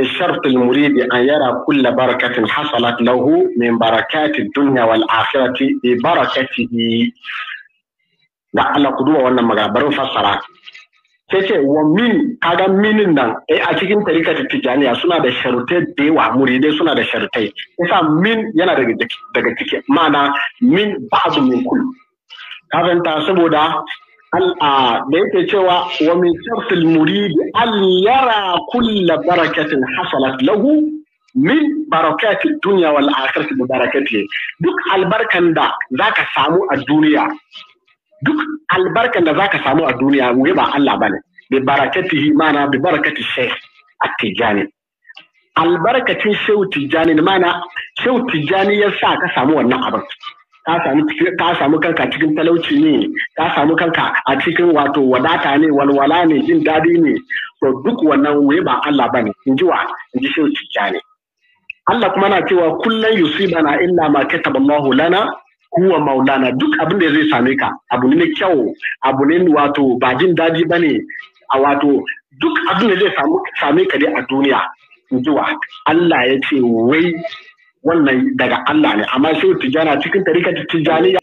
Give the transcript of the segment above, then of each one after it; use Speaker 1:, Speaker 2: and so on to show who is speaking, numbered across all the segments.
Speaker 1: min shartil muridi an yara kulla barakatin hasalat lahu min barakati dunya wal akhirati bi da Allah ku duba wannan magana bari fassara sai ce wa min kaga minin nan eh a cikin tarikar tijaniya suna da sharutai da yawa muridai suna da sharutai yasa min yana daga daga ciki ma'ana min ba'du min kullu saboda da yake cewa wa min shartil murid an yara kulla barakatin hasalat lahu min barakati dunya wal akhirati bi barakati duk albarkan da zaka samu a duniya duk albarkan da zaka samu a duniya wai ba Allah bane bi barakatihi mana bi barakati shaykh at-tijani albarkacin shehu tijani mana shehu tijani ya sa ka samu wannan abin ka samu ka samu kanka cikin talauci ne ka samu kanka a cikin wato wadata ne walwala ne jin dadi ne to duk wannan wai ba Allah bane in ji wa in ji shehu ne Allah kuma na cewa kullum yusibana illa ma kataballahu lana huwa maulana duk abin da zai same ka abu ne kyau abu ne wato ba jin dadi ba ne a wato duk abin da zai same ka dai a duniya in ji wa Allah ya ce wai wannan daga Allah ne amma shehu tijjani cikin tarikar tijjani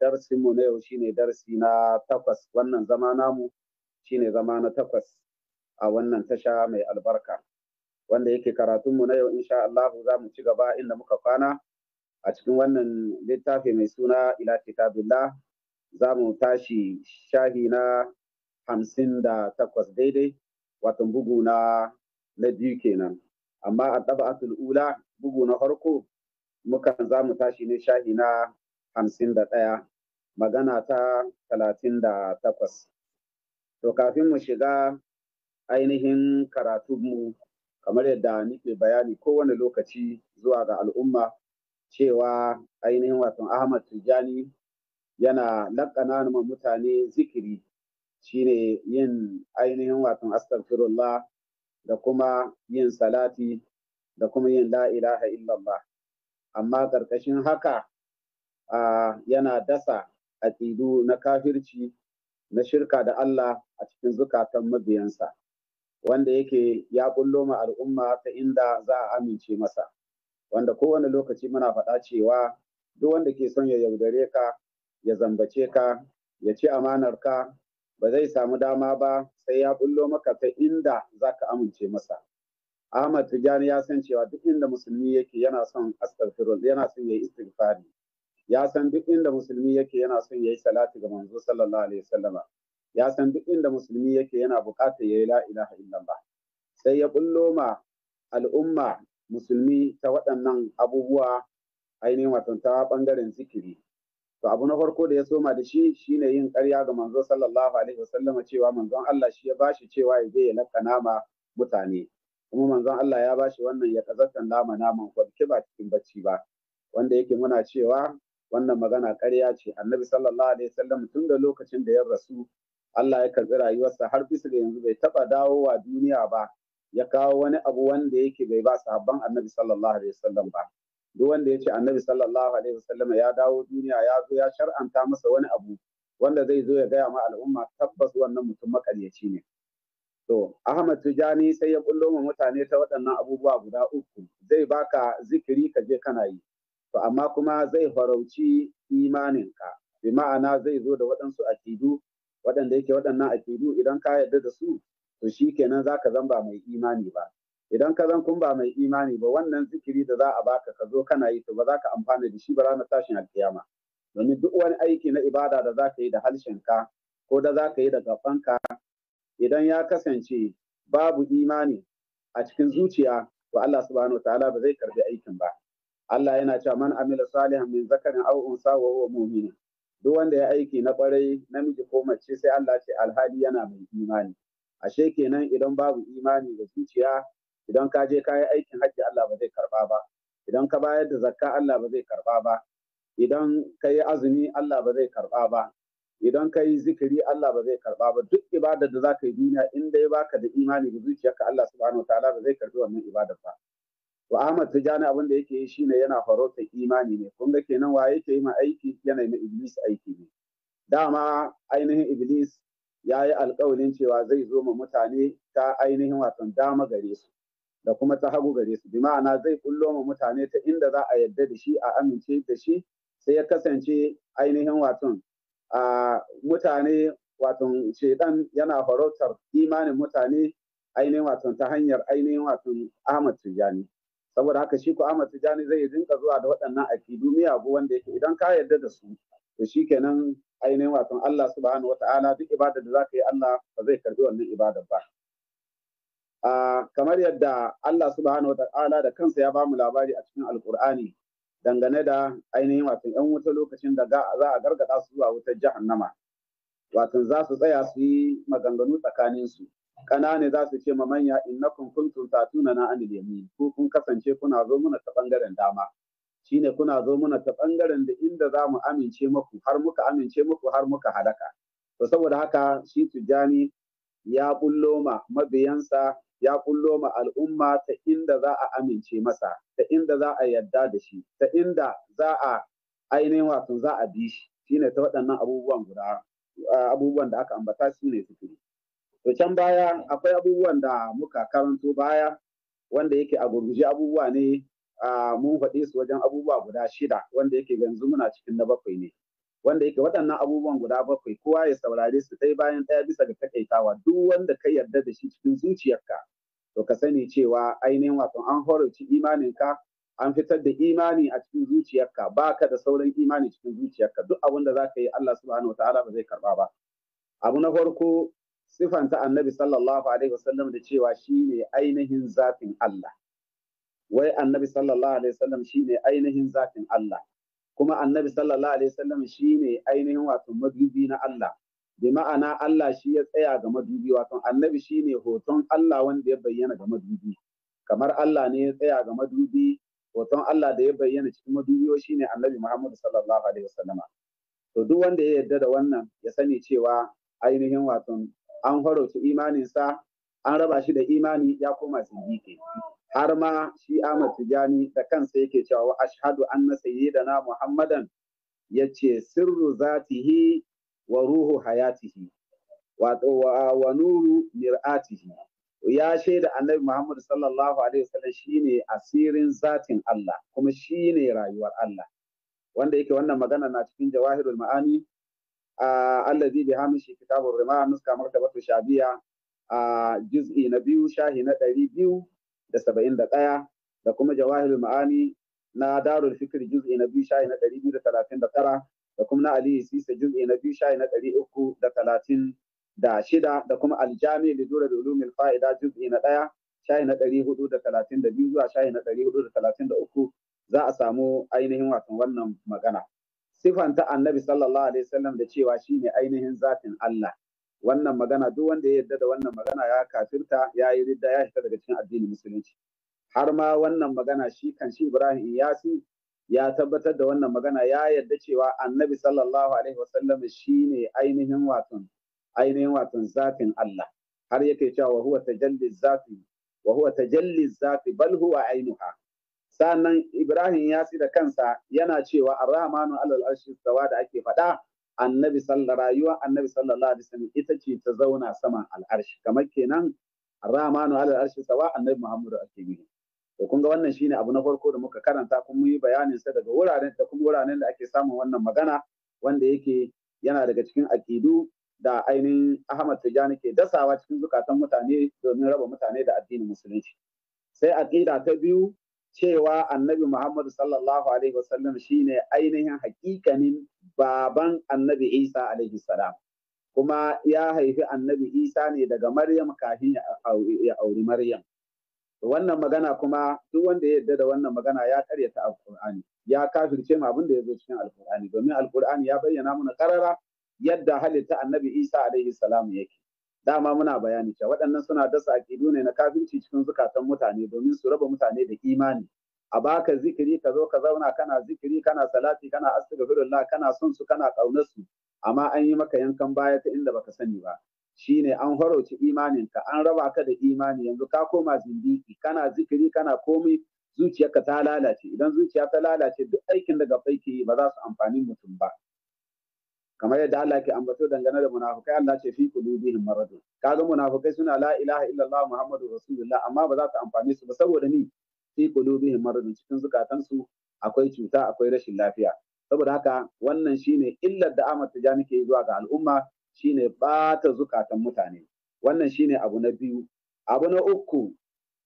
Speaker 2: darasin mu na yau shine darsi na takwas wannan zama namu shine zama na takwas a wannan tasha mai albarka wanda yake karatun mu na yau insha Allah za mu ci gaba inda muka kwana a cikin wannan littafi mai suna ila kitabillah za mu tashi shahi na hamsin da takwas daidai watan bugu na na biyu kenan amma a ɗaba'atul ula bugu na farko muka za mu tashi ne shahi na hamsin da ɗaya magana ta talatin da takwas to kafin mu shiga ainihin karatunmu kamar yadda nike bayani kowane lokaci zuwa ga al'umma cewa ainihin watan ahmad tijjani yana laƙana mutane zikiri shine yin ainihin watan astagfirullah da kuma yin salati da kuma yin la ilaha illallah amma ƙarƙashin haka a yana dasa aƙidu na kafirci na shirka da Allah a cikin zukatan mabiyansa wanda yake ya bullo ma al'umma ta inda za a amince masa wanda kowane lokaci muna faɗa cewa duk wanda ke son ya yaudare ka ya zambace ka ya ci amanar ka ba zai samu dama ba sai ya bullo maka ta inda za ka amince masa Ahmad Tijjani ya san cewa duk inda musulmi yake yana son astaghfirullah yana son yayi istighfari ya san duk inda musulmi yake yana son yayi salati ga manzo sallallahu alaihi wasallama ya san duk inda musulmi yake yana buƙatar yayi la ilaha illallah sai ya bullo ma al'umma musulmi ta waɗannan abubuwa ainihin wato ta ɓangaren zikiri to abu na farko da ya soma da shi shine yin ƙarya ga manzo sallallahu alaihi wasallama cewa manzon Allah shi ya bashi cewa ya je ya lakka nama mutane kuma manzon Allah ya bashi wannan ya kazatan nama naman kwanke ba cikin bacci ba wanda yake muna cewa wannan magana ƙarya ce annabi sallallahu alaihi wasallam tun da lokacin da ya rasu Allah ya karbi rayuwarsa har bisa da yanzu bai taba wa duniya ba ya kawo wani abu wanda yake bai ba sahabban annabi sallallahu alaihi wasallam ba duk wanda ya ce annabi sallallahu alaihi wasallam ya dawo duniya ya zo ya shar'anta masa wani abu wanda zai zo ya gaya ma al'umma tabbas wannan mutum makaryaci ne to ahmad tijani sai ya kullo ma mutane ta waɗannan abubuwa guda uku zai baka zikiri ka je kana yi to amma kuma zai farauci imaninka bi ma'ana zai zo da waɗansu akidu waɗanda yake waɗannan akidu idan ka yarda da su to shi kenan za ka zamba mai imani ba idan ka zan kun ba mai imani ba wannan zikiri da za a baka ka zo kana yi to ba za ka amfana da shi ba ranar tashin alkiyama domin duk wani aiki na ibada da za ka yi da harshenka ko da za ka yi da gabanka idan ya kasance babu imani a cikin zuciya to Allah subhanahu wataala ba zai karbi aikin ba Allah yana cewa man amila salihan min zakarin aw unsa wa huwa mu'min duk wanda ya aiki na kwarai namiji ko mace sai Allah ce alhali yana mai imani ashe kenan idan babu imani da zuciya idan ka je kayi aikin hajji Allah ba zai karba ba idan ka bayar da zakka Allah ba zai karba ba idan ka yi azumi Allah ba zai karba ba idan ka yi zikiri Allah ba zai karba ba duk ibadar da zaka yi duniya in dai baka da imani da zuciyarka Allah subhanahu Ta'ala, ba zai karbi wannan ibadar ba to Ahmad Tijani abin da yake yi shine yana farautar imani ne kun ga kenan wa yake yi ma aiki yana yi Iblis aiki ne dama ainihin Iblis ya yi alkawalin cewa zai zo ma mutane ta ainihin watan dama gare su da kuma ta hagu gare su bi ma'ana zai kullo ma mutane ta inda za a yadda da shi a amince da shi sai ya kasance ainihin waton a mutane waton shaidan yana farautar imanin mutane ainihin waton ta hanyar ainihin waton Ahmad Tijani saboda haka shi ko Ahmad Tijani zai rinka zuwa da waɗannan akidu miyagu wanda yake idan ka yarda da su to kenan ainihin waton Allah subhanahu wata'ala duk ibada da za ka yi Allah ba zai karbi wannan ibadar ba kamar yadda Allah subhanahu wa ta'ala da kansa ya bamu labari a cikin alkur'ani dangane da ainihin wato yan wuta lokacin da za a gargada su zuwa wutar jahannama wato za su tsaya su yi maganganu tsakanin su kanane za su ce ma manya innakum kuntum tatuna na anil yamin ko kun kasance kuna zo muna ta bangaren dama shine kuna zo muna ta bangaren da inda za mu amince muku har muka amince muku har muka halaka to saboda haka shi tujani ya bullo ma mabiyansa ya bullo ma al'umma ta inda za a amince masa ta inda za a yarda da shi ta inda za a ainihin wasan za a bi shi shine ta waɗannan abubuwan guda abubuwan da aka ambata su ne sufuri to can baya akwai abubuwan da muka karanto baya wanda yake a gurguje abubuwa ne mun faɗi su wajen abubuwa guda shida wanda yake yanzu muna cikin na bakwai ne wanda yake waɗannan abubuwan guda bakwai kowa ya saurare su ɗaya bayan ɗaya bisa ga takaitawa duk wanda ka yarda da shi cikin zuciyarka to ka sani cewa ainihin wato an horarci imaninka an fitar da imani a cikin zuciyarka baka da sauran imani cikin zuciyarka duk abin da zaka yi Allah subhanahu wataala ba zai karba ba abu na farko sifanta annabi sallallahu alaihi wasallam da cewa shine ainihin zafin Allah wai annabi sallallahu alaihi wasallam shine ainihin zafin Allah kuma annabi sallallahu alaihi wasallam shine ainihin wato madubi na Allah bi ma'ana Allah shi ya tsaya ga madubi wato annabi shine hoton Allah wanda ya bayyana ga madubi kamar Allah ne ya tsaya ga madubi hoton Allah da ya bayyana cikin shi shine annabi Muhammad sallallahu alaihi wasallam to duk wanda ya yarda da wannan ya sani cewa ainihin wato an imanin sa an raba shi da imani ya koma sindiki har ma shi Ahmad Tijani da kansa yake cewa wa ashhadu anna sayyidana Muhammadan yace sirru zatihi wa ruhu hayatihi wato wa nuru mir'atihi ya shaida annabi Muhammad sallallahu alaihi wasallam shine asirin zatin Allah kuma shine rayuwar Allah wanda yake wannan magana na cikin jawahirul ma'ani allazi bi hamishi kitabur rimah nuska martabatu shabiya juz'i na biyu shahi na ɗari biyu da saba'in da ɗaya da kuma jawahirul ma'ani na darul fikir juz'i na biyu sha'i na ɗari biyu da talatin da tara da kuma na aliyu sisa juz'i na biyu sha'i na ɗari uku da talatin da shida da kuma aljami da dora da ulumin fa'ida juz'i na ɗaya sha'i na ɗari hudu da talatin da biyu zuwa sha'i na ɗari hudu da talatin da uku za a samu ainihin wasan wannan magana. Sifanta annabi sallallahu alaihi wasallam da cewa shine ainihin zatin Allah. wannan magana duk wanda ya yarda da wannan magana ya kafirta ya yi ridda ya fita daga cikin addinin musulunci har ma wannan magana shi kan shi Ibrahim Iyasi ya tabbatar da wannan magana ya yarda cewa Annabi sallallahu alaihi wasallam shine ainihin watan ainihin watan zafin Allah har yake cewa huwa tajalli zafi, wa huwa tajalli zafi bal huwa ainuha sannan Ibrahim Iyasi da kansa yana cewa Ar-Rahmanu alal arshi da ake faɗa annabi sallar rayuwa annabi sallallahu alaihi wasallam ita ce ta zauna saman al'arshi kamar kenan ramanu alal arshi sawa annabi muhammadu ake yi to kun ga wannan shine abu na farko da muka karanta kuma muyi bayanin sa daga wuraren da kuma wuraren da ake samun wannan magana wanda yake yana daga cikin aqidu da ainihin Ahmad Tijani ke dasawa cikin zukatan mutane domin raba mutane da addinin musulunci sai aqida ta biyu cewa annabi Muhammadu sallallahu alaihi wasallam shine ainihin hakikanin baban annabi Isa alaihi salam kuma ya haifi annabi Isa ne daga Maryam kafin ya auri Maryam wannan magana kuma duk wanda ya yarda da wannan magana ya karyata ƙurani ya kafirce mu abin da ya zo cikin alkur'ani domin alkur'ani ya bayyana mana karara yadda halitta annabi Isa alaihi salam yake dama muna bayani cewa waɗannan suna dasa aƙidu ne na kafinci cikin zukatan mutane domin su raba mutane da imani a baka zikiri ka zo ka zauna kana zikiri kana salati kana astaghfirullah kana son su kana ƙaunar su amma an yi maka yankan baya ta inda baka sani ba shine an imanin imaninka an raba ka da imani yanzu ka koma zindiki kana zikiri kana komai zuciyarka ta lalace idan zuciya ta lalace duk aikin da gabbai yi ba za su amfani mutum ba kamar yadda Allah ke ambato dangane da munafukai Allah ce fi qulubihim maradun kaga munafukai suna la ilaha illallah muhammadu rasulullah amma ba za ta amfane su ba saboda ni fi qulubihim maradun cikin su akwai cuta akwai rashin lafiya saboda haka wannan shine illar da Ahmad Tijani ke zuwa ga al'umma shine bata zukatan mutane wannan shine abu na biyu abu na uku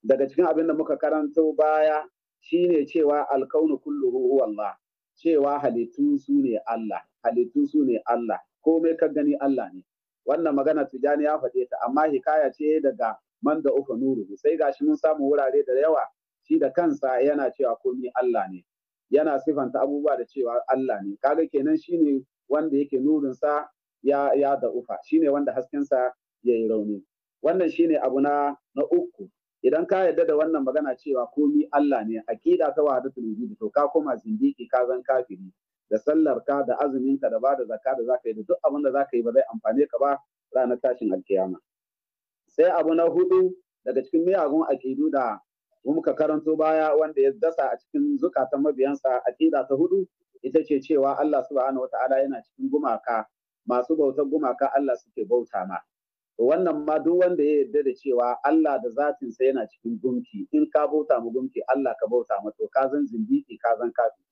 Speaker 2: daga cikin abin da muka karanto baya shine cewa alkaunu kulluhu huwa Allah cewa halittu su ne Allah halittu su ne Allah komai ka gani Allah ne wannan magana tijani ya faɗe ta amma hikaya ce daga man da uka nuru sai gashi mun samu wurare da yawa shi da kansa yana cewa komai Allah ne yana sifanta abubuwa da cewa Allah ne kaga kenan shi ne wanda yake nurinsa ya ya da ufa shi ne wanda hasken sa yi rauni wannan shi ne abu na na uku idan ka yarda da wannan magana cewa komi Allah ne aƙida ta wahdatul wujud to ka koma zindiki ka zan kafiri da sallar ka da azumin ka da bada zakka da zaka yi da duk abin da zaka yi ba zai amfane ka ba ranar tashin alkiyama sai abu na hudu daga cikin miyagun akidu da muka karanto baya wanda ya dasa a cikin zukatan mabiyansa akida ta hudu ita ce cewa Allah subhanahu wataala yana cikin gumaka masu bautar gumaka Allah suke bauta ma wannan ma duk wanda ya yarda da cewa Allah da zatinsa yana cikin gumki in ka bauta mu gumki Allah ka bauta ma to ka zan zindiki ka zan kafi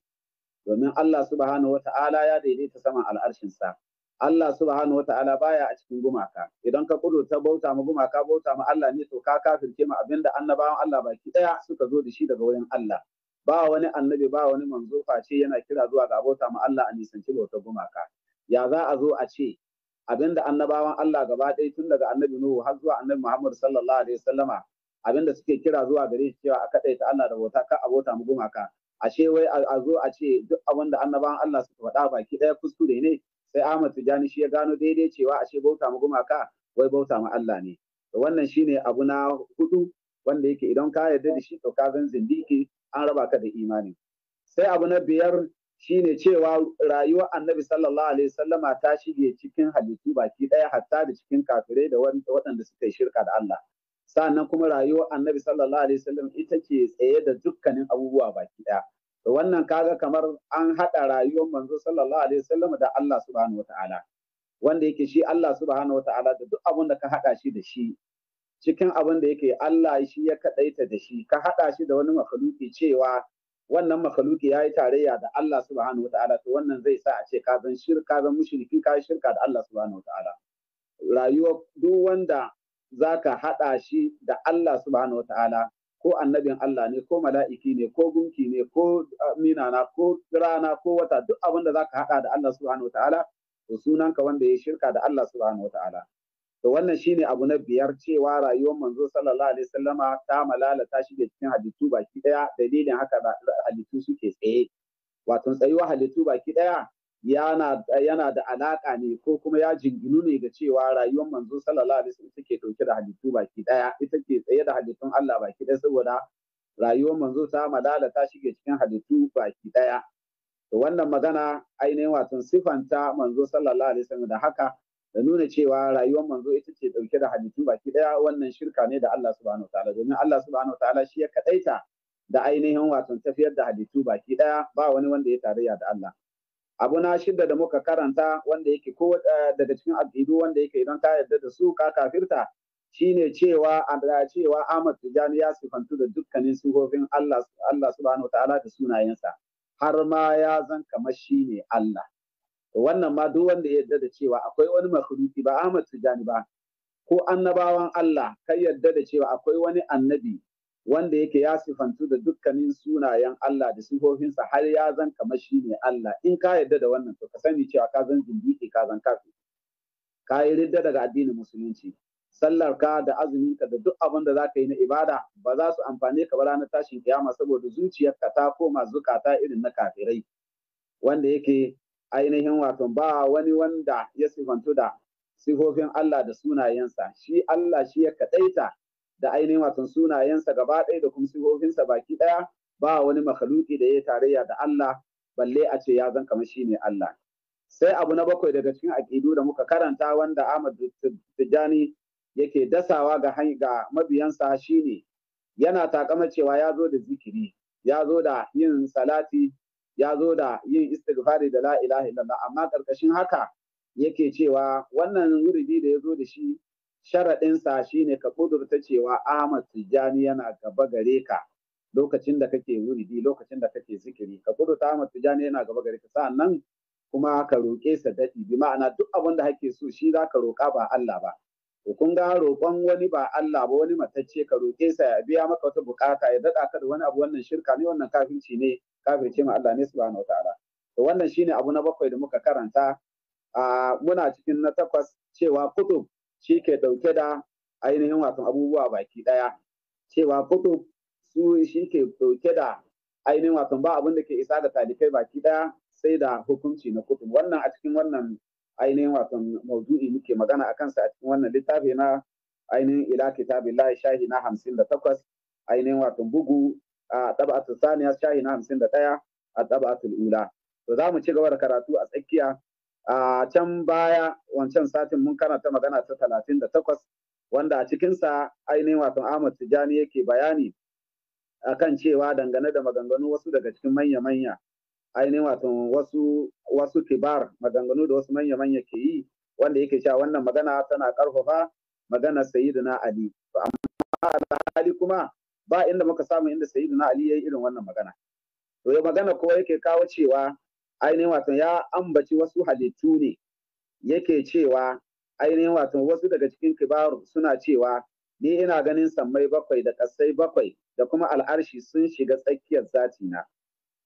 Speaker 2: domin Allah subhanahu wata'ala ya daidaita saman sa Allah subhanahu wata'ala baya a cikin gumaka idan ka kudurta bauta mu gumaka bauta mu Allah ne to ka kafirce ma abinda annabawan Allah baki daya suka zo da shi daga wurin Allah ba wani annabi ba wani manzo face yana kira zuwa ga bauta mu Allah a nisanci bautar gumaka ya za a zo a ce abinda annabawan Allah gaba ɗaya tun daga annabi Nuhu har zuwa annabi Muhammad sallallahu alaihi wasallama abinda suke kira zuwa gare shi cewa a ta Allah da bauta ka abota mu gumaka ashe wai a zo a ce duk abin da annabawan Allah suka faɗa baki ɗaya kuskure ne sai Ahmad Tijani shi ya gano daidai cewa ashe bauta mu gumaka wai bauta ma Allah ne to wannan shine abu na hudu wanda yake idan ka yarda da shi to ka gan zindiki an raba ka da imani sai abu na biyar shine cewa rayuwar annabi sallallahu alaihi sallama ta shige cikin halittu baki ɗaya hatta da cikin kafirai da waɗanda suka yi shirka da Allah sannan kuma rayuwar annabi sallallahu alaihi wasallam ita ke tsaye da dukkanin abubuwa baki ɗaya to wannan kaga kamar an haɗa rayuwar manzo sallallahu alaihi wasallam da Allah subhanahu wataala wanda yake shi Allah subhanahu wataala da duk abin da ka haɗa shi da shi cikin abin da yake Allah shi ya kadaita da shi ka haɗa shi da wani makaluki cewa wannan makaluki ya yi tarayya da Allah subhanahu wataala to wannan zai sa a ce ka zan shirka zan mushriki ka shirka da Allah subhanahu wataala rayuwar duk wanda za ka haɗa shi da Allah subhanahu wata'ala ko annabin Allah ne ko mala'iki ne ko gunki ne ko ah, minana ko rana ko wata duk abin da za ka haɗa da Allah subhanahu wata'ala to sunanka wanda ya shirka da Allah subhanahu wata'ala to wannan shine abu na biyar cewa rayuwar manzo sallallahu alaihi wasallama ta malala ta shige cikin halittu baki daya dalilin haka da halittu suke tsaye wato tsayuwa halittu baki daya yana da alaka ne ko kuma ya jinginu ne ga cewa rayuwar manzo sallallahu alaihi wasallam take dauke da halittu baki daya ita ke tsaye da halittun Allah baki daya saboda rayuwar manzo ta madala ta shige cikin halittu baki daya to wannan magana ainihin watan sifanta manzo sallallahu alaihi wasallam da haka da nuna cewa rayuwar manzo ita ce dauke da halittu baki ɗaya wannan shirka ne da Allah subhanahu wataala domin Allah subhanahu wataala shi ya kadaita da ainihin watan tafiyar da halittu baki ɗaya ba wani wanda ya tarayya da Allah abu na shida da muka karanta wanda yake ko eh, daga cikin aqidu wanda yake idan ka yarda da su ka kafirta shine cewa Allah cewa Ahmad Tijani ya sifantu da dukkanin sifofin Allah Allah subhanahu ta'ala da sunayensa har ma ya zan kamar shine Allah wannan ma duk wanda ya yarda da cewa akwai wani makhluki ba Ahmad Tijani ba ko annabawan Allah kai yarda da cewa akwai wani annabi wanda yake ya sifantu da dukkanin sunayen Allah da sifofinsa har ya zan kamar shi ne Allah in ka yarda da wannan to ka sani cewa ka zan zindiki ka zan kafi ka yi ridda daga addinin musulunci sallar ka da azumin ka da duk abin da za ka yi na ibada ba za su amfane ka ba ranar tashin kiyama saboda zuciyarka ta koma zukata irin na kafirai wanda yake ainihin wato ba wani wanda ya sifantu da sifofin Allah da sunayensa shi Allah shi ya kadaita da ainihin watan sunayensa gaba ɗaya da kuma sihohinsa baki ɗaya ba wani makaluki da ya tarayya da Allah balle a ce ya zan kamar ne Allah sai abu na bakwai daga cikin aƙidu da muka karanta wanda Ahmad Tijjani yake dasawa ga ga mabiyansa ne. yana takama cewa ya zo da zikiri ya zo da yin salati ya zo da yin istighfari da la ilaha amma ƙarƙashin haka yake cewa wannan wuridi da ya zo da shi sharaɗinsa shi ne ka ƙudurta cewa Ahmad Tijjani yana gaba gare ka lokacin da kake wuridi lokacin da kake zikiri ka ƙudurta Ahmad Tijjani yana gaba gare ka sa'annan kuma ka roƙe sa daɗi bi ma'ana duk abin da kake so shi za ka roƙa ba Allah ba to kun ga roƙon wani ba Allah ba wani matacce ka roƙe sa ya biya maka wata buƙata ya daɗa ka da wani abu wannan shirka ne wannan kafirci ne kafirce ma Allah ne subhanahu wataala to wannan shine abu na bakwai da muka karanta a ah, muna cikin na takwas cewa kutub shi ke dauke da ainihin wasan abubuwa baki daya cewa kudu su shi ke dauke da ainihin wasan ba abin da ke isa da talibai baki daya sai da hukunci na kudu. wannan a cikin wannan ainihin wasan maudu'i muke magana a kansa a cikin wannan littafi na ainihin ila Lahi, shahi na hamsin da takwas ainihin wasan bugu a taba'atul saniya shahi na hamsin da ɗaya a taba'atul ula to za mu ci gaba da karatu a tsakiya a can baya wancan satin mun karanta magana ta talatin da takwas wanda a cikinsa ainihin wato Ahmad Tijani yake bayani akan cewa dangane da maganganu wasu daga cikin manya-manya ainihin wato wasu wasu kibar maganganu da wasu manya-manya ke yi wanda yake cewa wannan magana tana karfafa magana sayyidina Ali amma Ali kuma ba inda muka samu inda na Ali yayi irin wannan magana to ya magana ko yake kawo cewa ainihin wato ya ambaci wasu halittu ne yake cewa ainihin wato wasu daga cikin kibaru suna cewa ni ina ganin sammai bakwai da ƙasai bakwai da kuma al'arshi sun shiga tsakiyar na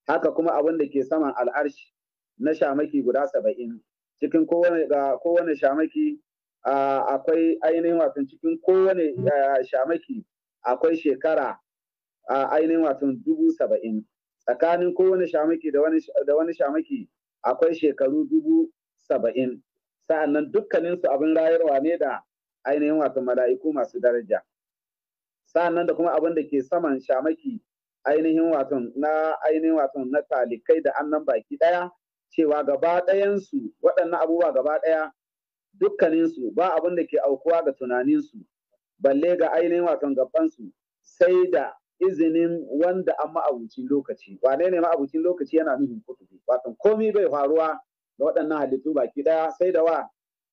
Speaker 2: haka kuma abin da ke saman al'arshi na shamaki guda saba'in cikin kowane shamaki akwai ainihin wato cikin kowane eh, shamaki akwai shekara ainihin wato dubu saba'in tsakanin kowane shamaki da wani shamaki akwai shekaru dubu saba'in sa'annan dukkaninsu abin rayarwa ne da ainihin wato mala'iku masu daraja sa'annan da kuma abin da ke saman shamaki ainihin wato na ainihin wato na talikai da annan baki ɗaya cewa gaba ɗayansu waɗannan abubuwa gaba ɗaya dukkaninsu ba abin da ke aukuwa ga tunaninsu balle ga ainihin wato gabansu sai da izinin wanda an ma'abucin lokaci wane ne ma'abucin lokaci yana nufin kutubi wato komi bai faruwa da waɗannan halittu baki ɗaya sai da wa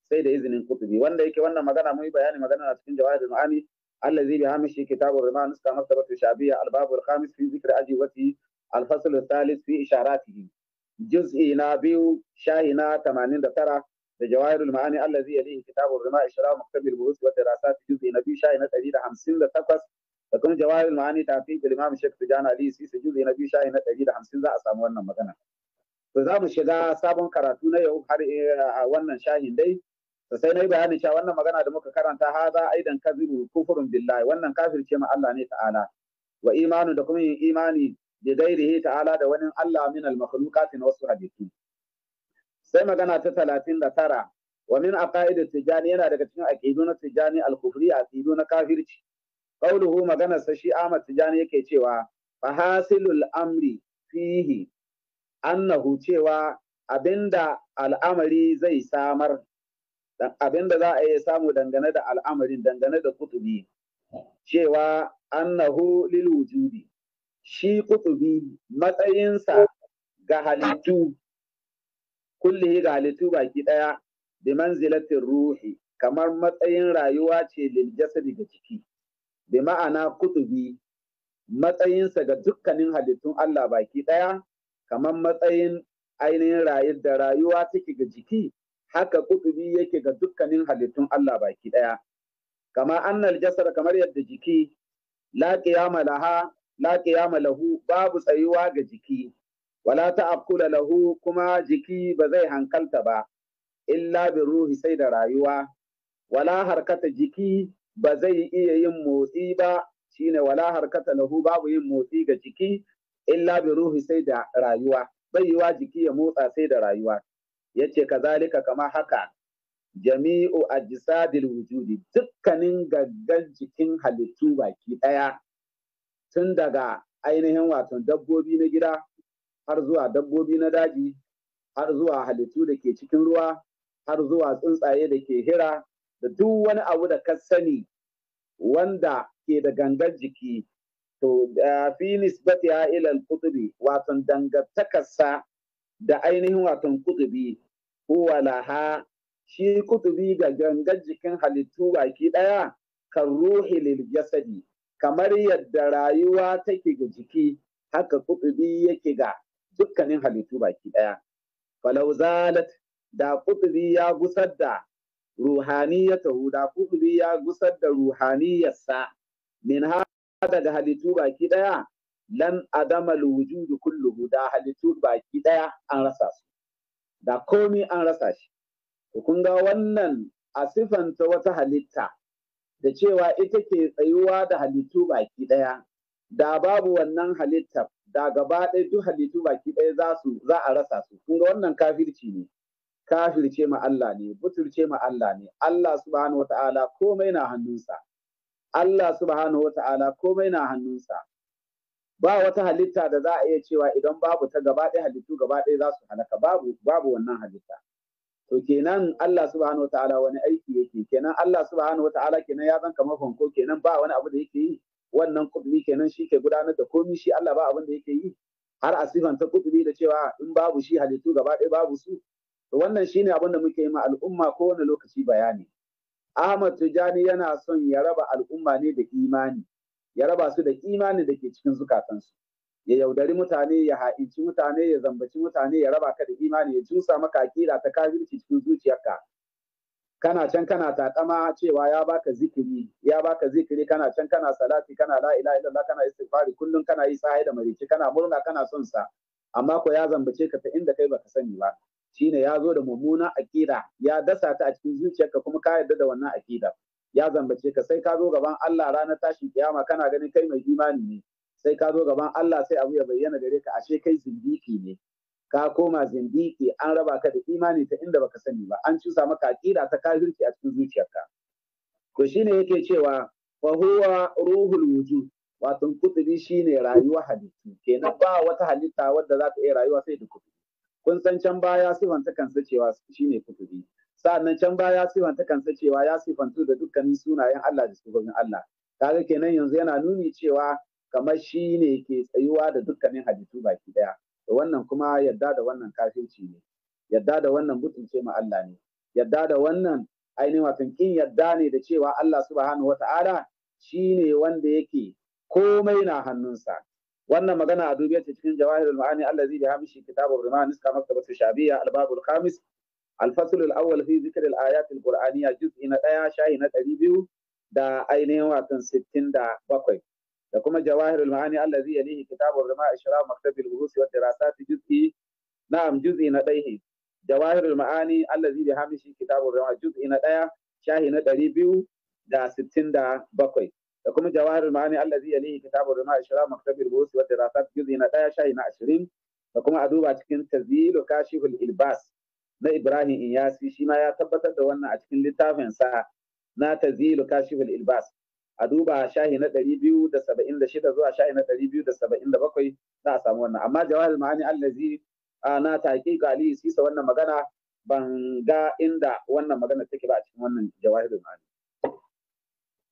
Speaker 2: sai da izinin kutubi wanda yake wannan magana mun yi bayani magana na cikin jawahir ma'ani allazi bi hamishi kitabur rima nuska maktabatu shabiya al-khamis, fi zikri ajibati alfasl athalith fi isharatihi juz'i na biyu shahi na 89 da jawahirul ma'ani allazi yalihi kitabur rima ishra maktabil buhus wa dirasat juz'i na biyu shahi na 158 da kuma jawabin ma'ani tafi da imam shek tijan ali si na biyu sha'i na ɗari da hamsin za a samu wannan magana to za mu shiga sabon karatu na yau har wannan shahin dai to sai na yi bayanin cewa wannan magana da muka karanta ha za aidan kazibu kufurun billahi wannan kafirce ma Allah ne ta'ala wa imanu da kuma yin imani da gairihi ta'ala da wani Allah min al-makhluqat na wasu hadisi sai magana ta talatin da tara wa min aqaid tijani yana daga cikin aqidu na tijani al-kufri aqidu na kafirci qauluhu maganar sa shi Ahmad Tijani yake cewa fa hasilul amri fihi annahu cewa abinda al'amari zai samar abinda za a iya samu dangane da al'amarin dangane da kutubi cewa annahu lil wujudi shi kutubi matsayinsa ga halittu kulli ga halittu baki daya bi manzilatin ruhi kamar matsayin rayuwa ce lil jasadi ga jiki bi ma'ana kutubi matsayinsa ga dukkanin halittun Allah baki ɗaya kamar matsayin ainihin rayu da rayuwa take ga jiki haka kutubi yake ga dukkanin halittun Allah baki ɗaya kama annal jasar kamar yadda jiki la qiyama laha la lahu babu tsayuwa ga jiki wala ta'akkula lahu kuma jiki ba zai hankalta ba illa bi ruhi sai da rayuwa wala harkata jiki ba zai iya yin motsi ba shine wala harkata lahu babu yin motsi ga jiki illa bi ruhi sai da rayuwa bai yiwa jiki ya motsa sai da rayuwa Ya yace kazalika kama haka jami'u ajsadil wujudi dukkanin gaggan jikin halittu baki ɗaya. tun daga ainihin wato dabbobi na gida har zuwa dabbobi na daji har zuwa halittu da ke cikin ruwa har zuwa tsuntsaye da ke hira da duk wani abu da ka sani wanda ke da gangar jiki to fi nisbati ya ilal kutubi watan dangantakarsa da ainihin watan kutubi ko walaha shi kutubi ga gangar jikin halittu baki ɗaya kan ruhi lil jasadi kamar yadda rayuwa take ga jiki haka kutubi yake ga dukkanin halittu baki ɗaya falau zalat da kutubi ya gusar da ta huda kuɗi ya gusar da ruhaniyarsa min ha daga halittu baki ɗaya? lan adama wujudu kullu da halittu baki ɗaya an rasa su da komi an rasa shi to kun ga wannan a sifanta wata halitta da cewa ita ke tsayuwa da halittu baki ɗaya. da babu wannan halitta da gaba ɗaya duk halittu baki ɗaya za za a rasa su kun ga wannan kafirci ne kafirce ma Allah ne ce ma Allah ne Allah subhanahu wata'ala komai na hannunsa Allah subhanahu wata'ala komai na hannunsa ba wata halitta da za a iya cewa idan babu ta gaba ɗaya halittu gaba ɗaya za su halaka babu babu wannan halitta to kenan Allah subhanahu wata'ala wani aiki yake kenan Allah subhanahu wata'ala kenan ya zanka kamar fanko kenan ba wani abu da yake yi wannan kuɗi kenan shi ke gudanar da komi shi Allah ba abin da yake yi har a sifanta kuɗi da cewa in babu shi halittu gaba ɗaya babu su wannan shine abin da muke yi ma al'umma kowane lokaci bayani Ahmad Tijani yana son ya raba al'umma ne da imani ya raba su da imani da ke cikin zukatansu ya yaudari mutane ya ha'inci mutane ya zambaci mutane ya raba ka da imani ya cusa maka akida ta kafirci cikin zuciyarka kana can kana taƙama cewa ya baka zikiri ya baka zikiri kana can kana salati kana la ilaha illallah kana istighfari kullun kana yi sai da marici kana murna kana son sa amma ko ya zambace ka ta inda kai baka sani ba shine ya zo da mummunan aƙida ya dasa ta a cikin zuciyarka kuma ka yarda da wannan aƙida ya zambace ka sai ka zo gaban Allah ranar tashin kiyama kana ganin kai mai imani ne sai ka zo gaban Allah sai abu ya bayyana gare ka ashe kai zindiki ne ka koma zindiki an raba ka da imani ta inda baka sani ba an cusa maka aƙida ta kafirci a cikin zuciyarka to shine yake cewa fa huwa ruhul wujud wato kutubi shine rayuwa halittu kenan ba wata halitta wadda za ta iya rayuwa sai da kutubi kun san can baya sifanta kansa cewa shi shine Sa'an sa'annan can baya sifanta kansa cewa ya sifantu da dukkanin sunayen Allah da sifofin Allah kaga kenan yanzu yana nuni cewa kamar shi ne ke tsayuwa da dukkanin halittu baki ɗaya. da wannan kuma yadda da wannan kafirci ne yadda da wannan mutunce ma Allah ne yadda da wannan ainihin watan kin yadda ne da cewa Allah subhanahu wata'ala shi ne wanda yake komai na hannunsa wannan magana a dubiya ce cikin jawahir al-ma'ani allazi bi hamishi kitab al-rimani iska maktabatu shabiya al-bab al-khamis al-fasl al-awwal fi dhikr al-ayat al-qur'aniyya juz'i na 1 shahi na 200 da ainihin watan 67 da kuma jawahir al-ma'ani allazi yalihi kitab al-rimani ishraf maktab al-buhus wa dirasat juz'i na'am juz'i na 1 jawahir al-ma'ani allazi bi hamishi kitab al juz'i na 1 shahi na 200 da 67 da kuma jawahirul ma'ani allazi yalihi kitabul rima ishra maktabir busi wa dirasat juz'i na ɗaya, shahi na ashirin. da kuma a duba cikin tazilu kashiful ilbas na Ibrahim Inyasi shi ma ya tabbatar da wannan a cikin littafin sa na tazilu kashiful ilbas a duba shahi na ɗari biyu da da saba'in shida zuwa shahi na ɗari biyu da da saba'in bakwai, za a samu wannan amma jawahirul ma'ani allazi na taqiqa ali sisa wannan magana ban ga inda wannan magana take ba a cikin wannan jawahirul ma'ani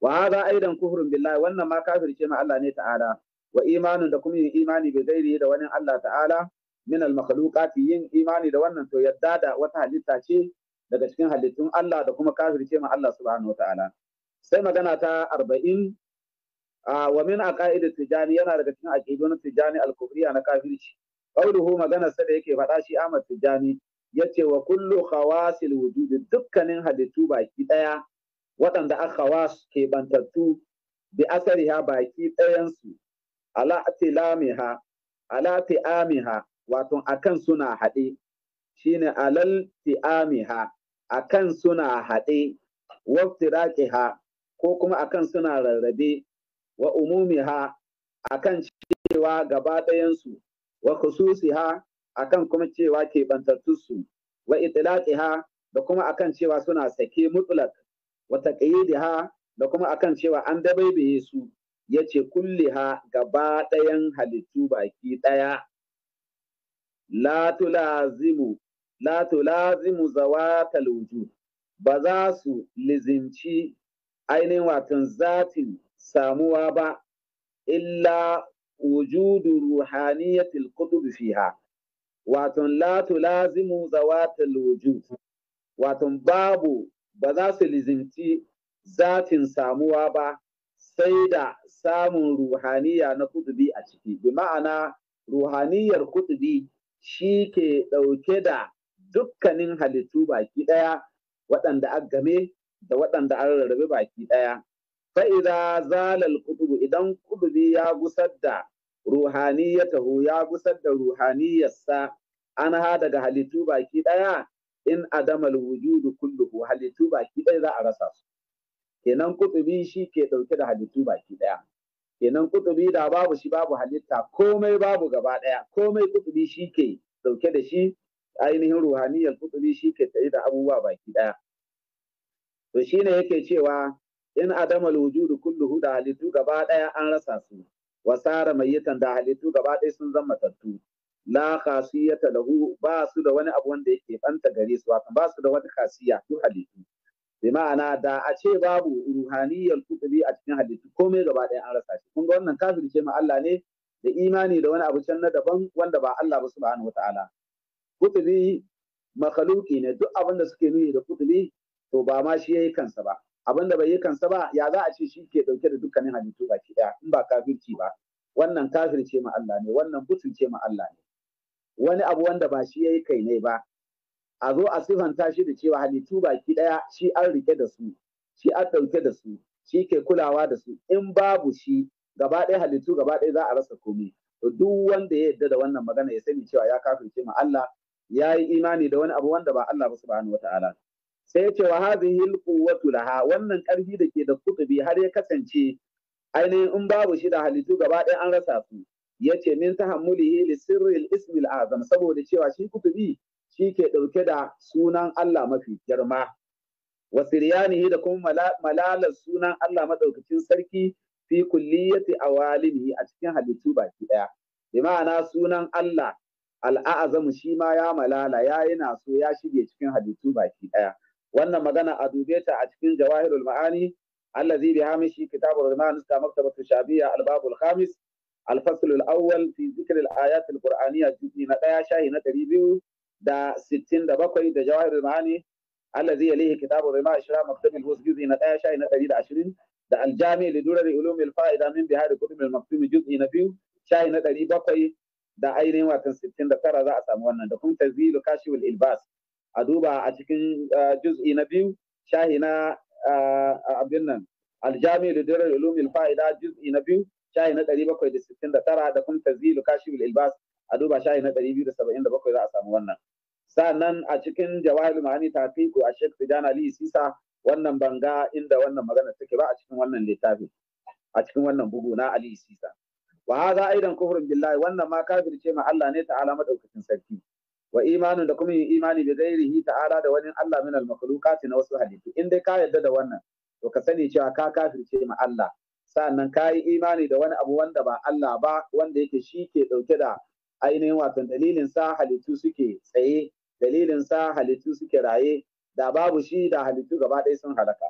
Speaker 2: wa hadha aidan kufrun billahi wannan ma kafirce ma Allah ne ta'ala wa imanin da kuma yin imani bi gairi da wani Allah ta'ala min al makhluqati yin imani da wannan to yadda da wata halitta ce daga cikin halittun Allah da kuma kafirce ma Allah subhanahu ta'ala sai magana ta 40 wa min aqaidat tijani yana daga cikin aqidun tijani al kufriya na kafirci qauluhu magana sa da yake faɗa shi Ahmad Tijani yace wa kullu khawasil wujud dukkanin halittu baki daya waɗanda aka wasu keɓantattu bi ha baki ɗayansu ala ha ala ha wato akan suna haɗe shine alal ti'amiha akan suna haɗe ha ko kuma akan suna rarrabe wa umumiha akan cewa gaba ɗayansu wa khususiha akan kuma cewa keɓantattunsu wa ha da kuma akan cewa suna sake mutlak wata ha da kuma akan cewa an dabaibaye su yace ce ha gaba ɗayan halittu baki ɗaya la tulazimu la tulazimu zawatal wujud ba za su lizinci ainihin watan zatin samuwa ba illa wujudu ruhaniyatil qutub fiha watan la tulazimu zawatal wujud watan babu ba za su lizinci zatin samuwa ba sai da samun ruhaniya na kutubi a ciki bi ma'ana ruhaniyar kutubi shi ke ɗauke da dukkanin halittu baki ɗaya waɗanda aka game da waɗanda an rarrabe baki ɗaya fa'iza zalal kutubu idan kutubi ya gusar da ruhaniyatahu ya gusar da sa, an ha daga halittu baki ɗaya in adamal wujudu kulluhu halittu baki ɗaya za a rasa su kenan kutubi shi ke ɗauke da halittu baki ɗaya kenan kutubi da babu shi babu halitta komai babu gaba ɗaya komai kutubi shi ke ɗauke da shi ainihin ruhaniyar kutubi shi ke tsaye da abubuwa baki ɗaya to shine yake cewa in adamal wujudu kulluhu da halittu gaba ɗaya an rasa su wasara mayyitan da halittu gaba ɗaya sun zama matattu la khasiyata lahu ba su da wani abu wanda yake banta gare su ba ba su da wata khasiya su halittu bi ma'ana da a ce babu ruhaniyar kutubi a cikin halittu komai gaba ɗaya an rasa shi kun ga wannan kafir ce ma Allah ne da imani da wani abu can na daban wanda ba Allah ba subhanahu wata'ala kutubi makhluki ne duk abin da suke nuni da kutubi to ba ma shi yayi kansa ba abin da bai yi kansa ba ya za a ce shi ke dauke da dukkanin halittu baki ɗaya in ba kafirci ba wannan ce ma Allah ne wannan ce ma Allah ne wani abu wanda ba shi ya yi kai ne ba a zo a sifanta shi da cewa halittu baki ɗaya shi an rike da su shi an ɗauke da su shi ke kulawa da su in babu shi gaba ɗaya halittu gaba ɗaya za a rasa komai to duk wanda ya yarda da wannan magana ya sani cewa ya kafirce ma Allah ya yi imani da wani abu wanda ba Allah ba subhanahu wata'ala sai ya ce wa hadhihi alquwwatu laha wannan karfi da ke da kutubi har ya kasance ainihin in babu shi da halittu gaba ɗaya an rasa su yace min tahammulihi li sirri al-ismi al-azam saboda cewa shi kutubi shi ke ɗauke da sunan Allah mafi girma wa siryanihi da kuma malalar sunan Allah madaukakin sarki fi kulliyati awalimihi a cikin halittu baki daya bi ma'ana sunan Allah al'azamu shi ma ya malala ya na so ya shige cikin halittu baki daya wannan magana a dube ta a cikin jawahirul ma'ani allazi bi hamishi kitabur rahman ta maktabatu shabiya babul khamis الفصل الأول في ذكر الآيات القرآنية جزء نتايا شاهي نتري بيو دا ستين دا بقوي دا جواهر المعاني الذي يليه كتاب الرماء إشراء مكتب الهوس جزء نتايا شاهي نتري دا عشرين دا الجامع لدورة علوم الفائدة من بهار كتب المكتوم جزء نبيو شاهي نتري بقوي da ainihin watan sittin da tara za a samu wannan da kuma tazilu kashiful ilbas a duba a cikin juz'i na biyu shahi na abin nan aljami da durar ulumil fa'ida juz'i na biyu sha'i na 769 da kuma tazilu kashiful ilbas a duba shayi na 277 za a samu wannan sannan a cikin jawahirul ma'ani tafiku a Sheikh Tijan Ali Sisa wannan banga inda wannan magana take ba a cikin wannan littafin a cikin wannan bugu na Ali Sisa wa hadha aidan kufrun billahi wannan ma kafirce ma Allah ne ta'ala madaukakin sarki wa imanin da kuma yin imani bi ghairihi ta'ala da wani Allah min al makhluqati na wasu halittu in dai ka yarda da wannan to ka sani cewa ka kafirce ma Allah sa'annan ka yi imani da wani abu wanda ba Allah ba wanda yake shi ke ɗauke da ainihin wato dalilin sa halittu suke tsaye dalilin sa halittu suke raye da babu shi da halittu gaba ɗaya sun halaka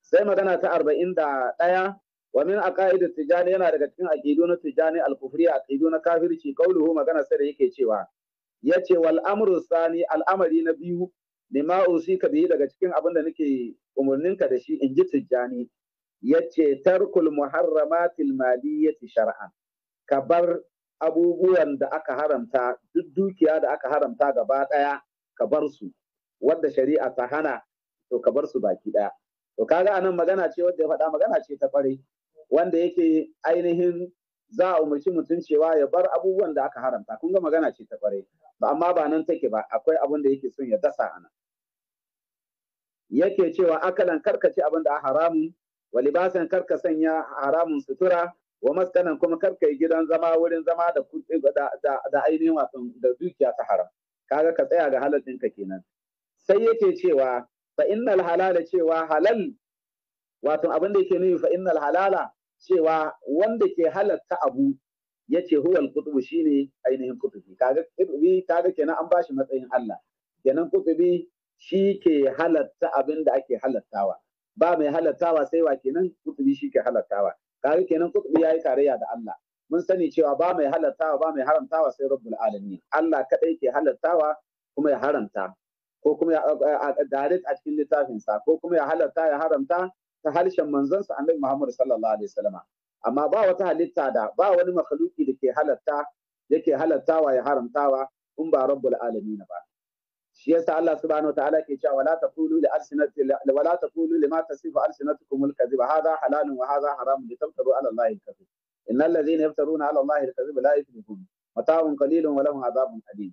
Speaker 2: sai magana ta arba'in da ɗaya wa min aqaidu Tijjani yana daga cikin aqidu na tijani al-kufri aqidu na kafirci qauluhu magana sai da yake cewa yace wal amru sani al'amari na biyu lima usika bihi daga cikin abin da nake umurninka da shi in ji Tijjani. yace tarkul muharramatil maliyati shar'an ka abubuwan da aka haramta duk dukiya da aka haramta gaba ɗaya ka su wanda shari'a ta hana to ka bar su baki ɗaya to kaga anan magana ce wanda ya faɗa magana ce ta ƙware wanda yake ainihin za a umarci mutum cewa ya bar abubuwan da aka haramta kun ga magana ce ta ƙware ba amma ba nan take ba akwai abin da yake son ya dasa anan yake cewa akalan karkace abin da a haramun walibasan karka sanya haramun sutura wa maskanan kuma karka yi gidan zama wurin zama da da ainihin wasan da dukiya ta haram kaga ka tsaya ga halal ɗinka kenan sai yake cewa fa innal halala cewa halal wato abin da yake nufi fa innal halala cewa wanda ke halatta abu yace huwal kutubu shine ainihin kutubi kaga kutubi kaga kenan an bashi matsayin Allah kenan kutubi shi ke halatta abin da ake halattawa ba mai halattawa sai wa kenan kutubi shi ke halattawa Kare kenan kutubi yi tarayya da Allah mun sani cewa ba mai halattawa ba mai haramtawa sai rabbul alamin Allah kadai ke halattawa kuma ya haramta ko kuma direct a cikin littafin sa ko kuma ya halatta ya haramta ta harshen manzon sa Annabi Muhammad sallallahu alaihi wasallam amma ba wata halitta da ba wani makhluki da ke halatta yake halattawa ya haramtawa in ba rabbul alamin ba shi yasa Allah subhanahu wa ta'ala ke cewa wala taqulu li alsinati wala taqulu lima tasifu alsinatukum alkadhib hadha halalun wa hadha haramun litaftaru ala allahi alkadhib innal ladhina yaftaruna ala allahi alkadhib la yuflihun mata'un qalilun wa lahum adhabun alim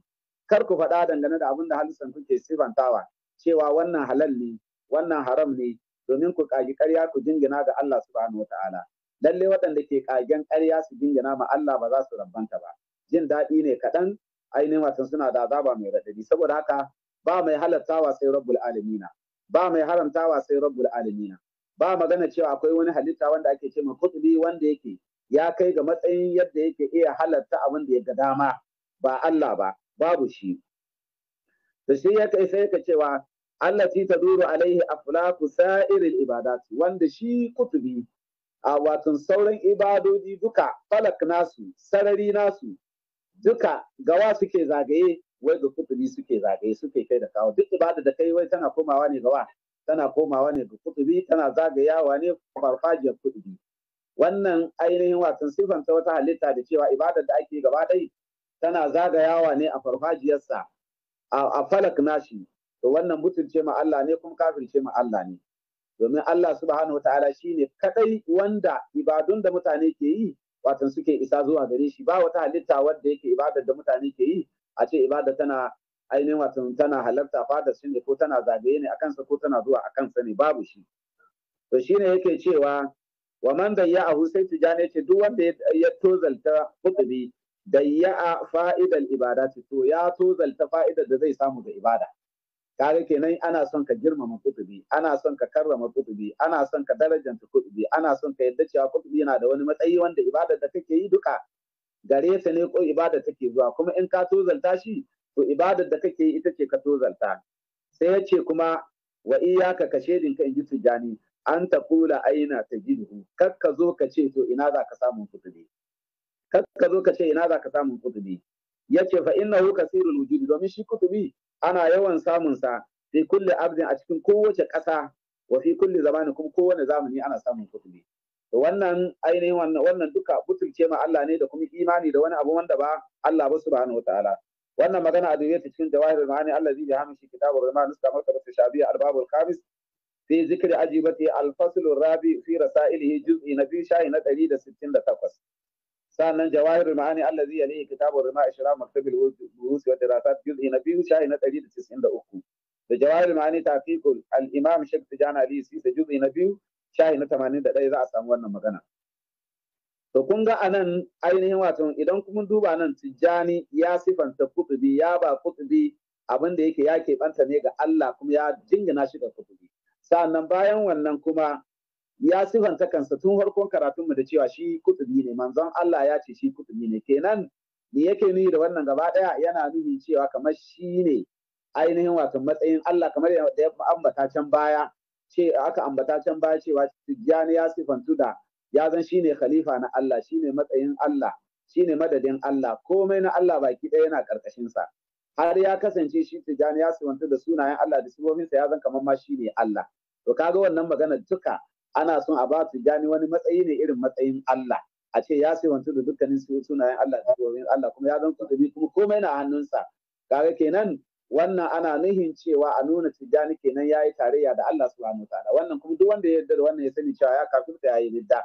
Speaker 2: kar ku faɗa dangane da abin da halittar kuke sifantawa cewa wannan halal ne wannan haram ne domin ku kagi ƙarya ku jingina ga Allah subhanahu wa ta'ala lalle waɗanda ke kagen ƙarya su jingina ma Allah ba za su rabbanta ba jin daɗi ne kaɗan ainihin watan suna da azaba mai raɗaɗi saboda haka ba mai halattawa sai rabbul alamina ba mai haramtawa sai rabbul alamina ba magana cewa akwai wani halitta wanda ake ce ma kutubi wanda yake ya kai ga matsayin yadda yake iya halatta abin da ya ga dama ba Allah ba babu shi to shi ya kai sai ka cewa Allah ti duru alaihi aflaku sa'iril ibadat wanda shi kutubi a watan sauran ibadodi duka falak nasu sarari nasu duka gawa suke zagaye wai ga kutubi suke zagaye suke kai da kawo duk ibada da kai wai tana komawa ne ga wa tana komawa ne ga kutubi tana zagayawa ne farfajiyar kutubi wannan ainihin wasan ta wata halitta da cewa ibadar da ake gaba dai tana zagayawa ne a farfajiyarsa a falak nashi to wannan mutunce ma Allah ne kuma kafirce ma Allah ne domin Allah subhanahu wa ta'ala shine kadai wanda ibadun da mutane ke yi watan suke isa zuwa gare shi ba wata halitta wadda yake ibadar da mutane ke yi a ce ibada tana ainihin wato tana halarta fadar su ne ko tana zagaye ne a kansa ko tana zuwa a kansa ne babu shi to shi ne yake cewa wa man a sai tijjani ce duk wanda ya tozalta a fa'idar fa'idal ce to ya tozalta fa'idar da zai samu da ibada kare kenan ana son ka girmama kuɗi ana son ka karrama kuɗi ana son ka darajanta kuɗi ana son ka yadda cewa kuɗi yana da wani matsayi wanda ibada da kake yi duka gare ta ne ko ibada take zuwa kuma in ka tozalta shi to ibada da kake yi ita ce ka tozalta sai yace kuma wa iyaka ka shedin ka inji tijani an ta kula aina ta jidhu kar zo ka ce to ina za ka samu kuturi kar ka zo ka ce ina za ka samu kuturi yace fa inna hu kasirul wujudi domin shi kutubi ana yawan samun sa fi kulli abdin a cikin kowace ƙasa wa fi kulli zamanin kuma kowane zamani ana samun kutubi wannan ainihin wannan duka butulce ma Allah ne da kuma imani da wani abu wanda ba Allah ba subhanahu wataala wannan magana a duniya cikin jawahirul ma'ani allazi bi hamishi kitabur rahman nusta martabat shabiya arbabul khamis fi zikri ajibati al-faslur rabi fi rasailihi juz'i na biyu shayi na 168 sannan jawahirul ma'ani allazi yalihi kitabur rahman ishra maktabil wurus wa dirasat juz'i na biyu shayi na 193 da jawahirul ma'ani taqiqul al-imam shaykh tijani ali sisi juz'i na biyu shahi na tamanin da ɗaya za a samu wannan magana to kun ga anan ainihin wato idan kun duba nan tijjani ya sifanta kutubi ya ba kutubi abin da yake ya keɓanta ne ga Allah kuma ya jingina shi ga kutubi sannan bayan wannan kuma ya sifanta kansa tun farkon karatunmu da cewa shi kutubi ne manzon Allah ya ce shi kutubi ne kenan me yake nuni da wannan gaba ɗaya yana nuni cewa kamar shi ne ainihin wato matsayin Allah kamar da ya ambata can baya ce aka ambata can baya cewa Tijjani ya siffantu da ya zan shi ne khalifa na Allah shi ne matsayin Allah shi ne madadin Allah komai na Allah baki ɗaya yana ƙarƙashinsa. har ya kasance shi Tijjani ya siffantu da sunayen Allah da sifofinsa ya zan kamar ma ne Allah to kaga wannan magana duka ana son a ba Tijjani wani matsayi ne irin matsayin Allah a ce ya siffantu da dukkanin sunayen Allah da sifofin Allah kuma ya zan kuma komai na hannunsa kaga kenan wannan ana nuhin cewa a nuna tijjani kenan ya yi tarayya da Allah subhanahu ta'ala wannan kuma duk wanda ya yarda da wannan ya sani cewa ya kafirta ya yi nidda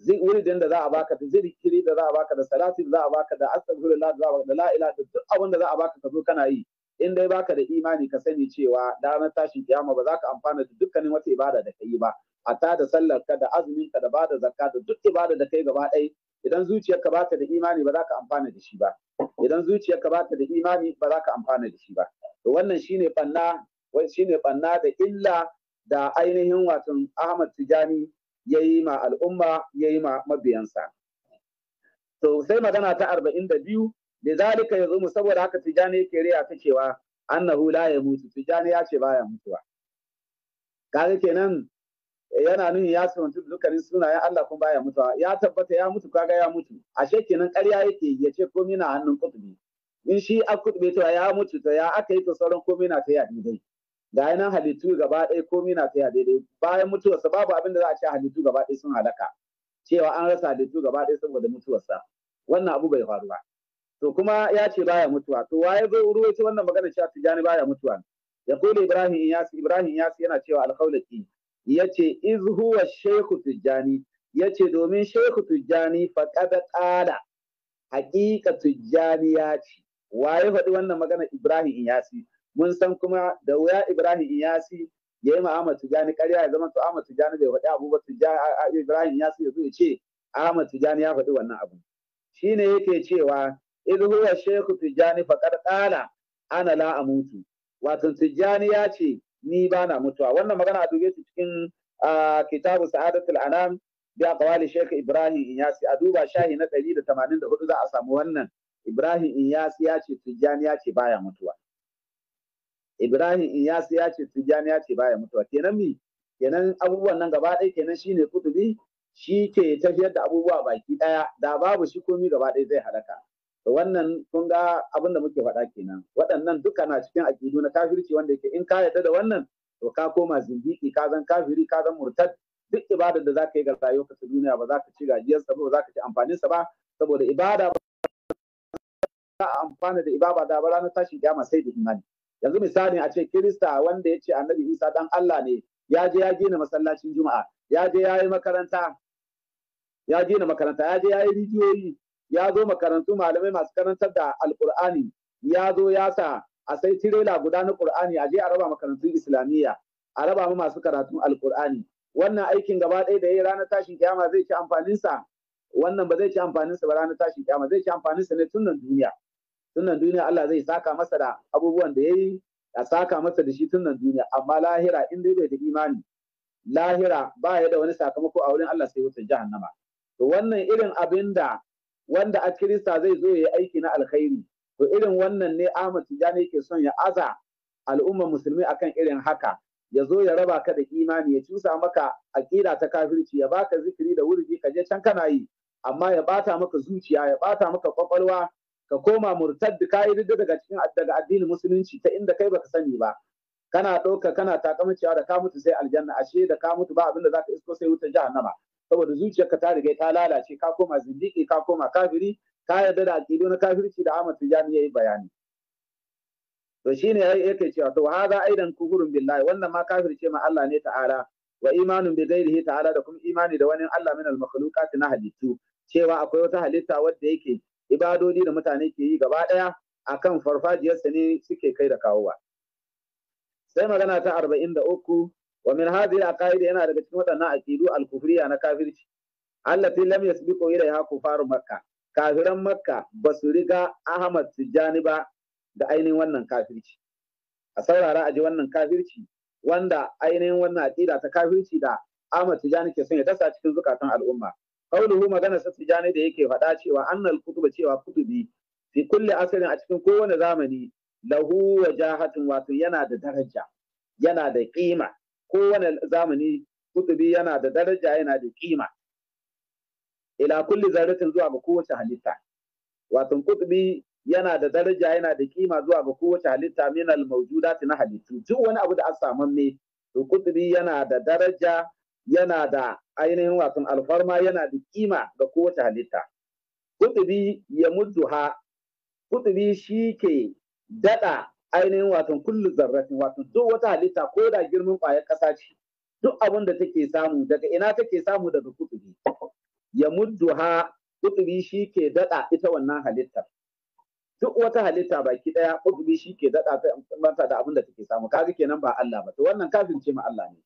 Speaker 2: zai wuridin da za a baka da zikiri da za a baka da salati da za a baka da astaghfirullah da za a baka da la ilaha duk abin da za a baka ka zo kana yi in dai baka da imani ka sani cewa da na tashi kiyama ba za ka amfana da dukkanin wata ibada da ka ba a ta da sallar ka da azumin ka da bada zakka da duk ibada da kai gaba ɗaya idan zuciyarka ba da imani ba za ka amfana da shi ba idan zuciyarka ba ta da imani ba za ka amfana da shi ba to wannan shine banna shine banna da illa da ainihin watan Ahmad Tijani ya yi ma al'umma ya yi ma mabiyansa to sai magana ta 42 da zalika yanzu saboda haka Tijani yake riya ta cewa annahu la ya mutu Tijani ya ce baya mutuwa kaga kenan yana nuni ya sumanci dukkanin sunayen Allah kuma baya mutuwa ya tabbata ya mutu kaga ya mutu ashe kenan ƙarya yake ya ce komai na hannun kutubi in shi a kutubi to ya mutu to ya aka yi to sauran komai na ta a daidai ga yanan halittu gaba ɗaya komai na ta a daidai bayan mutuwarsa babu abin da za a ce halittu gaba ɗaya sun halaka cewa an rasa halittu gaba ɗaya saboda mutuwarsa wannan abu bai faru ba to kuma ya ce baya mutuwa to waye zai ruwaito wannan magana cewa tijani baya mutuwa ya kula ibrahim ya ibrahim ya yana cewa alqaulaki yace iz huwa shaykhu tijjani yace domin shaykhu tijjani kada qala haqiqa tijjani ya ce waye faɗi wannan magana Ibrahim Iyasi mun san kuma da wuya Ibrahim Iyasi ya yi Ahmad Tijjani ƙarya ya zama to Ahmad Tijjani bai faɗi abu ba Tijjani Ibrahim Iyasi ya zo ya ce Ahmad Tijjani ya faɗi wannan abu shine yake cewa iz huwa shaykhu tijjani kada qala ana la amutu wato tijjani ya ce ni ba na mutuwa wannan magana a duge shi cikin kitabu sa'adatul anam bi aqwali sheikh ibrahim inyasi a duba shahi na 184 za a samu wannan ibrahim inyasi ya ce tijjani ya ce baya mutuwa ibrahim inyasi ya ce tijjani ya ce baya mutuwa kenan mi kenan abubuwan nan gaba ɗaya kenan shine kutubi shi ke tafiyar da abubuwa baki ɗaya da babu shi komi gaba ɗaya zai halaka wannan kun ga abin da muke faɗa kenan waɗannan duka na cikin aƙidu na kafirci wanda yake in ka yarda da wannan to ka koma zindiki ka zan kafiri ka zan murtad duk ibadar da zaka yi ga ta duniya ba za ka ci gajiyarsa ba za ka ci amfaninsa ba saboda ibada ba za a amfana da ibada da ba ranar tashin kiyama sai da imani yanzu misali a ce kirista wanda ya ce annabi isa dan allah ne ya je ya gina masallacin juma'a ya je ya yi makaranta ya gina makaranta ya je ya yi rijiyoyi ya zo makarantu malamai masu karantar da alkur'ani ya zo ya sa a sai tirela guda na qur'ani a je a raba makarantun islamiyya a raba mu masu karatun alkur'ani wannan aikin gaba ɗaya da ya ranar tashin kiyama zai ci amfaninsa wannan ba zai ci amfaninsa ba ranar tashin kiyama zai ci amfaninsa ne tunan duniya tunan duniya Allah zai saka masa da abubuwan da ya yi a saka masa da shi tunan duniya amma lahira in dai bai da imani lahira ba ya da wani sakamako a wurin Allah sai wutar jahannama to wannan irin abin da wanda a kirista zai zo ya yi aiki na alkhairi to irin wannan ne Ahmad Tijani yake son ya aza al'ummar musulmi akan irin haka ya zo ya raba ka da imani ya cusa maka aqida ta kafirci ya baka zikiri da wurdi ka je can kana yi amma ya bata maka zuciya ya bata maka kwakwalwa ka koma murtad ka yi daga cikin daga addinin musulunci ta inda kai baka sani ba kana ɗauka kana takamacewa da ka mutu sai aljanna ashe da ka mutu ba abinda zaka isko sai wutar jahannama saboda zuciyarka ta riga ta lalace ka koma zindiki ka koma kafiri ka yarda da aqidu na kafirci da Ahmad Tijani yayi bayani to shine yake cewa to haza aidan kufurun billahi wannan ma kafirce ma Allah ne ta'ala wa imanun bi ghairihi ta'ala da kuma imani da wani Allah min al makhluqat na halittu cewa akwai wata halitta wadda yake ibadodi da mutane ke yi gaba daya akan farfajiyarsa ne suke kai da kawowa sai magana ta 43 wa min hadhihi al-aqaid yana daga cikin waɗannan aqidu al-kufriya na kafirci allati lam yasbiqu ilaiha kufar makka kafiran makka basu riga ahmad tijjani ba da ainihin wannan kafirci a saurara a ji wannan kafirci wanda ainihin wannan aqida ta kafirci da ahmad tijjani ke son ya dasa cikin zukatan al'umma kauluhu magana sa tijjani da yake faɗa cewa annal kutuba cewa kutubi fi kulli asalin a cikin kowane zamani lahu wajahatun wato yana da daraja yana da kima kowane zamani kutubi yana da daraja yana da kima ila kulli zarratin zuwa ga kowace halitta wato kutubi yana da daraja yana da kima zuwa ga kowace halitta min al mawjudati na halittu duk wani abu da an samu ne to kutubi yana da daraja yana da ainihin wato alfarma yana da kima ga kowace halitta kutubi ya mutu ha kutubi shi ke dada ainihin wato kullu zarratin wato duk wata halitta ko da girman ƙwayar ƙasa ce duk abin da take samu daga ina take samu daga kutubi ya muddu ha kutubi shi ke daɗa ita wannan halittar duk wata halitta baki ɗaya kutubi shi ke daɗa ta mata da abin da take samu kaga kenan ba Allah ba to wannan kafin ce ma Allah ne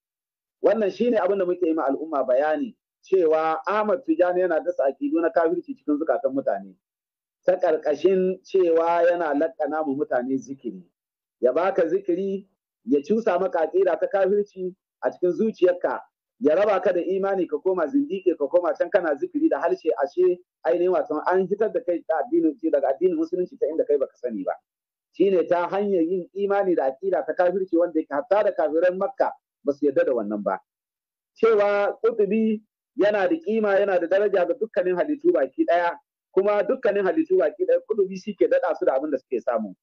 Speaker 2: wannan shine abin da muke yi ma al'umma bayani cewa Ahmad Tijani yana dasa akidu na kafirci cikin zukatan mutane ta ƙarƙashin cewa yana laƙana mu mutane zikiri ya baka zikiri ya cusa maka aƙida ta kafirci a cikin zuciyarka ya raba ka da imani ka koma zindike ka koma can kana zikiri da harshe ashe ainihin wato an hitar da kai da addinin daga addinin musulunci ta inda kai baka sani ba shine ta hanyar yin imani da aƙida ta kafirci wanda yake hatta da kafiran makka ba su yarda da wannan ba cewa kutubi yana da kima yana da daraja ga dukkanin halittu baki daya kuma dukkanin halittu baki daya kutubi shi ke dada su da abin da suke samu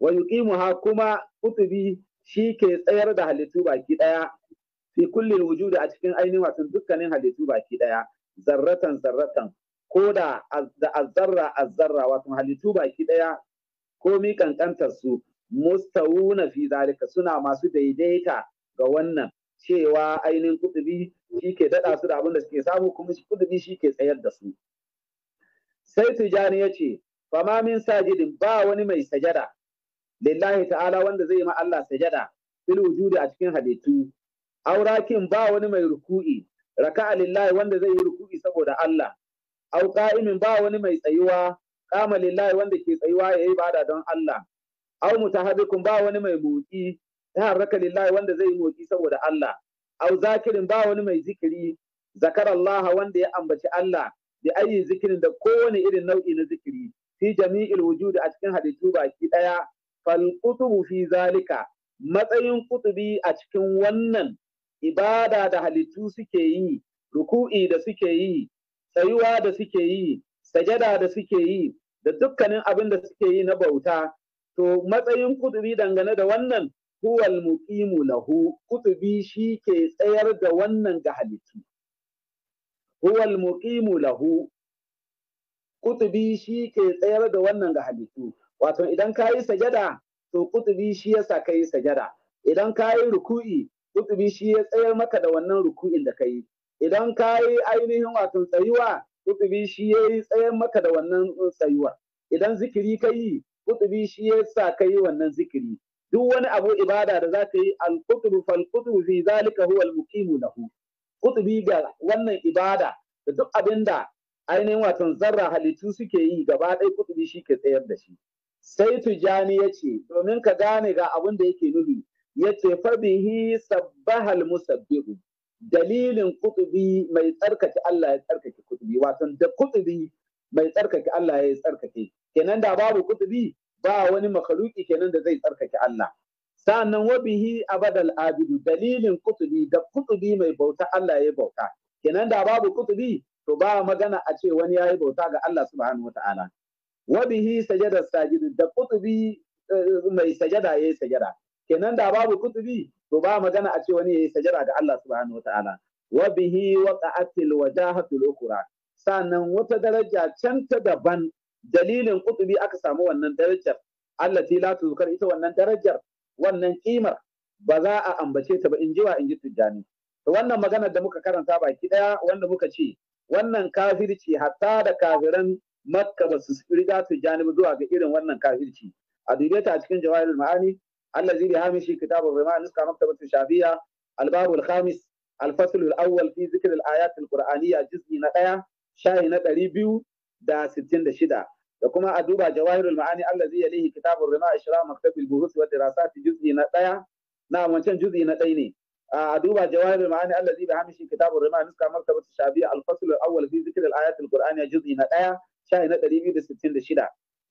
Speaker 2: wa yuqimuha kuma kutubi shi ke tsayar da halittu baki daya fi kulli wujudi a cikin ainihin wato dukkanin halittu baki daya zarratan zarratan ko da azzarra azzarra wato halittu baki daya ko mi kankantar su mustawuna fi zalika suna masu daidaita ga wannan cewa ainihin kutubi shi ke dada su da abin da suke samu kuma kutubi shi ke tsayar da su sai tijani ya ce fama min sajidin ba wani mai sajada lillahi ta'ala wanda zai ma Allah sajada fil wujudi a cikin halittu aurakin ba wani mai ruku'i raka'a lillahi wanda zai yi ruku'i saboda Allah au qa'imin ba wani mai tsayuwa kama lillahi wanda ke tsayuwa ya yi bada don Allah au mutahabbikun ba wani mai motsi ta harraka lillahi wanda zai yi motsi saboda Allah au zakirin ba wani mai zikiri zakar Allah wanda ya ambaci Allah da ayi zikirin da kowane irin nau'i na zikiri fi jami'il wujudi a cikin halittu baki daya falqutubu fi zalika matsayin kutubi a cikin wannan ibada da halittu suke yi ruku'i da suke yi tsayuwa da suke yi sajada da suke yi da dukkanin abin da suke yi na bauta to matsayin kutubi dangane da wannan huwal muqimu lahu kutubi shi ke tsayar da wannan ga halittu huwal muqimu lahu kutubi shi ke tsayar da wannan ga halittu wato idan ka yi sajada to kutubi shi yasa ka yi sajada idan ka yi ruku'i kutubi shi ya tsayar maka da wannan ruku'in da ka yi idan ka yi ainihin wato tsayuwa kutubi shi ya yi tsayar maka da wannan uh, tsayuwa. idan zikiri ka yi kutubi shi ya sa ka yi wannan zikiri duk wani abu ibada da za ka yi al-kutubu fal-kutubu fi zalika huwa al-muqimu lahu kutubi ga wannan ibada da duk abinda ainihin watan zarra halittu suke yi gaba ɗaya kutubi shi ke tsayar da shi sai tujani ya ce domin ka gane ga abin da yake nufi ya ce fabihi sabbahal musabbihu dalilin kutubi mai tsarkake Allah ya tsarkake kutubi wato da kutubi mai tsarkake Allah ya tsarkake kenan da babu kutubi ba wani makaruki kenan da zai tsarkake Allah sa'annan wabihi abadal abidu dalilin kutubi da kutubi mai bauta Allah ya bauta kenan da babu kutubi to ba magana a ce wani ya yi bauta ga Allah subhanahu wata'ala wa bihi sajada da kutubi mai sajada yayi sajada kenan da babu kutubi to ba magana a ce wani yi sajada ga Allah subhanahu wataala wa bihi wajahatul ukhra sannan wata daraja can ta daban dalilin kutubi aka samu wannan darajar allati la tuzkar ita wannan darajar wannan kimar ba za a ambace ta ba in ji wa in ji tujjani to wannan maganar da muka karanta baki daya wanda muka ce wannan kafirci hatta da kafiran makka ba su riga su janibi zuwa ga irin wannan kafirci a dube ta cikin jawahirul ma'ani allazi bi hamishi kitabu bi ma'anis ka maktabatu shafiya albabu al-khamis al-fasl al-awwal fi zikr al-ayat juz'i na daya shayi na ɗari biyu da sittin da shida da kuma a duba jawahirul ma'ani allazi yalihi kitabu rima ishra maktabil buhus wa dirasat juz'i na daya na wancan juz'i na ɗaya ne a duba jawahirul ma'ani allazi bi hamishi kitabu rima nuska maktabatu shafiya al-fasl al-awwal fi zikr al-ayat juz'i na daya shahi na ɗari biyu da sittin da shida.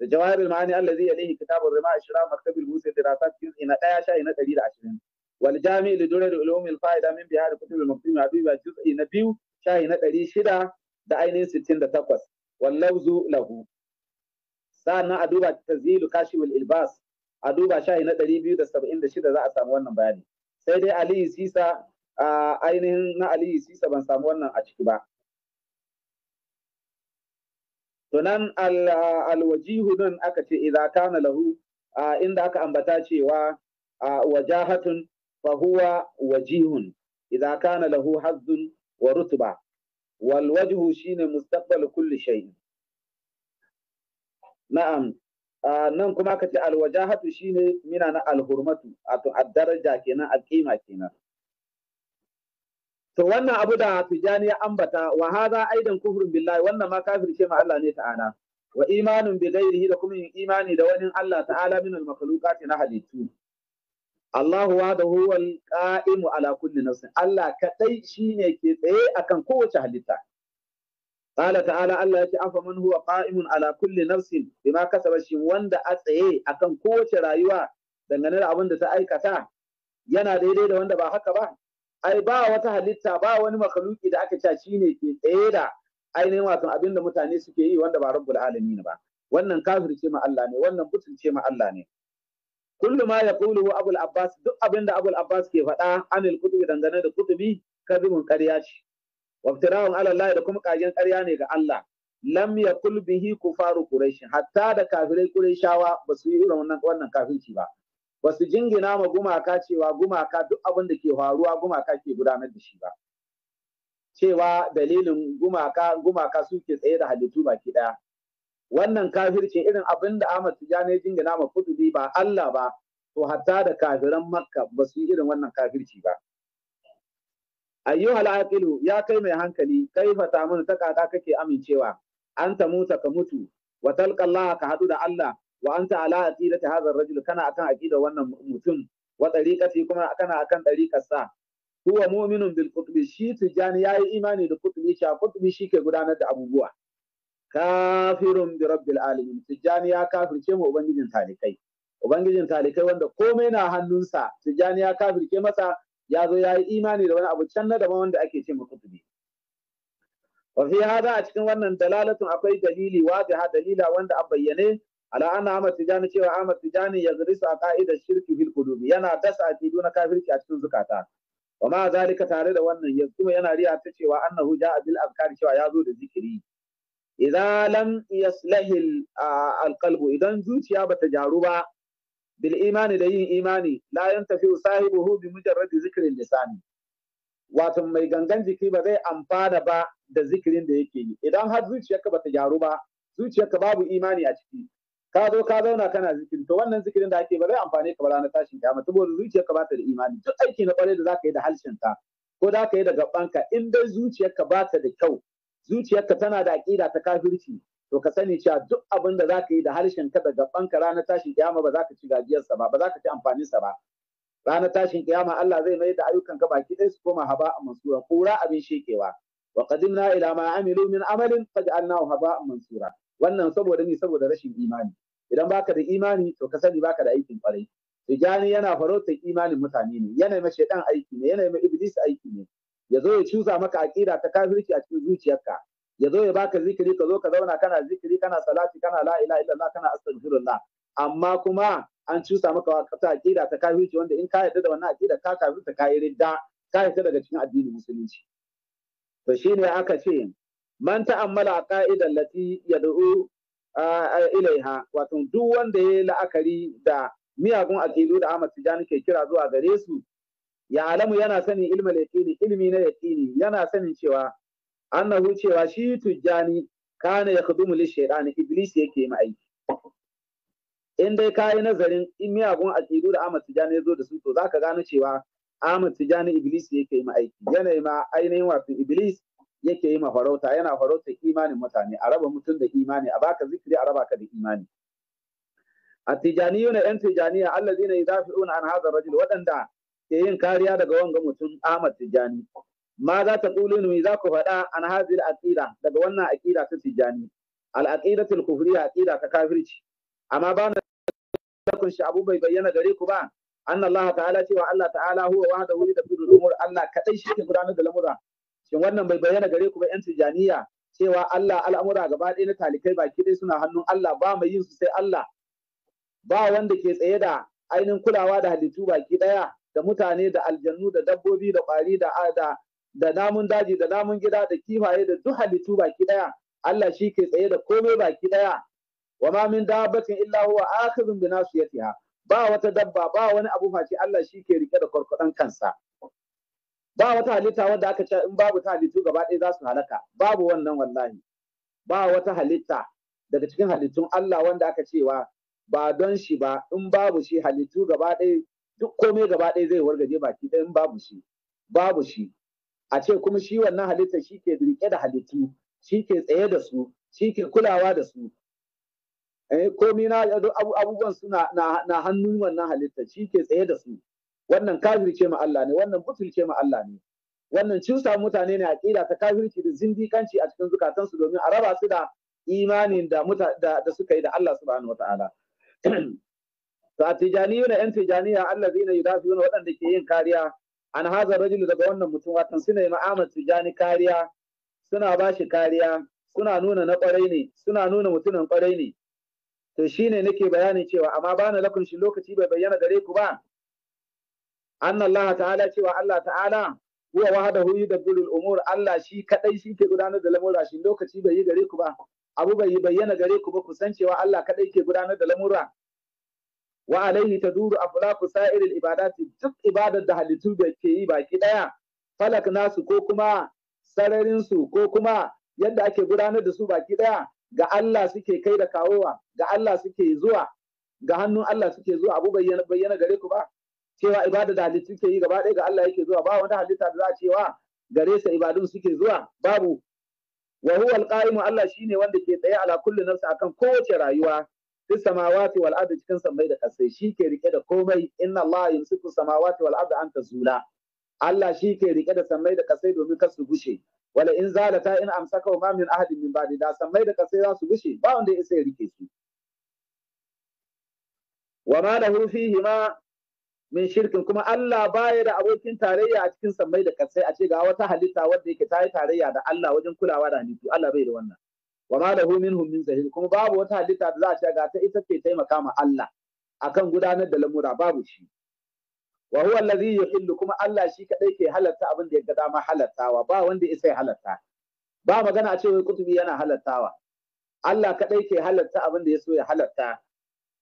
Speaker 2: jawahirul ma'ani Allah allazi alayhi kitabur rima ashra maktabil musa dirasat juz'i na 1 shahi na 120 wal jami' li durar ulum al fa'ida min bihar kutub al maktum habiba juz'i na 2 shahi na 600 da ainihin sittin 68 wal lawzu lahu sa'annan a duba tazilu kashiful ilbas a duba shahi na ɗari biyu da da saba'in shida za a samu wannan bayani sai dai aliyu sisa ainihin na aliyu sisa ban samu wannan a ciki ba to nan alwajihu din aka ce idza kana lahu inda aka ambata cewa wajahatun fa huwa wajihun idza kana lahu hazzun wa rutuba wal wajhu shine mustaqbal kulli shay na'am nan kuma aka ce alwajahatu shine mina na alhurmatu A addaraja kenan alqima kenan to wannan abu da tijani ya ambata wa hadha aidan kufrun billahi wannan ma kafirce ma Allah ne ta'ala wa imanun bi ghairihi da kuma yin imani da wani Allah ta'ala min al-makhluqati na halittu Allahu wa da huwa al-qa'imu ala kulli Allah kadai shine ke tsaye akan kowace halitta Qala ta'ala Allah yace afa man huwa qa'imun ala kulli nafsin bima kasaba shi wanda a tsaye akan kowace rayuwa dangane da abin da ta aikata yana daidai da wanda ba haka ba ai ba wata halitta ba wani makaluki da aka ca shi ne ke tsaye da ainihin wato abinda mutane suke yi wanda ba rabbul alamin ba wannan ce ma Allah ne wannan ce ma Allah ne kullu ma yaqulu abul abbas duk abin da abul abbas ke faɗa anil kutubi dangane da kutubi kadibun ƙarya ce wabtirahum ala Allah da kuma kagen ƙarya ne ga Allah lam yaqul bihi kufaru quraish hatta da kafirai qurayshawa ba su yi irin wannan wannan kafirci ba ba su jingina ma gumaka cewa gumaka duk abin da ke faruwa gumaka ke gudanar da shi ba cewa dalilin gumaka gumaka su ke tsaye da halittu baki ɗaya. wannan kafirce irin abin da Ahmad Tijani jingina ma kudubi ba Allah ba to hatta da kafiran Makka ba su irin wannan kafirci ba ayyuhal aqilu ya kai mai hankali kaifa ta mun ta kaka kake amincewa anta muta ka mutu wa talqa Allah ka hadu da Allah wa anta ala aqidati hadha ar-rajul kana akan aqida wannan mutum wa tariqati kuma kana akan tariqar sa huwa mu'minun bil qutbi shi tijani yayi imani da qutbi sha qutbi shi ke gudanar da abubuwa kafirun bi rabbil alamin tijani ya kafirce mu ubangijin talikai ubangijin talikai wanda komai na hannunsa tijani ya kafirce masa ya zo yayi imani da wani abu can na daban wanda ake ce mu qutbi wa fi hada a cikin wannan dalalatun akwai dalili ha dalila wanda a bayyane ala anna Ahmad Tijani cewa Ahmad Tijani ya zurisu a ka'idar shirki fil yana dasa aqidu na kafirci a cikin zukata wa ma zalika tare da wannan yanzu kuma yana riya ta cewa annahu ja'a bil azkar cewa ya zo da zikiri idza lam yaslahi al qalbu idan zuciya bata jaru ba bil imani da yin imani la yantafi sahibuhu bi mujarrad zikrin lisani wato mai gangan jiki ba zai amfana ba da zikirin da yake yi idan har zuciyarka bata jaru ba zuciyarka babu imani a ciki ka zo ka zauna kana zikiri to wannan zikirin da ake ba zai amfane ka ba ranar tashin kiyama saboda zuciyarka ba ta da imani duk aiki na kwarai da zaka yi da harshen ka ko da ka yi da gabanka in dai zuciyarka ba ta da kyau zuciyarka tana da aƙida ta kafirci to ka sani cewa duk abin da za ka yi da harshen ka da gabanka ranar tashin kiyama ba za ka ci sa ba ba za ka ci sa ba ranar tashin kiyama Allah zai mai da ayyukan ka baki ɗaya su koma haba a mansura kura abin shekewa wa qadimna ila ma amilu min amalin faj'alnahu haba'an mansura wannan saboda ni saboda rashin imani idan baka da imani to ka sani baka da aikin kwarai tijani yana farautar imanin mutane ne yana mai shaidan aiki ne yana mai iblis aiki ne ya zo ya cusa maka aqida ta kafirci a cikin zuciyarka ya zo ya baka zikiri ka zo ka zauna kana zikiri kana salati kana la ilaha illallah kana astaghfirullah amma kuma an cusa maka ta aqida ta kafirci wanda in ka yarda da wannan aqida ka kafirta ka yi ridda ka yi daga cikin addinin musulunci to shine aka ce man ta'ammala qa'idan lati yad'u ilaiha wato duk wanda ya yi la'akari da miyagun aƙidu da Ahmad Tijani ke kira zuwa gare su ya alamu yana sanin ilmi yaqini ilmi na yaqini yana sanin cewa annahu cewa shi Tijani kana yakhdumu li shaytan iblis yake mai aiki in dai yi nazarin miyagun akidu da Ahmad Tijani ya zo da su to zaka gano cewa Ahmad Tijani Iblis yake yi aiki yanayi ma ainihin wato Iblis yake yi mafarauta, yana farauta imanin mutane a raba mutum da imani a baka zikiri a raba ka da imani A tijaniyu tijaniyuna yan tijaniya zafi una an hazar rajul waɗanda ke yin kariya daga wanga mutum Ahmad Tijani ma za ta ƙuli nuni za ku faɗa an hadhihi al daga wannan aqida ta Tijani al-aqidatu kufuri kufriyya aqida ta kafirci amma ba na kun shi abu bai bayyana gare ku ba anna ta'ala cewa Allah ta'ala huwa wahdahu da al-umur Allah kadai shi ke gudanar da lamura shin wannan bai bayyana gare ku ba yan tijaniya cewa Allah al'amura gaba ɗaya na talikai baki ɗaya suna hannun Allah ba mai yin su sai Allah ba wanda ke tsaye da ainihin kulawa da halittu baki ɗaya da mutane da aljannu da dabbobi da ƙwari da ada, da namun daji da namun gida da kifaye da duk halittu baki ɗaya Allah shi ke tsaye da komai baki ɗaya wa ma min dabbatin illa huwa akhidun bi nasiyatiha ba wata dabba ba wani abu face Allah shi ke rike da kwarkwadon kansa ba wata halitta wanda aka ce in babu ta halittu gaba ɗaya za su halaka babu wannan wallahi ba wata halitta daga cikin halittun Allah wanda aka cewa ba don shi ba in babu shi halittu gaba ɗaya duk komai gaba ɗaya zai wargaje baki ɗaya in babu shi babu shi a ce kuma shi wannan halitta shi ke riƙe da halittu shi ke tsaye da su shi ke kulawa da su eh, komai na abubuwan su na hannun wannan halitta shi ke tsaye da su wannan kafirce ma Allah ne wannan butulce ma Allah ne wannan cin samu mutane ne aqida ta kafirci da zindikanci a cikin zukatansu domin a raba su da imanin da da suka yi da Allah subhanahu wataala ta tijaniyuna yan tijaniya allazina yudafiuna waɗanda ke yin kariya an haza rajulu daga wannan mutum watan suna yi ma'amar tijani kariya suna ba shi kariya suna nuna na kwarai ne suna nuna mutumin kwarai ne to shine nake bayani cewa amma bana lakun shi lokaci bai bayyana gare ku ba anna Allah ta'ala cewa Allah ta'ala huwa wahdahu yudabbiru al-umur Allah shi kadai shi ke gudanar da lamura shi lokaci bai yi gare ku ba abu bai yi bayyana gare ku ba ku san cewa Allah kadai ke gudanar da lamura wa alaihi taduru aflaku sa'iril ibadati duk ibadar da halittu da ke yi baki daya falak nasu ko kuma sararin su ko kuma yadda ake gudanar da su baki daya ga Allah suke kai da kawowa ga Allah suke zuwa ga hannun Allah suke zuwa abu bayyana gare ku ba cewa ibada da halittu ke yi gaba ɗaya ga Allah yake zuwa ba wani halitta da za a cewa gare sa ibadun suke zuwa babu wa huwa alqaimu Allah shine wanda ke tsaye ala kulli nafsi akan kowace rayuwa fis samawati wal ardi cikin sammai da kasai shi ke rike da komai inna Allah yumsiku samawati wal ardi an tazula Allah shi ke rike da sammai da kasai domin kar su gushe wala in zalata in amsaka ma min ahadin min ba'di da sammai da kasai za su gushe ba wanda ya isa ya rike su wa ma lahu fihi ma min shirkin kuma Allah baya da abokin tarayya a cikin sammai da kasai a ce ga wata halitta wadda yake ta yi tarayya da Allah wajen kulawa da halittu Allah bai da wannan wa ma lahu minhum min zahir kuma babu wata halitta da za a ce ga ta ita ce taimaka ma Allah akan gudanar da lamura babu shi wa huwa allazi yuhillu kuma Allah shi kadai ke halatta abin da ya ga dama halattawa ba wanda isa ya halatta ba magana a ce wai kutubi yana halattawa Allah kadai ke halatta abin da ya so ya halatta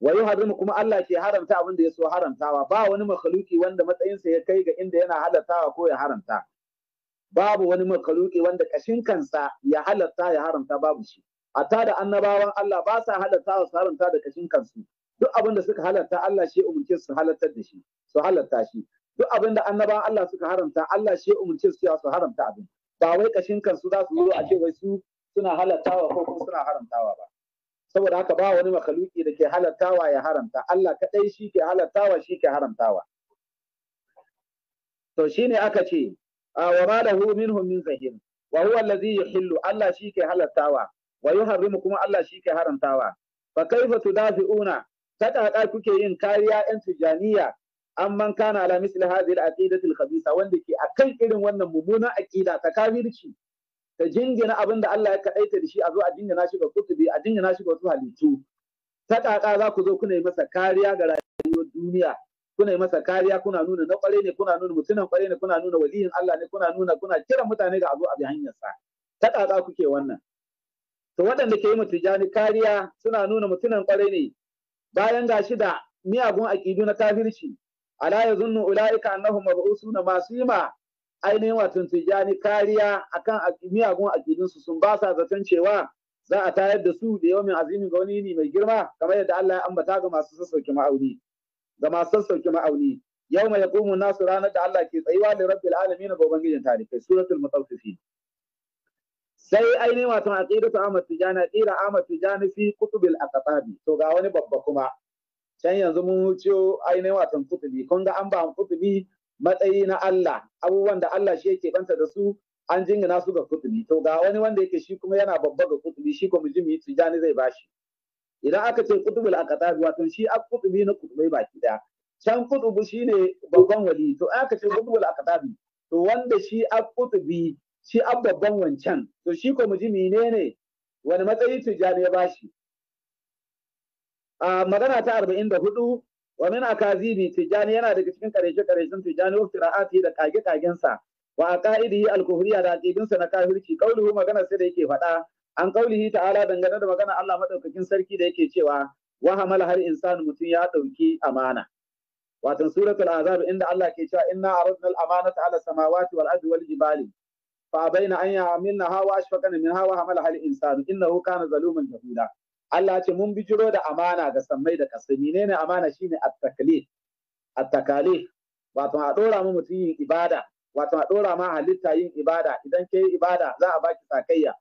Speaker 2: wa yuharrimu kuma Allah ke haramta abin da ya so haramtawa ba wani makhluki wanda matsayinsa ya kai ga inda yana halartawa ko ya haramta babu wani makhluki wanda kashin kansa ya halarta ya haramta babu shi hatta da annabawan Allah ba sa halaltawa su haramta da kashin kansu duk abin da suka halarta Allah shi umurce su halartar da shi su halarta shi duk abin da annabawan Allah suka haramta Allah shi umurce su su haramta abin ba wai kashin kansu za su zo a ce wai su suna halartawa ko kuma suna haramtawa ba saboda haka ba wani makhluki da ke halartawa ya haramta Allah kadai shi ke halartawa shi ke haramtawa to shine aka ce wa ma lahu minhum min zahir wa huwa allazi yuhillu Allah shi ke halartawa wa yuharrimu kuma Allah shi ke haramtawa fa kaifa tudafi'una ta kaka kuke yin kariya yan tijaniya amman kana ala misli hadhihi al-aqidati al-khabisa wanda ke akan irin wannan mummunan aqida ta kafirci ta jingina abin da Allah ya kaɗaita da shi a zo a jingina shi ga kutubi a jingina shi ga wasu halittu ta ƙaƙa za ku zo kuna yi masa kariya ga rayuwar duniya kuna yi masa kariya kuna nuna na ƙware ne kuna nuna mutumin ƙware ne kuna nuna waliyin Allah ne kuna nuna kuna kiran mutane ga a zo a bi hanyarsa ta ƙaƙa kuke wannan to waɗanda ke yi mutu tijani kariya suna nuna mutumin ƙware ne bayan ga shi da miyagun aƙidu na kafirci ala zunnu ulaika annahum suna masu yi ma ainihin watan tijjani kariya akan miyagun akidinsu sun ba sa zaton cewa za a tayar da su da yawon azimin ga wani mai girma kamar yadda Allah ya ambata ga masu sassauke ma'auni ga masu sassauke ma'auni yau mai yaqumu nasu ranar da Allah ke tsayuwa da rabbil alamin ga ubangijin tarihi suratul mutaffifin sai ainihin wato aqidatu Ahmad Tijani aqida Ahmad Tijjani fi kutubil aqtabi to ga wani babba kuma can yanzu mun wuce ainihin watan kutubi kun ga an ba kutubi matsayi na Allah abubuwan da Allah shi yake banta da su an jingina su ga kutubi to ga wani wanda yake shi kuma yana babba ga kutubi shi kuma jimi tijani zai bashi idan aka ce kutubul aqtabi wato shi a kutubi na kutubai baki daya can kutubu shine babban wali to aka ce kutubul aqtabi to wanda shi a kutubi shi a babban wancan to shi ko jimi ne ne wani matsayi tijani ya bashi a ah, magana ta 44 wa min Tijjani yana daga cikin karshe karshen Tijjani wa qira'ati da kage kagen sa wa aqaidihi al-kufriya da aqidin sa na kafirci qauluhu magana sai da yake faɗa an ƙaulihi ta'ala dangane da magana Allah madaukakin sarki da yake cewa wa hamal har insanu mutum ya ɗauki amana watan suratul azab inda Allah ke cewa inna aradna al-amanata ala samawati wal ardi jibali fa abaina an ya'milna hawa ashfaqana min hawa hamal hal insanu innahu kana zaluman jahula Allah ce mun bijiro da amana ga sammai da kasai menene amana shine at-taklif at takali wato a dora mu mutum yin ibada wato a dora ma halitta yin ibada idan ke ibada za a baki sakayya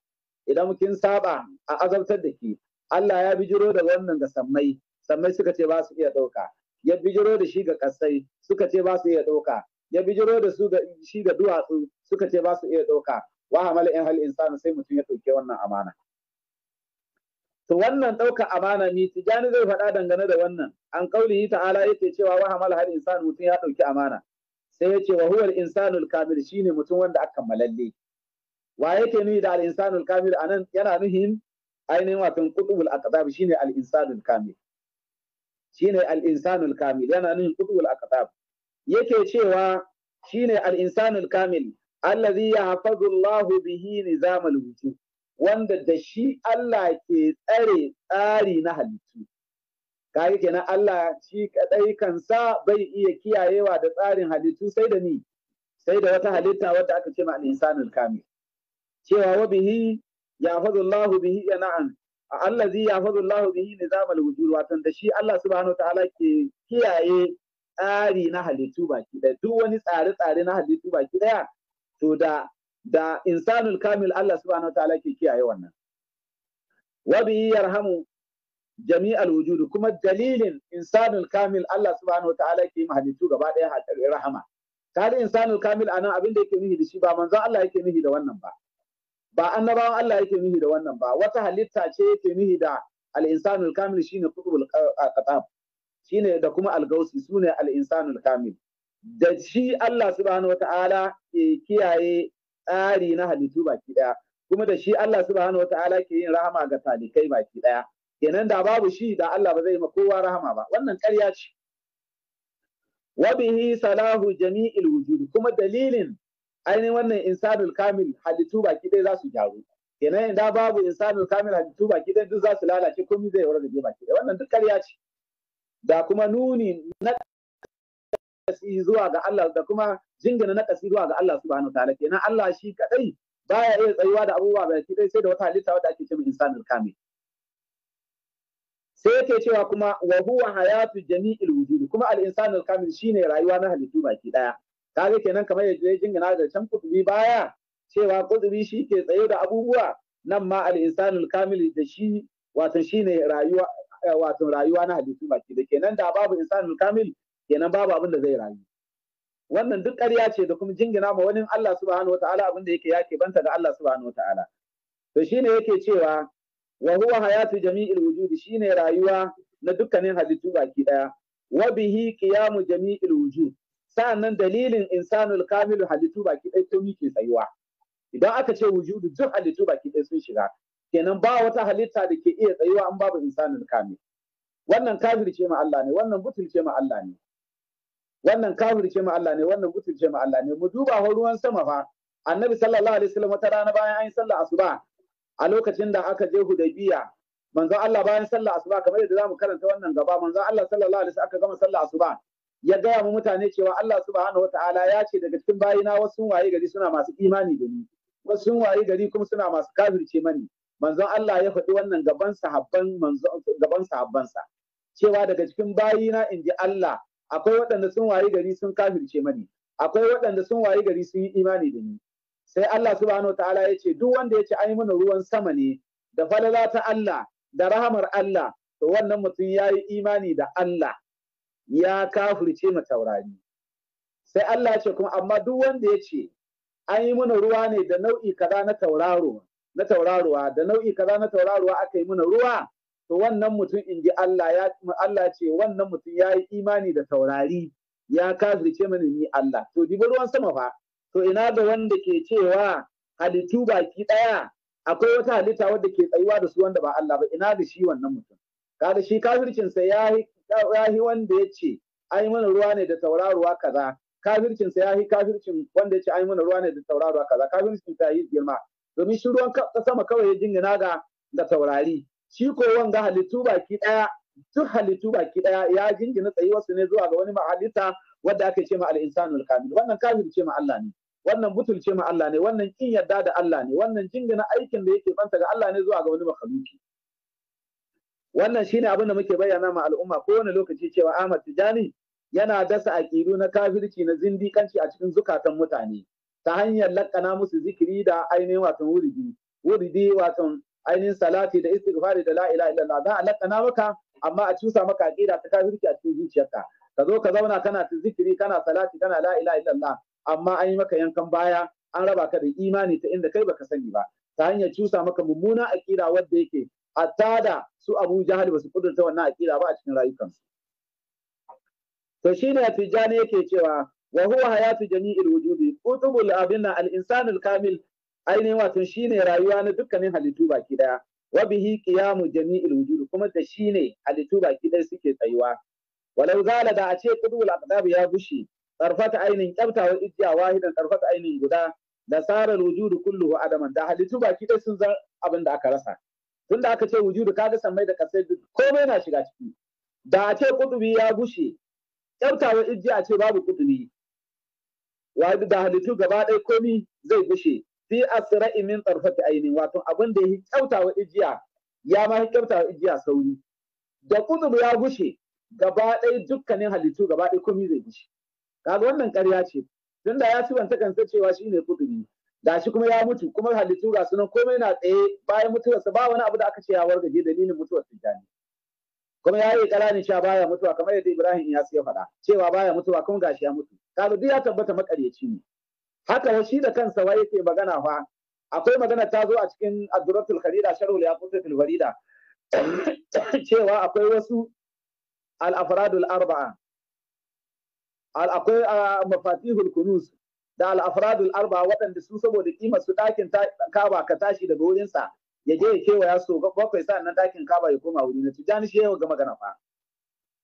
Speaker 2: idan kin saba a azabtar da ki Allah ya bijiro da wannan ga sammai sammai suka ce ba su iya dauka ya bijiro da shi ga kasai suka ce ba su iya dauka ya bijiro da su ga shi ga duwatsu suka ce ba su iya dauka wa hamala in hal insani sai mutum ya dauke wannan amana to wannan ɗaukar amana ni tijani zai faɗa dangane da wannan an yi ta'ala yake cewa wa hamal har insan mutum ya ɗauki amana sai ya ce wa huwal insanul kamil shine mutum wanda aka malalle. wa yake nuni da al insanul kamil anan yana nuhin ainihin watan qutubul aqtab shine al insanul kamil shine al insanul kamil yana nuhin qutubul aqtab yake cewa shine al insanul kamil allazi yahfazu Allahu bihi nizamal wujud wanda da shi Allah ke tsare tsari na halittu. Kaga kenan Allah shi kadai kansa bai iya kiyayewa da tsarin halittu sai da ni, sai da wata halitta wadda aka ce ma al kamil. Cewa wa bihi yahfazu Allah bihi na'am allazi yahfazu Allah bihi nizamal wujud watan da shi Allah subhanahu ta'ala ke kiyaye tsari na halittu baki ɗaya duk wani tsare-tsare na halittu baki ɗaya to da da insanul kamil Allah subhanahu wa ta'ala ke kiyaye wannan wa yarhamu jami'al wujud kuma dalilin insanul kamil Allah subhanahu wa ta'ala ke mahalittu gaba daya rahama kada insanul kamil anan abin da yake mihi da shi ba manzon Allah yake nihi da wannan ba ba annabawan Allah yake nihi da wannan ba wata halitta ce yake nihi da al-insanul kamil shine qutbul qatab shine da kuma al-gausi sune al-insanul kamil da shi Allah subhanahu wa ta'ala ke kiyaye tsari na halittu baki daya kuma da shi Allah subhanahu wata'ala ke yin rahama ga talikai baki daya kenan da babu shi da Allah ba zai ma kowa rahama ba wannan ƙarya ce wa bihi salahu jami'il wujud kuma dalilin ainihin wannan insanul kamil halittu baki ɗaya za su gyaru kenan da babu insanul kamil halittu baki ɗaya duk za su lalace komai zai wargaje baki ɗaya wannan duk ƙarya ce da kuma nuni na nakasi zuwa ga Allah da kuma jingina nakasi zuwa ga Allah subhanahu wataala kenan Allah shi kadai baya iya tsayuwa da abubuwa ba shi dai sai da wata halitta wadda ake cewa insanul kamil sai yake cewa kuma wa huwa hayatu jami'il wujud kuma al insanul kamil shine rayuwa na halittu baki daya kaga kenan kamar yadda ya jingina da can kutubi baya cewa kutubi shi ke tsaye da abubuwa nan ma al insanul kamil da shi wato shine rayuwa wato rayuwa na halittu baki da kenan da babu insanul kamil kenan babu abin da zai rayu wannan duk ƙarya ce da kuma jingina ma wani Allah subhanahu wataala abin da yake yake banta ga Allah subhanahu wataala to shine yake cewa wa huwa hayatu jami'il wujudi shine rayuwa na dukkanin halittu baki daya wa bihi qiyamu jami'il wujud sa'annan dalilin insanul kamilu halittu baki ɗaya to ke tsayuwa idan aka ce wujudu duk halittu baki ɗaya sun shiga kenan ba wata halitta da ke iya tsayuwa an babu insanul kamil wannan kafir ce ma Allah ne wannan butul ce ma Allah ne wannan kafirce ma Allah ne wannan mutunce ma Allah ne mu duba ho ruwan sama fa annabi sallallahu alaihi wasallam wata rana bayan an yi sallah asuba a lokacin da aka je hudaybiya manzo Allah bayan sallah asuba kamar yadda zamu karanta wannan gaba manzo Allah sallallahu alaihi wasallam aka gama sallah asuba ya gaya mu mutane cewa Allah subhanahu wataala ya ce daga cikin bayina wasu waye gari suna masu imani da ni wasu waye gari kuma suna masu kafirce mani manzon Allah ya faɗi wannan gaban sahabban manzo gaban cewa daga cikin bayina inji Allah akwai waɗanda sun wayi gari sun kafirce mani akwai waɗanda sun wayi gari sun yi imani da ni sai Allah subhanahu ta'ala ya ce duk wanda ya ce ai mana ruwan sama ne da falala ta Allah da rahamar Allah to wannan mutum ya yi imani da Allah ya kafirce ma taurari sai Allah ya ce kuma amma duk wanda ya ce an yi mana ruwa ne da nau'i kaza na tauraro na tauraruwa da nau'i kaza na tauraruwa aka yi mana ruwa to wannan mutum in ji Allah ya Allah ce wannan mutum ya yi imani da taurari ya kafirce mani ni Allah to diba ruwan sama fa to ina ga wanda ke cewa halittu baki daya akwai wata halitta wadda ke tsayuwa da su wanda ba Allah ba ina da shi wannan mutum da shi kafircin sa yahi yahi wanda ya ce ai mana ruwa ne da tauraruwa kaza kafircin sa yi kafircin wanda ya ce ai mana ruwa ne da tauraruwa kaza kafircin sa yi girma domin shi ruwan sama kawai ya jingina ga da taurari shi ko wanga halittu baki daya duk halittu baki daya ya jingina tsayuwarsu ne zuwa ga wani halitta wadda aka ce ma al'insanul kamil wannan kamil ce ma Allah ne wannan ce ma Allah ne wannan kin yarda da Allah ne wannan jingina aikin da yake banta ga Allah ne zuwa ga wani makhluki wannan shine abin da muke bayyana ma al'umma Ko wani lokaci cewa Ahmad Tijani yana dasa aƙidu na kafirci na zindiƙanci a cikin zukatan mutane ta hanyar lakana musu zikiri da ainihin wato wuridi wuridi wato ainihin salati da istighfari da la ilaha illallah za a lakana maka amma a cusa maka aqida ta kafirci a cikin zuciyarka ka zo ka zauna kana zikiri kana salati kana la ilaha illallah amma an yi maka yankan baya an raba ka da imani ta inda kai baka sani ba ta hanyar cusa maka mummuna aqida wanda yake a tada su Abu Jahal ba su kudurta wannan aqida ba a cikin rayukansu to shine Tijjani yake cewa wa huwa hayatu jami'il wujudi qutubul abinna al-insanul kamil ainihin wato shine rayuwa na dukkanin halittu baki daya wa bihi qiyamu jami'il wujud kuma da shine halittu baki daya suke tsayuwa walau zala da a ce qudul aqdab ya gushi tarfata ainihin kyafta ijja wahidan tarfata ainihin guda da sarar wujudu kulluhu adaman da halittu baki daya sun zan abin da aka rasa tun da aka ce wujudu kaga sammai da kasai komai na shiga ciki da a ce kutubi ya gushe kyafta ijja ijiya ce babu kutubi wa da halittu gaba ɗaya komai zai gushe fi asra'i min tarfati aini wato abin da ya kyautawa ijiya ya ma kyautawa ijiya sauri da kudubu ya gushe gaba ɗaya dukkanin halittu gaba ɗaya komai zai gushe kaga wannan ƙarya ce tun ya ci wanta kansa cewa shine kudubi gashi kuma ya mutu kuma halittu ga sunan komai na tsaye bayan mutuwarsa ba wani abu da aka ce ya wargaje dalilin mutuwar tijjani kuma ya yi ƙararin sha baya mutuwa kamar yadda Ibrahim ya ya faɗa cewa baya mutuwa kuma gashi ya mutu kaga duk ya tabbata makaryaci ne haka shi da kansa wai yake magana fa akwai magana ta zo a cikin abduratul kharida sharhul yaqutul farida cewa akwai wasu al-afradul arba'a al akwai mafatihul kunuz da al-afradul arba'a waɗanda su saboda kima su dakin kaba ka tashi daga wurinsa ya je ya ya so bakwai sa nan dakin kaba ya koma wuri na tijani shi yawa ga magana fa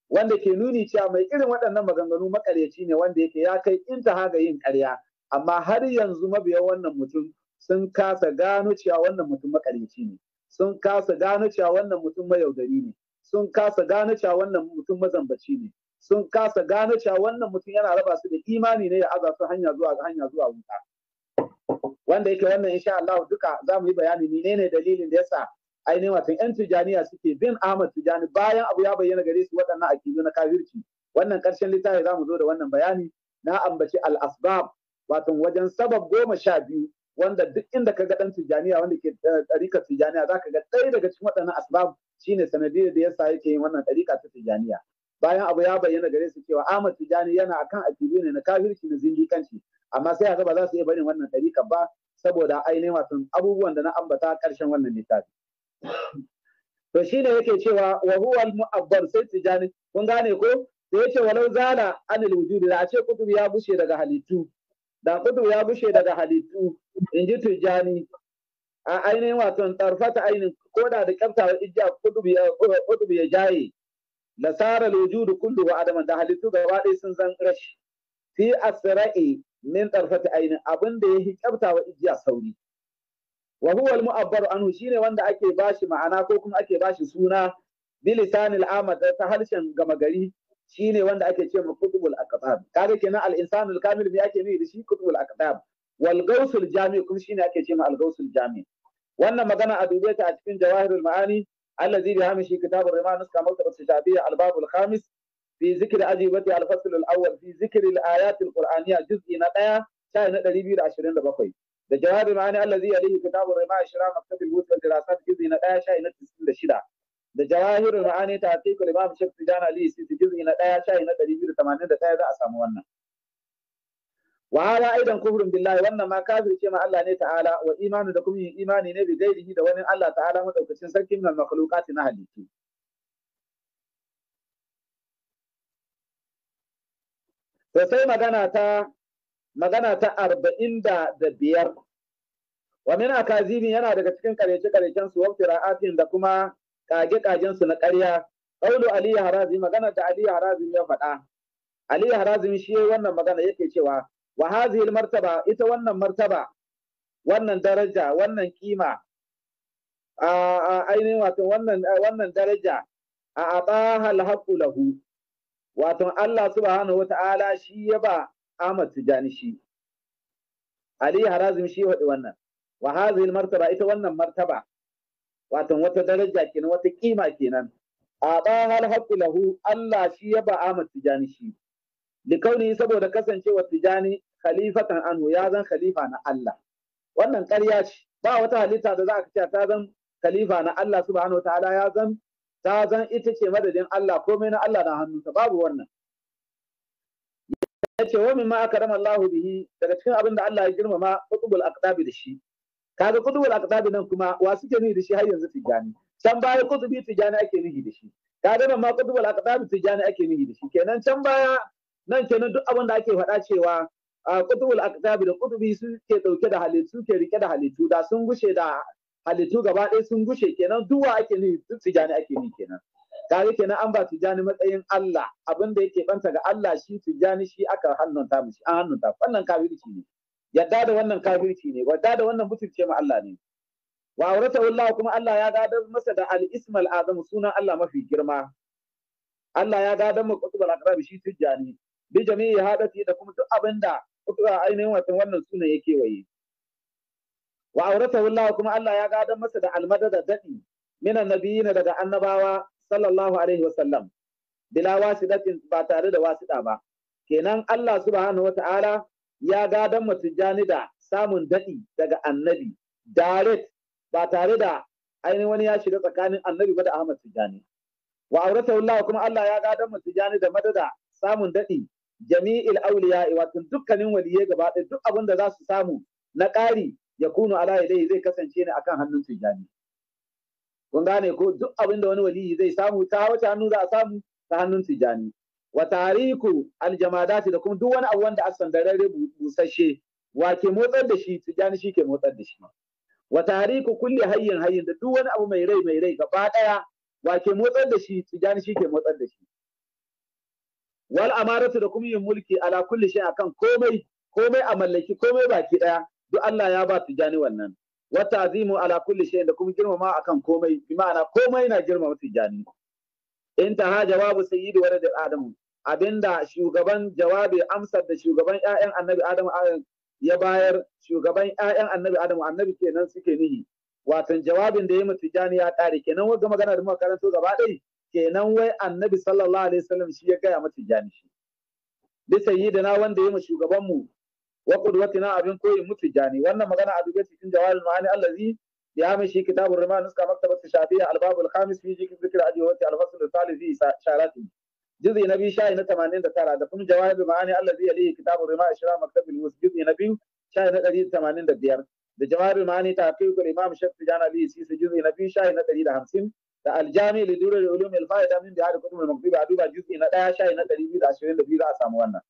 Speaker 2: wanda ke nuni cewa mai irin waɗannan maganganu makaryaci ne wanda yake ya kai intaha ga yin ƙarya amma har yanzu mabiya wannan mutum sun kasa gano cewa wannan mutum makarici ne sun kasa gano cewa wannan mutum mayaudari ne sun kasa gano cewa wannan mutum mazambaci ne sun kasa gano cewa wannan mutum yana raba su da imani ne ya aza su hanya zuwa hanya zuwa wuta wanda yake wannan insha Allah duka za mu yi bayani menene dalilin da yasa ainihin wato yan tijaniya suke bin Ahmad Tijani bayan abu ya bayyana gare su waɗannan akidu na kafirci wannan ƙarshen littafi za mu zo da wannan bayani na ambaci al-asbab wato wajen sabab goma sha biyu wanda duk inda ka ga ɗan tijaniya wanda ke eh, ɗarikar tijaniya za ka ga ɗaya daga cikin waɗannan asbab ne sanadiyar da ya yasa yake yin wannan ɗarika ta tijaniya bayan abu ya bayyana gare su cewa Ahmad tijjani yana akan akili ne na kafirci na zindikanci amma sai a ba za su iya barin wannan ɗarika ba saboda ainihin wato abubuwan da na ambata ƙarshen wannan littafi to shine yake cewa wa huwa muabbar sai tijjani kun gane ko da yake walau zala anil wujudi da a ce kutubi ya bushe daga halittu da kudu ya bushe daga halittu in ji tijjani a ainihin wato tarfata ainihin ko da wa ijiya kudu ya jaye da tsara da kullu wa adaman da halittu ga ɗaya sun zan rashi fi asra'i min tarfata ainihin abin da ya yi wa ijiya sauri wa huwa al-mu'abbaru anhu shine wanda ake bashi ma'ana ko kuma ake bashi suna bilisanil amad ta harshen gama gari Shi ne wanda ake ce ma kutubul aqtab kaga kenan al insanul kamil me ake nufi da shi kutubul aqtab wal gausul jami kuma ne ake ce ma al gausul jami wannan magana a dube ta a cikin jawahirul ma'ani allazi bi hamishi kitabur rima nuska maktabat shafiya al babul khamis fi zikri ajibati al fasl al awwal fi zikri al ayat al qur'aniyya juz'i na 1 shayi na 227 da jawahirul ma'ani allazi alayhi kitabur rima shira maktabil wusul dirasat juz'i na 1 shayi na 96 da jawahirul ma'ani ta tiku imam shaykh tijan ali sisi juz'i na 1 shayi na 281 za a samu wannan wa hada aidan kufrun billahi wannan ma kafir ce ma Allah ne ta'ala wa imanu da kuma imani ne bi gairihi da wani Allah ta'ala madaukakin sarki min al-makhluqat na halittu to sai magana ta magana ta arba'in da biyar wa min akazimi yana daga cikin karece karecen su wafti ra'atin da kuma kage-kagen su na ƙarya qaulu ali harazi magana da ali harazi ya faɗa ali harazi shi yayi wannan magana yake cewa wa hadhihi martaba ita wannan martaba wannan daraja wannan kima a ainihin wato wannan wannan daraja a ataha alhaqu lahu wato Allah subhanahu wata'ala shi ya ba Ahmad Tijani shi Ali Harazim shi ya waɗi wannan wa hadhihi martaba ita wannan martaba watan wata daraja kenan wata kima kenan a ba hal lahu Allah shi ya ba Ahmad Tijani shi likauni saboda kasancewa Tijani khalifatan anhu ya zan khalifa na Allah wannan ƙarya ce ba wata halitta da za ka ce ta zan khalifa na Allah subhanahu wataala ya zan ta zan ita ce madadin Allah komai na Allah na hannunsa babu wannan ya ce wa mimma akrama bihi daga cikin abin da Allah ya girmama qutbul aqtabi da shi kaga kutubul aqtabi nan kuma wa suke nufi da shi har yanzu tijani can baya kudu bi tijani ake nufi da shi kaga nan ma kutubul aqtabi tijani ake nufi da shi kenan can baya nan kenan duk abin da ake faɗa cewa a kutubul aqtabi da kudu su suke dauke da halittu ke rike da halittu da sun gushe da halittu gaba ɗaya sun gushe kenan duwa ake nufi tijani ake ni kenan kaga kenan an ba tijani matsayin Allah abin da yake banta ga Allah shi tijani shi aka hannunta mishi an hannunta wannan kafirci ne yadda da wannan kafirci ne yadda da wannan mutunce ma Allah ne wa aurata Allah kuma Allah ya gadar masa da al-ismal azam sunan Allah mafi girma Allah ya gadar mu kutubul aqrab shi tijjani bi jami'i hadati da kuma duk abinda kutuba ainihin watan wannan sunan yake waye wa aurata Allah kuma Allah ya gadar masa da al-madada dadi minan nabiyina daga annabawa sallallahu alaihi wasallam bila wasidatin ba tare da wasida ba kenan Allah subhanahu wata'ala ya gadon matijani da samun daɗi daga annabi direct ba tare da ainihin wani ya shiga tsakanin annabi ba da Ahmad Tijani. Wa aurata Allah kuma Allah ya gadon matijani da madada samun daɗi jami'il auliya wato dukkanin waliyai gaba ɗaya duk abin da za su samu na ƙari ya kunu ala dai zai kasance ne akan hannun Tijani. Kun gane ko duk abin da wani waliyi zai samu ta wace hannu za a samu ta hannun Tijani. wa tariku aljamadati da kuma duk wani abu wanda asan rare busashe wa ke motsar da shi tijani shi ke motsar da shi wa tariku kulli hayyin hayyin da duk wani abu mai rai mai rai gaba daya wa ke motsar da shi tijani shi ke motsar da shi wal amaratu da kuma yin mulki ala kulli shay akan komai komai a mallaki komai baki daya duk Allah ya ba tijani wannan wa ta'zimu ala kulli shay da kuma girmama akan komai bi ma'ana komai na girmama tijani intaha jawabu sayyidi walad adam abinda shugaban jawabi amsar da shugaban ƴaƴan annabi adam ya bayar shugaban ƴaƴan annabi adam annabi kenan suke nihi watan jawabin da ya mutu jani ya ƙare kenan wanda magana da muka karanto gaba ɗaya kenan wai annabi sallallahu alaihi wasallam shi ya gaya mutu jani shi bisa yi da na wanda ya mu shugaban mu wa qudwatina abin koyi mutu jani wannan magana a dube cikin jawabin ma'ani allazi يا مشي كتاب الرمال نسخة مكتبة الشافعية الباب الخامس في جيك ذكر أدي وتي الفصل الثالث في شعراته جزء نبي شاي نتمانين تتالى دفن جواهب معاني الذي يليه كتاب الرمال إشراء مكتب الوس جزء نبي شاي نتالي تمانين تديار da jawarin mani taqiq al imam shafi jana bi si su juzi na biyu shahi na 150 da al jami li durul ulum al faida min bihar kutub al maghdubi a duba juzi na daya shahi na 222 za a samu wannan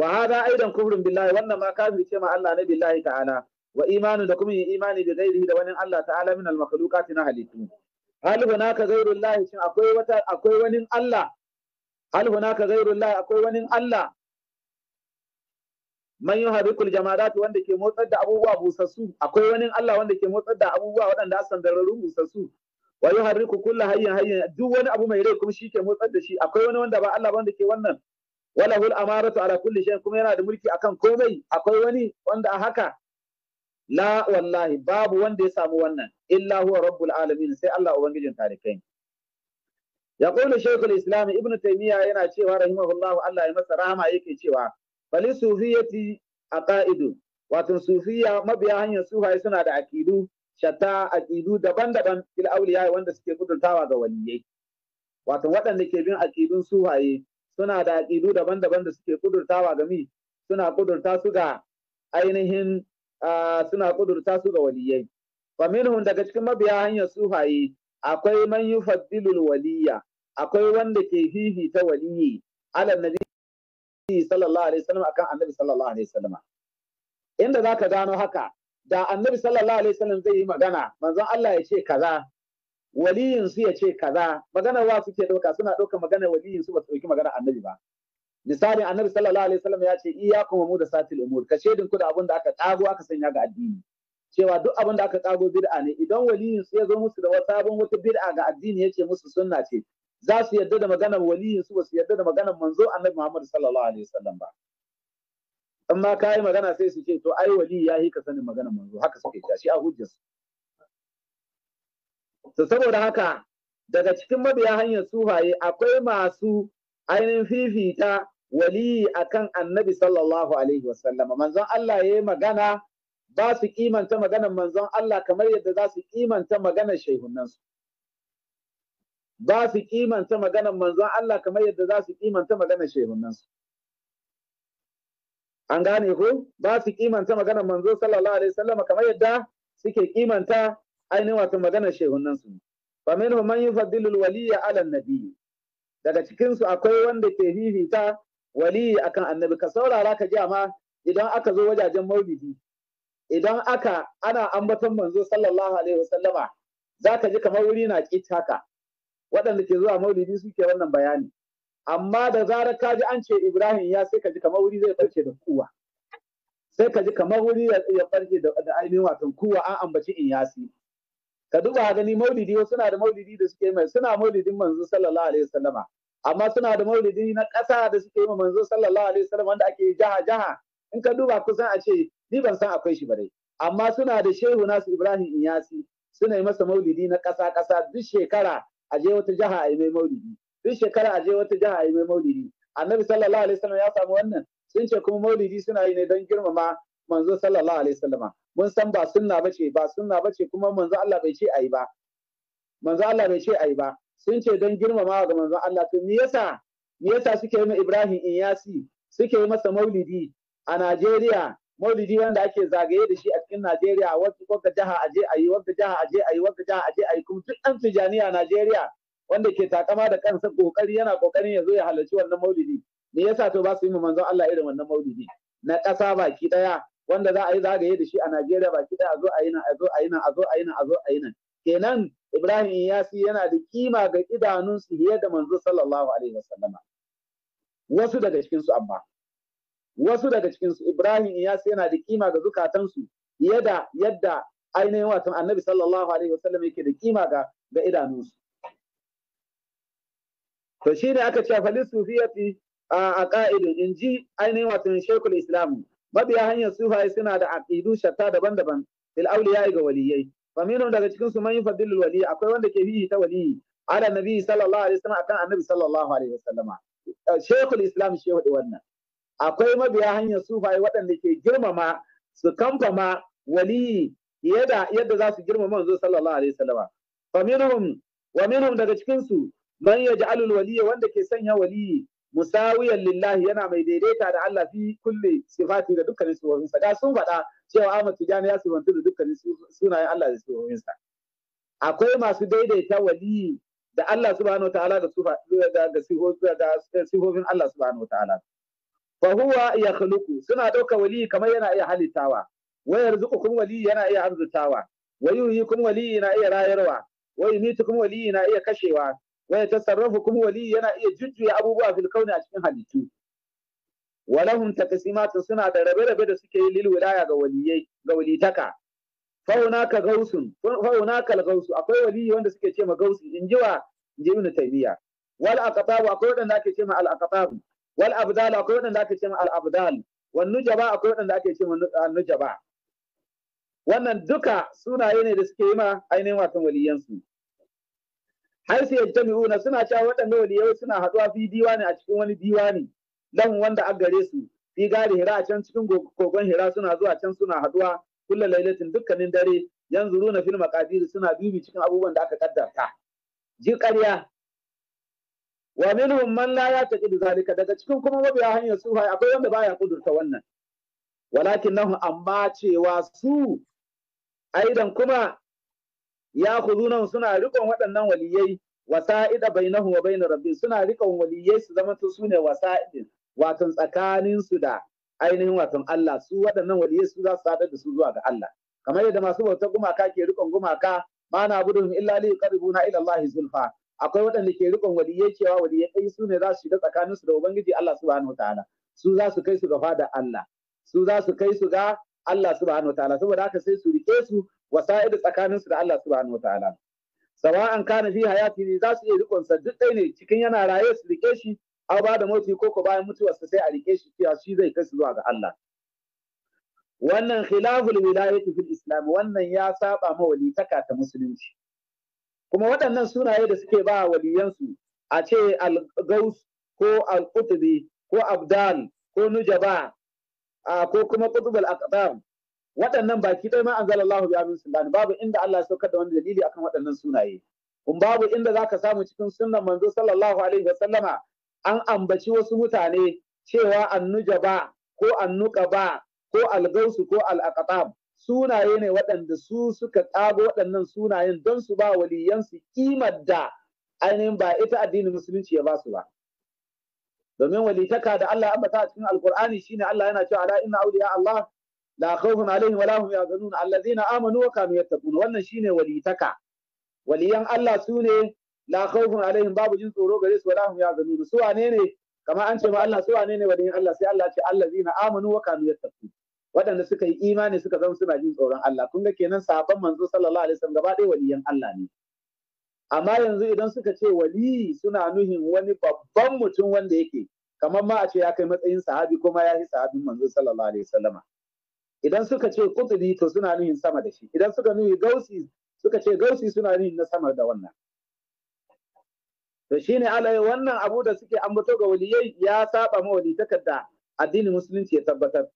Speaker 2: wa hada aidan kufrun billahi wannan ma kafir ce ma Allah ne billahi ta'ala wa imanu da kuma yin imani da gairihi da wani Allah ta'ala min al-makhluqati na halittu hal hunaka ghairullahi shin akwai wata akwai wani Allah hal hunaka ghairullahi akwai wani Allah man yuharikul jamadat wanda ke motsar da abubuwa busassu akwai wani Allah wanda ke motsar da abubuwa waɗanda asan dararrun busassu wa yuhariku kullu hayyin hayyin duk wani abu mai rai kuma shi ke motsar da shi akwai wani wanda ba Allah wanda ke wannan wala hul amaratu ala kulli shayin? kuma yana da mulki akan komai akwai wani wanda a haka la wallahi babu wanda ya samu wannan illa huwa rabbul alamin sai Allah ubangijin talikai ya qulu shaykhul islam ibnu taymiya yana cewa rahimahullah Allah ya masa rahama yake cewa bali sufiyati aqaidu wato sufiya mabiya hanyar sufai suna da aqidu shata, aqidu daban-daban fil awliya wanda suke kudurtawa ga waliyai wato waɗanda ke bin aqidun sufaye suna da aqidu daban-daban da suke kudurtawa ga mi suna kudurta su ga ainihin suna kudurta su ga waliyai fa minhum daga cikin mabiya hanyar sufaye akwai man yufaddilul waliya akwai wanda ke fifita waliyi ala nabi sallallahu alaihi wasallam akan annabi sallallahu alaihi wasallam inda za ka gano haka da annabi sallallahu alaihi wasallam zai yi magana manzon Allah ya ce kaza waliyin su ya ce kaza maganar wa suke ɗauka suna ɗauka magana waliyin su ba su ɗauki magana annabi ba misalin annabi sallallahu alaihi wasallam ya ce iyyakum wa satil umur ka shedin ku da abin da aka tsago aka sanya ga addini cewa duk abin da aka tsago bid'a ne idan waliyin su ya zo musu da wata abin wata bid'a ga addini yace musu sunna ce za su yarda da maganar waliyin su ba su yarda da maganar manzo annabi Muhammad sallallahu alaihi wasallam ba amma ka magana sai su ce to ai wali ya yi ka sanin maganar manzo haka suke ta shi a hujjarsu to saboda haka daga cikin mabiya hanyar sufaye akwai masu ainihin fifita wali akan annabi sallallahu alaihi wasallama manzon Allah ya yi magana ba su kimanta maganar manzon Allah kamar yadda za su kimanta maganar shaihunansu ba su kimanta maganar manzon Allah kamar yadda za su kimanta maganar shaihunansu an gane ku ba su kimanta maganar manzon sallallahu alaihi wasallama kamar yadda suke kimanta ainihin wato maganar shaihunansu fa minhum man yufaddilu alwaliya ala nabi daga cikin su akwai wanda ke fifita waliyi akan annabi ka saurara ka ji amma idan aka zo wajajen maulidi idan aka ana ambaton manzo sallallahu alaihi wasallama za ka ji kamar wuri na ƙit haka waɗanda ke zuwa maulidi suke wannan bayani amma da zarar ka ji an ce ibrahim ya sai ka ji kamar wuri zai farce da kuwa sai ka ji kamar wuri ya farce da ainihin watan kuwa an ambaci in yasi ka duba gani maulidi wasu suna da maulidi da suke mai suna maulidin manzo sallallahu alaihi wasallama amma suna da maulidi na ƙasa da suke yi manzo sallallahu alaihi wasallam wanda ake jaha jaha in ka duba kusan a ce ni ban san akwai shi ba dai amma suna da shehu nasu Ibrahim Iyasi suna yi masa maulidi na ƙasa ƙasa duk shekara a je wata jaha a yi mai maulidi duk shekara a je wata jaha a yi mai maulidi annabi sallallahu alaihi wasallam ya samu wannan sun ce kuma maulidi suna yi ne don girmama manzo sallallahu alaihi wasallam mun san ba sunna bace ba sunna bace kuma manzo Allah bai ce ayi ba manzo Allah bai ce ayi ba sun ce don girmamawa ga manzon Allah to me yasa me yasa suke yi ma Ibrahim Inyasi suke yi masa maulidi a Najeriya maulidi wanda ake zagaye da shi a cikin Najeriya wanda jaha aje ayi wanda jaha aje ayi wanda jaha aje ayi kuma duk ɗan Tijaniya a Najeriya wanda ke takama da kansa kokari yana kokarin ya zo ya halarci wannan maulidi me yasa to ba su yi manzon Allah irin wannan maulidi na ƙasa baki ɗaya wanda za a yi zagaye da shi a Najeriya baki ɗaya a zo a yi nan a zo a yi nan a zo a yi nan a zo a yi nan kenan Ibrahim Iyasi yana da kima ga idanunsu fiye da manzo sallallahu alaihi wasallama wasu daga cikin su amma wasu daga cikin su Ibrahim Iyasi yana da kima ga su fiye da yadda ainihin watan Annabi sallallahu alaihi wasallama yake da kima ga ga idanunsu to shi ne aka ce falis sufiyati a ka'idin inji ji ainihin watan shekul islam mabiya hanyar sufai suna da aqidu shatta daban-daban fil auliya ga waliyai fa minhum daga cikin su man yufaddilu wali akwai wanda ke fihi ta wali ala nabi sallallahu alaihi wasallam akan annabi sallallahu alaihi wasallam eh, shaykhul islam shi hudu wannan akwai mabiya hanyar sufaye waɗanda ke girmama su kamfama wali yadda yadda za su girmama manzo sallallahu alaihi wasallam fa minhum wa minhum daga cikin su man yaj'alu wanda ke sanya wali musawiyan lillahi yana mai daidaita da Allah fi kulle sifati da dukkanin sufofinsa ga sun faɗa cewa Ahmad Tijani ya sumantu da dukkanin sunayen Allah da sunayensa akwai masu daidaita waliyi da Allah subhanahu wa ta'ala da sifofin Allah subhanahu wa ta'ala Fahuwa iya suna dauka waliyi kamar yana iya halittawa yanzu yarzuqukum waliyi yana iya arzutawa yi kun waliyi na iya rayarwa wa yumitukum waliyi na iya kashewa tassarar yatasarrafukum waliyi yana iya jujjuya abubuwa filkauni kauni a cikin halittu walahum taqsimatun suna da rabe-rabe da suke yi lil wilaya ga waliyai ga walitaka fa hunaka gausun fa akwai waliyi wanda suke ce ma gausu injiwa inji ibn taymiya wal aqtab akwai wanda ake ce ma al aqtab wal abdal akwai wanda ake ce ma al abdal wan nujaba akwai wanda ake ce ma al wannan duka sunaye ne da suke yi ma ainihin wasan waliyansu har sai suna cewa waɗanda waliyai suna haɗuwa fi ne a cikin wani diwani lahum wanda a gare su fi gari hira a can cikin kogon hira suna zuwa can suna haduwa kulla lailatin dukkanin dare yanzu runa fil maqadir suna bibi cikin abubuwan da aka kaddarta ji ƙarya wa minhum man la yataqidu zalika daga cikin kuma mabiya hanyar sufa akwai wanda baya kudurta wannan walakin nahu amma cewa su aidan kuma ya khuduna suna rikon waɗannan waliyai wasa'ida bainahu wa bainar rabbi suna rikon waliyai su zama su ne wasa'idin watan tsakaninsu da ainihin watan Allah su waɗannan waliyai su za su sadar da su zuwa ga Allah kamar yadda masu bautar gumaka ke rikon gumaka ma na budun illa li yuqarribuna ila Allah zulfa akwai waɗanda ke rikon waliyai cewa waliyai kai su ne za su shiga tsakaninsu da ubangiji Allah subhanahu wataala su za su kai su ga fada Allah su za su kai su ga Allah subhanahu wataala saboda haka sai su rike su wasa'idu tsakaninsu da Allah subhanahu wataala sawa'an kana fi hayati za su iya rikon sa duk ɗai ne cikin yana raye su rike shi aw ba da mauti ko ko bayan mutuwarsa sai a rike shi cewa shi zai kai zuwa ga Allah wannan khilaful wilayati fil islam wannan ya saba ma walitaka ta musulunci kuma waɗannan sunaye da suke ba waliyansu a ce al-gaus ko al-qutbi ko abdal ko nujaba ko kuma qutb al-aqdam waɗannan baki ɗaya ma anzalallahu bi amin babu inda Allah ya saukar da wani dalili akan waɗannan sunaye kun babu inda zaka samu cikin sunnan manzo sallallahu alaihi wa sallama an ambaci wasu mutane cewa annujaba ko ba ko algausu ko al'aqatab sunaye ne waɗanda su suka ƙago waɗannan sunayen don su ba waliyansu ƙimar da ainihin ba ita addinin musulunci ya ba su ba domin walitaka da Allah ambata a cikin alkur'ani shine Allah yana cewa ala inna awliya Allah la khawfun alaihim wa lahum yahzanun allazina amanu wa kanu yattaqun wannan shine walitaka waliyan Allah sune la khawfun alaihim babu jin tsoro gare su wala hum yahzanun su wane ne kamar an ce ma Allah su wane ne wani Allah sai Allah ce allazina amanu wa kanu yattaqu waɗanda suka yi imani suka zama suna jin tsoron Allah kun ga kenan sahabban manzo sallallahu alaihi wasallam gaba ɗaya waliyan Allah ne amma yanzu idan suka ce wali suna nuhin wani babban mutum wanda yake kamar ma a ce ya kai matsayin sahabi kuma ya yi sahabin manzo sallallahu alaihi wasallam idan suka ce kutubi to suna nuhin sama da shi idan suka nuhi gausi suka ce gausi suna nuhin na sama da wannan to shine ya wannan abu da suke ambato ga waliyai ya saba ma walitakar da addinin musulunci ya tabbatar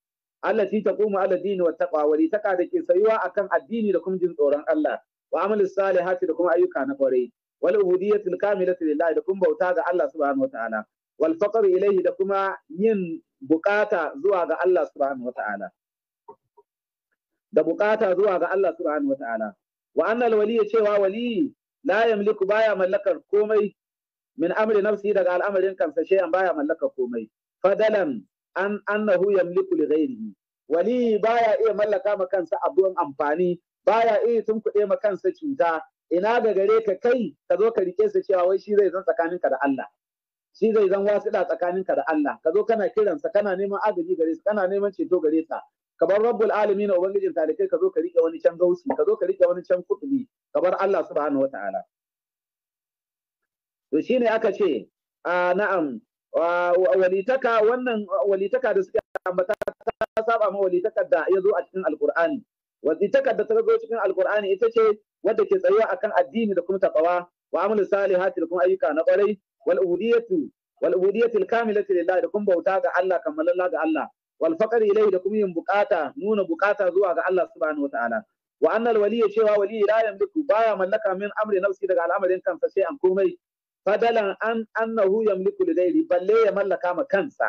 Speaker 2: allati taqumu ala dini wa taqwa walitaka da ke sayuwa akan addini da kuma jin tsoron Allah wa amalus salihati da kuma ayyuka na kwarai wal ubudiyatul kamilatu lillahi da kuma bauta ga Allah subhanahu wataala wal faqr ilayhi da kuma yin bukata zuwa ga Allah subhanahu wataala da bukata zuwa ga Allah subhanahu wa annal waliya cewa wali la yamliku baya mallakar komai min amri nafsi daga al'amarin kansa an baya mallaka komai fadalan an annahu yamliku li ghairihi wali baya iya mallaka ma kansa abun amfani baya iya tunkuɗe ma kansa cuta ina ga gare ka kai ka zo ka rike sa cewa wai shi zai zan tsakaninka da Allah shi zai zan wasiɗa tsakaninka da Allah ka zo kana kiransa kana neman agaji gare sa kana neman ceto gare sa ka bar rabbul alamin ubangijin talikai ka zo ka rike wani can gausi ka zo ka rike wani can kuɗi? ka bar Allah subhanahu wataala to shine aka ce na'am walitaka wannan walitaka da suka ambata ta saba ma walitakar da ya zo a cikin alkur'ani walitakar da ta zo cikin alkur'ani ita ce wadda ke tsayuwa akan addini da kuma taɓawa. wa amalu salihati da kuma ayyuka na kwarai wal ubudiyatu wal ubudiyatu kamilati lillahi da kuma bauta ga Allah kammalalla ga Allah wal faqr ilayhi da kuma yin bukata nuna bukata zuwa ga Allah subhanahu wataala wa anna waliya cewa waliya la yamliku baya mallaka min amri nafsi daga al'amarin kansa sai an komai fadalan an annahu yamliku lighairi balle ya mallaka ma kansa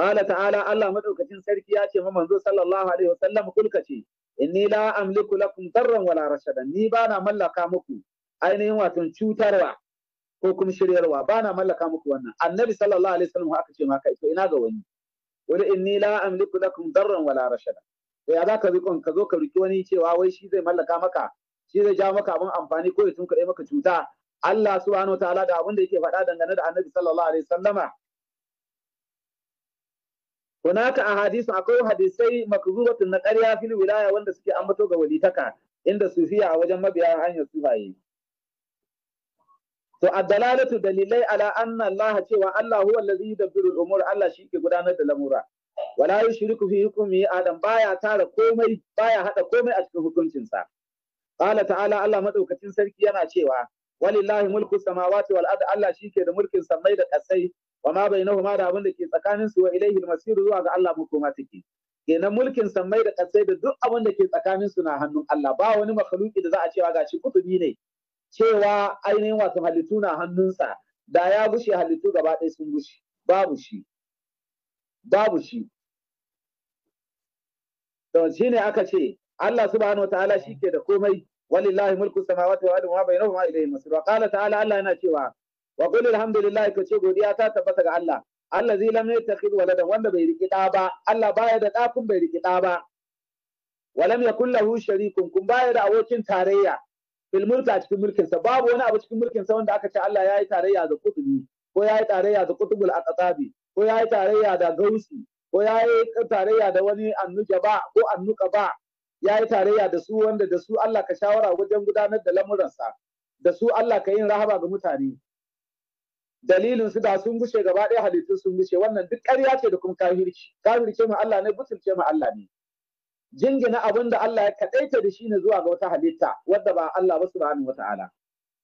Speaker 2: qala ta'ala Allah madaukakin sarki ya ce ma manzo sallallahu alaihi wasallam kulka ce inni la amliku lakum darran wala rashada ni bana mallaka muku ainihin wato cutarwa ko kuma shiryarwa bana mallaka muku wannan annabi sallallahu alaihi wasallam haka ce ma kai to ina ga wani wani inni la amliku lakum darran wala rashada to ya zaka rikon ka zo ka riki wani cewa wai shi zai mallaka maka shi zai ja maka abin amfani ko ya tunkuɗe maka cuta Allah subhanahu wa ta'ala da abin da yake faɗa dangane da Annabi sallallahu alaihi wasallama hunaka hadisu akwai hadisai makzubatun na ƙarya fil wilaya wanda suke ambato ga walitaka inda sufiya a wajen mabiya hanyar sufaye to addalalatu dalilai ala anna Allah cewa Allah huwa allazi yudabbiru al-umur Allah shi ke gudanar da lamura wala yushriku fi hukmi adam baya tara komai baya hada komai a cikin hukuncinsa qala ta'ala Allah madaukakin sarki yana cewa walillahi mulku samawati wal ard Allah shike da mulkin samai da kasai wa ma bainahuma da abin da ke tsakanin su wa ilaihi al zuwa ga Allah makoma take kenan mulkin samai da kasai da duk abin da ke tsakanin su na hannun Allah ba wani makhluki da za a cewa gashi kutubi ne cewa ainihin wato halittu na hannunsa da ya bushe halittu gaba ɗaya sun bushe babu shi babu shi to shine aka ce Allah subhanahu wataala shike da komai walillahi mulku samawati wal ardi wa ma bainahuma ilayhi masir wa qala ta'ala Allah yana cewa wa qul alhamdulillah godiya ta tabbata ga Allah zai allazi lam yattakhid waladan wanda bai riki da ba Allah baya da dakun bai riki da ba walam yakul lahu sharikun kun baya da abokin tarayya fil mulki a cikin mulkinsa babu wani abu cikin mulkinsa wanda aka ce Allah ya yi tarayya da kutubi ko ya yi tarayya da kutubul aqtabi ko ya yi tarayya da gausi ko ya yi tarayya da wani annujaba ko annuka ba ya yi tarayya da su wanda da su Allah ka shawara wajen gudanar da lamuransa da su Allah ka yin rahaba ga mutane dalilin su da sun gushe gaba ɗaya halittu sun gushe wannan duk ƙarya ce da kuma kafirci kafirce ma Allah ne butulce ma Allah ne jingina abin da Allah ya kaɗaita da shi ne zuwa ga wata halitta wadda ba Allah ba subhanahu wata'ala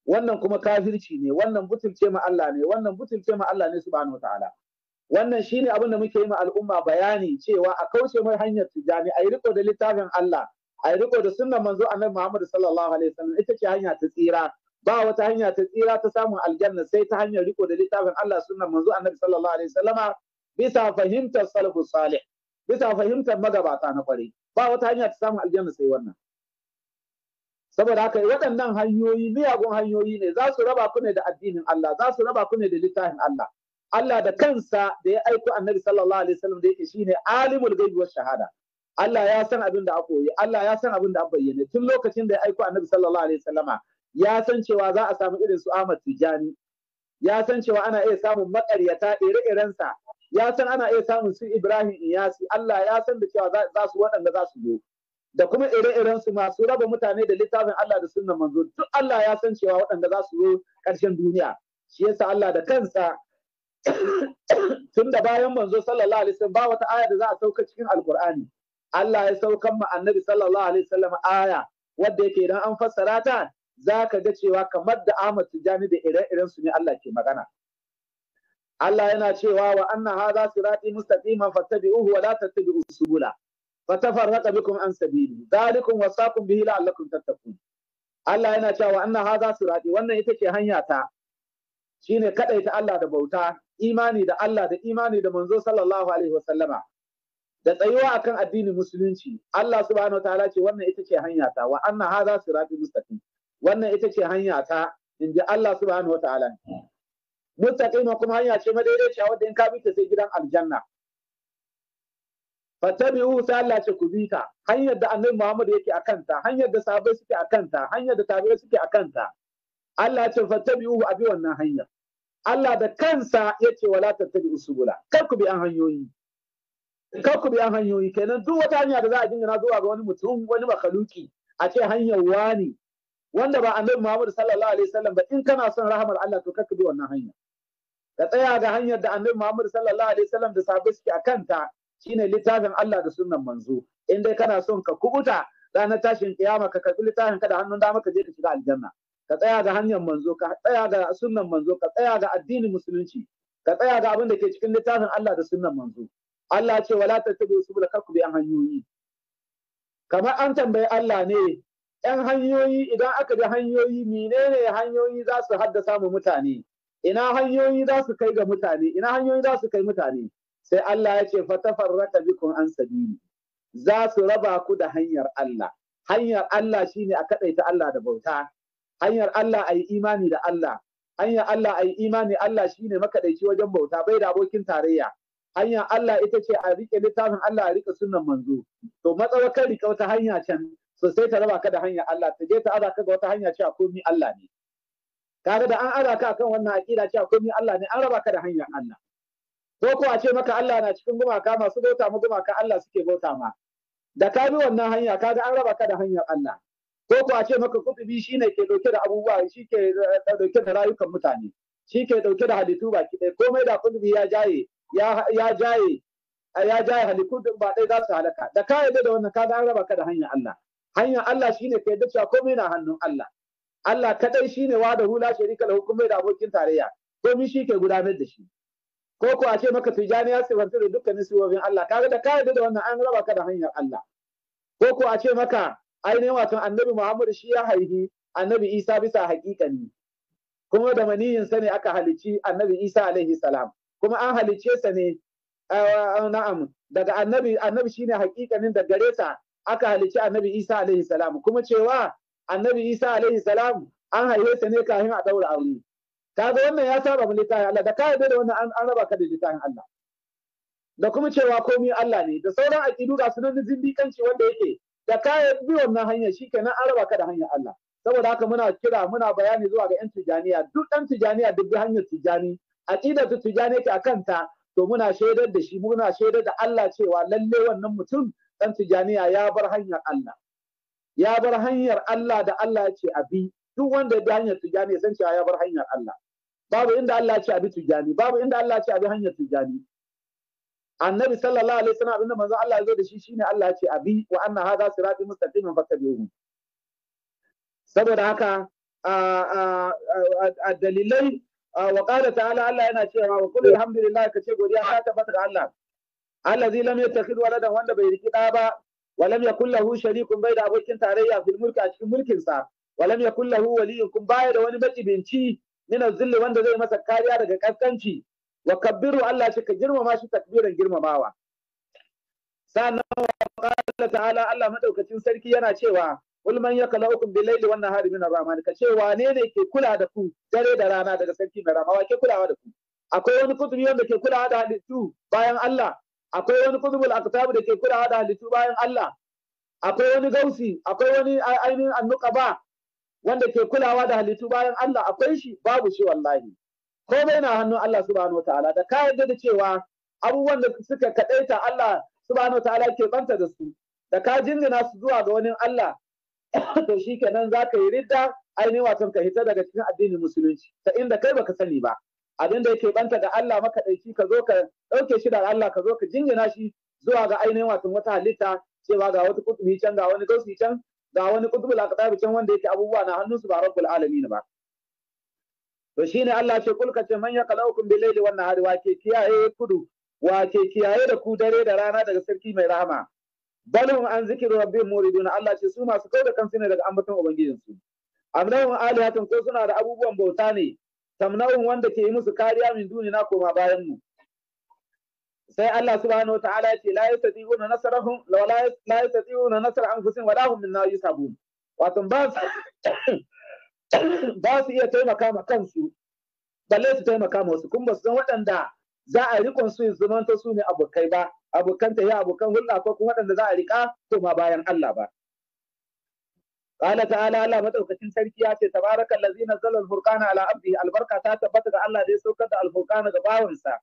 Speaker 2: wannan kuma kafirci ne wannan butulce ma Allah ne wannan butulce ma Allah ne subhanahu wata'ala wannan shine abin da muke yi ma al'umma bayani cewa a kauce mai hanyar tijani a yi riko da littafin Allah a yi riko da sunnan manzo annabi Muhammad sallallahu alaihi wasallam ita ce hanya ta tsira ba wata hanya ta tsira ta samun aljanna sai ta hanyar riko da littafin Allah sunnan manzo annabi sallallahu alaihi wasallam bisa fahimtar salafu salih bisa fahimtar magabata na kware ba wata hanya ta samun aljanna sai wannan saboda haka waɗannan hanyoyi miyagun hanyoyi ne za su raba ku ne da addinin Allah za su raba ku ne da littafin Allah Allah da kansa da ya aiko annabi sallallahu alaihi wasallam da yake shine alimul ghaibi was shahada Allah ya san abin da a koyi Allah ya san abin da a bayyane tun lokacin da ya aiko annabi sallallahu alaihi wasallama ya san cewa za a samu irin su Ahmad Tijani ya san cewa ana iya samun makaryata ire-irensa ya san ana iya samun su Ibrahim Iyasi Allah ya san da cewa za su waɗanda za su zo da kuma ire-iren su masu raba mutane da littafin Allah da sunnan manzo duk Allah ya san cewa waɗanda za su zo ƙarshen duniya shi yasa Allah da kansa tun da bayan manzo sallallahu alaihi wasallam ba wata aya da za a sauka cikin alkur'ani Allah ya saukan ma annabi sallallahu alaihi wasallam aya wadda yake idan an fassara ta za ka ga cewa kamar da Ahmad Tijani da ire-iren su ne Allah ke magana Allah yana cewa wa anna hadha sirati mustaqima fattabi'uhu wa la tattabi'u subula fatafarraqa bikum an sabili dhalikum wasaqum bihi la'allakum tattaqun Allah yana cewa wa anna hadha sirati wannan ita ce hanya ta shine kadaita Allah da bauta imani da Allah da imani da manzo sallallahu alaihi wasallama da tsayuwa akan addinin musulunci Allah subhanahu wataala ce wannan ita ce hanya ta wa anna hadha sirati mustaqim wannan ita ce hanya ta inji Allah subhanahu wataala mustaqima kuma hanya ce madaidaiciya wadda in ka bi ta sai gidan aljanna fattabi'u sai Allah ce ku bi ta hanyar da annabi Muhammad yake akan ta hanyar da sahabbai suke akan ta hanyar da tabi'ai suke akan ta Allah ce fattabi'u a bi wannan hanyar Allah da kansa ya ce wala tattabi usubula kar ku bi an hanyoyi kar ku bi an hanyoyi kenan duk wata hanya da za a dingana zuwa ga wani mutum wani makaluki a ce hanyar wani wanda ba annabi Muhammad sallallahu alaihi wasallam ba in kana son rahamar Allah to kar ku bi wannan hanya ka tsaya ga hanyar da annabi Muhammad sallallahu alaihi wasallam da sahabbai suke kanta shi shine littafin Allah da sunnan manzo in dai kana son ka kubuta ranar tashin kiyama ka karbi littafin ka da hannun dama ka je ka shiga aljanna ka tsaya ga hanyar manzo ka tsaya da sunnan manzo ka tsaya da addinin musulunci ka tsaya da abin da ke cikin littafin Allah da sunnan manzo Allah ce wala tattabi'u subula karku bi an hanyoyi kamar an tambayi Allah ne yan hanyoyi idan aka bi hanyoyi menene hanyoyi za su haddasa mu mutane ina hanyoyi za su kai ga mutane ina hanyoyi za su kai mutane sai Allah ya ce fatafarraka bikum an sabili za su raba ku da hanyar Allah hanyar Allah shine a kadaita Allah da bauta hanyar Allah a yi imani da Allah hanyar Allah a yi imani Allah ne makaɗaici wajen bauta bai da abokin tarayya hanyar Allah ita ce a riƙe littafin Allah a riƙe sunnan manzo to matsawar ka riƙe wata hanya can sosai ta raba ka da hanyar Allah ta je ta aza ka ga wata hanya cewa komi Allah ne kaga da an aza ka kan wannan aƙida cewa komi Allah ne an raba ka da hanyar Allah ko ko a ce maka Allah na cikin gumaka masu bauta mu gumaka Allah suke bauta ma da ka bi wannan hanya kaga an raba ka da hanyar Allah ko kuwa ce maka kutubi shi ne ke dauke da abubuwa shi ke dauke eh, da rayukan mutane shi ke dauke da halittu baki ɗaya komai da kutubi ya jaye ya jaye ya jaye halittu din ba ɗaya za su halaka da ka yarda da wannan ka an raba ka da hanyar Allah hanyar Allah shi ne ka yarda cewa komai na hannun Allah Allah kadai shi ne da hula sharika lahu hukumai da abokin tarayya komai shi ke gudanar da shi ko ko a ce maka tijani ya sifantar da dukkanin sifofin Allah kaga da ka yarda da wannan an raba ka da hanyar Allah ko ko a ce maka ainihin wato annabi Muhammadu shi ya haihi annabi Isa bisa haƙiƙani kuma da maniyin sa ne aka halici annabi Isa alaihi salam kuma an halice sa ne eh, na'am daga annabi annabi shi ne hakikanin da gare sa aka halici annabi Isa alaihi salam kuma cewa annabi Isa alaihi salam an haife sa ne kafin a daura aure kaga wannan ya saba mu littafin Allah da ka yarda da wannan an raba ka da littafin Allah da kuma cewa komai Allah ne da sauran aqidu ga sunan zindikanci wanda yake da ka bi wannan hanyar shi ke an raba ka da hanyar Allah saboda haka muna kira muna bayani zuwa ga yan tijaniya duk 'yan tijaniya duk bi hanyar tijani ƙidar ta tijani ke a kanta, to muna shaidar da shi muna shaidar da Allah cewa lalle wannan mutum ɗan tijaniya ya bar hanyar Allah ya bar hanyar Allah da Allah ya ce bi. duk wanda ya bi hanyar tijani ya san cewa ya bar hanyar Allah babu inda Allah ya ce bi tijani babu inda Allah ya ce bi hanyar tijani annabi sallallahu alaihi wasallam abinda manzon Allah ya zo da shi shine Allah ya ce abi wa anna hadha sirati mustaqimin fattabi'uhu saboda haka a dalilai wa qala ta'ala Allah yana cewa wa kullu alhamdulillah kace godiya ta tabbata ga Allah allazi lam yattakhid waladan wanda bai riki da ba wa lam yakul lahu sharikun bai da abokin tarayya fil mulki a cikin mulkin sa wa lam yakul lahu waliyyun kun baya da wani majibinci min az wanda zai masa kariya daga kaskanci wa kabbiru Allah shi ka girmama shi takbiran girmamawa sannan wa qala ta'ala Allah madaukakin sarki yana cewa kul man yakalaukum bi laili wan nahari min ar-rahman ka ce wane ne ke kula da ku dare da rana daga sarki mai rama ke kulawa da ku akwai wani kutubi wanda ke kulawa da halittu bayan Allah akwai wani kutubul aktabu da ke kulawa da halittu bayan Allah akwai wani gausi akwai wani ainihin annuqaba wanda ke kulawa da halittu bayan Allah akwai shi babu shi wallahi komai na hannun Allah subhanahu wataala da ka yarda da cewa abubuwan da suka kadaita Allah subhanahu wataala ke banta da su da ka jingina su zuwa ga wani Allah to shikenan zaka yi ridda ainihin wato ka hita daga cikin addinin musulunci ta inda kai baka sani ba abin da yake banta da Allah makaɗaici ka zo ka ɗauke shi da Allah ka zo ka jingina shi zuwa ga ainihin wato wata halitta cewa ga wata kutubi can ga wani gausi can ga wani kutubul aqtabi can wanda yake abubuwa na hannun su ba rabbul alamin ba to ne Allah ce kulka ce manya kalaukun bil laili hari wake wa ke kiyaye kudu wa kiyaye da ku dare da rana daga sarki mai rahama balum an zikiru rabbihim muriduna. Allah ce su masu da kansu ne daga ambaton ubangijin su amnahum alihatun ko suna da abubuwan bauta ne tamnahum wanda ke yi musu kariya min duni koma bayan mu sai Allah subhanahu wataala ce la yastati'una nasrahum la yastati'una nasar an wa lahum min nar wato ba za su iya taimaka ma kansu balle su taimaka ma wasu kuma ba su san waɗanda za a rikon su zamanta su ne abokai ba abokan ta yi abokan hulɗa ko kuma waɗanda za a riƙa to ma bayan Allah ba qala ta'ala Allah madaukakin sarki ya ce tabarakal ladzi nazzala al-furqana ala abdihi albarka ta tabbata ga Allah da ya saukar da al-furqana ga bawansa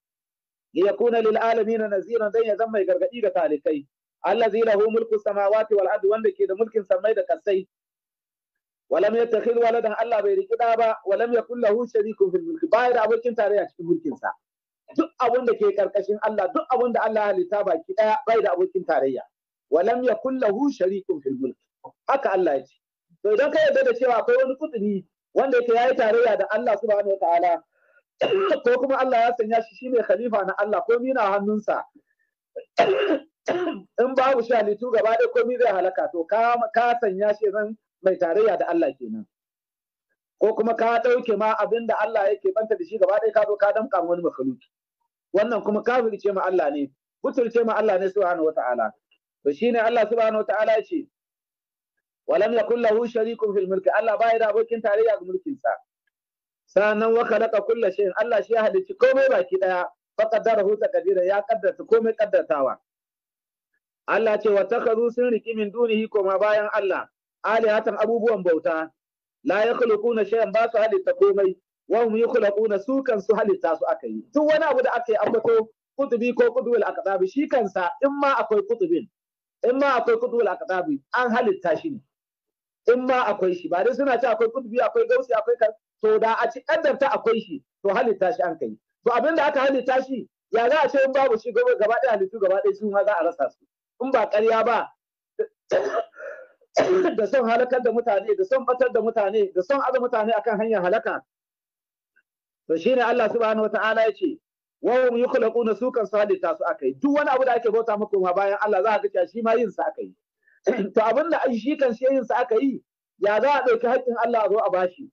Speaker 2: yakuna lil alamin nazira dan ya zama mai gargadi ga talikai allazi lahu mulku samawati wal ardi wanda ke da mulkin samai da kasai walam yattakhid waladan Allah bai riki da ba walam yakul lahu sharikun fil mulk ba da abokin tarayya cikin mulkin sa duk abun da ke karkashin Allah duk abun da Allah ya halitta baki daya bai da abokin tarayya walam yakul lahu sharikun fil mulk haka Allah ya ce to idan ka yarda da cewa akwai wani kudiri wanda yake yayi tarayya da Allah subhanahu wataala ko kuma Allah ya sanya shi shine khalifa na Allah ko mina hannunsa in babu shalitu gaba da komai zai halaka to ka sanya shi zan mai tarayya da Allah kenan ko kuma ka ɗauke ma abin da Allah yake banta da shi gaba ɗaya ka zo ka damƙa wani makhluki wannan kuma kafirce ma Allah ne butulce ma Allah ne subhanahu wata'ala to shine Allah subhanahu wata'ala ce walam yakul lahu sharikun fil mulki Allah bai da abokin tarayya ga mulkin sa sanan wa khalaqa kulla shay'in Allah shi ya halicci komai baki daya fa qaddarahu taqdira ya qaddarta komai qaddartawa Allah ce wa sun riki min dunihi koma bayan Allah alihatan abubuwan bauta la yakhluquna shay'an ba su halitta komai wa hum yakhluquna su kan su halitta su aka yi duk wani abu da aka yi ambato kutubi ko kutubul aqtabi shi kansa in ma akwai kutubin in ma akwai kutubul aqtabi an halitta shi ne in ma akwai shi ba dai suna ce akwai kutubi akwai gausi akwai kan to da a ci kaddarta akwai shi to halitta shi an kai to abin da aka halitta shi ya za a ce in babu shi gaba ɗaya halittu gaba ɗaya su ma za a rasa su in ba ƙarya ba da son halakar da mutane da son batar da mutane da son aza mutane akan hanyar halaka to shine Allah subhanahu wataala ya ce wa hum yukhlaquna sukan salita su akai duk wani abu da ake bauta maka ma bayan Allah za a ga shi ma yin sa akai to abin da ai shi kan shi yin sa akai ya za a dauki haƙƙin Allah a zo a bashi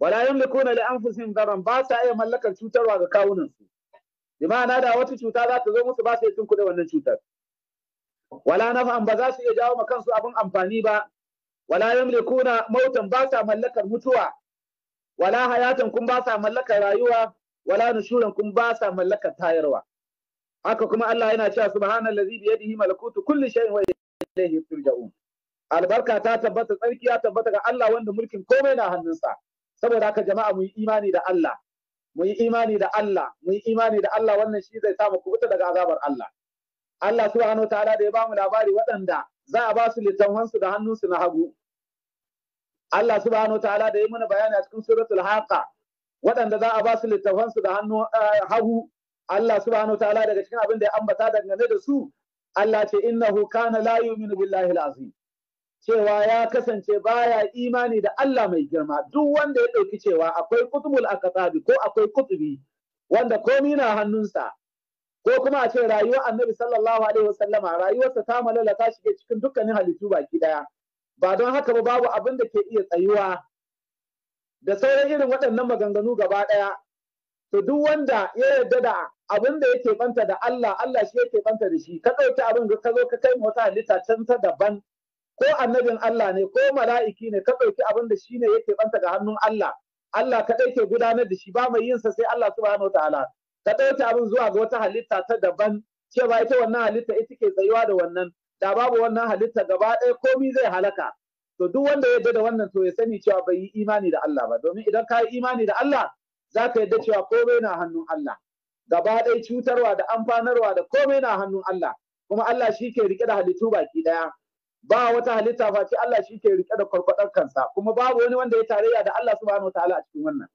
Speaker 2: wala yamlikuna li anfusihim daran ba sa iya mallakar cutarwa ga kawunan su bi ma'ana da wata cuta za ta zo musu ba su yi kuɗe wannan cutar wala naf'an ba za su iya jawo ma kansu abin amfani ba wala yamlikuna mautan ba sa mallakar mutuwa wala hayatan kun ba sa mallakar rayuwa wala nushuran kun ba sa mallakar tayarwa haka kuma Allah yana cewa subhanallazi bi yadihi malakutu kulli shay'in wa ilayhi turja'un albarka ta tabbata tsarki ya tabbata ga Allah wanda mulkin komai na hannunsa saboda haka jama'a mu yi imani da Allah mu yi imani da Allah mu yi imani da Allah wannan shi zai samu kubuta daga azabar Allah Allah subhanahu ta'ala da ya ba mu labari waɗanda za a ba su da hannunsu na hagu Allah subhanahu ta'ala da ya mana bayani a cikin suratul haqa waɗanda za a ba su littafansu da hannu eh, hagu Allah subhanahu ta'ala daga cikin abin da ya ambata dangane da su Allah ce innahu kana la yu'minu billahi al-azim cewa ya kasance baya imani da Allah mai girma duk wanda ya ɗauki cewa akwai kutubul akatabi ko akwai kutubi wanda komi na hannunsa ko kuma a ce rayuwar annabi sallallahu alaihi wasallama rayuwarsa ta malala ta shige cikin dukkanin halittu baki daya ba don haka ba babu abin da ke iya tsayuwa da sauran irin waɗannan maganganu gaba daya to duk wanda ya yarda da abin da yake banta da Allah Allah shi yake banta da shi ka ɗauki abin ka zo ka kai wata halitta can ta daban ko annabin Allah ne ko mala'iki ne ka ɗauki abin da shi ne yake banta ga hannun Allah Allah kaɗai ke gudanar da shi ba mai yinsa sai Allah subhanahu wataala ka ɗauke abin zuwa ga wata halitta ta daban cewa ita wannan halitta ita ke tsayuwa da wannan da babu wannan halitta gaba ɗaya komi zai halaka to duk wanda ya da wannan to ya sani cewa bai yi imani da Allah ba domin idan ka yi imani da Allah za ka yadda cewa komai na hannun Allah gaba ɗaya cutarwa da amfanarwa da komai na hannun Allah kuma Allah shi ke rike da halittu baki ɗaya ba wata halitta ba ce Allah shi ke rike da kwarkwadon kansa kuma babu wani wanda ya tarayya da Allah subhanahu wataala a cikin wannan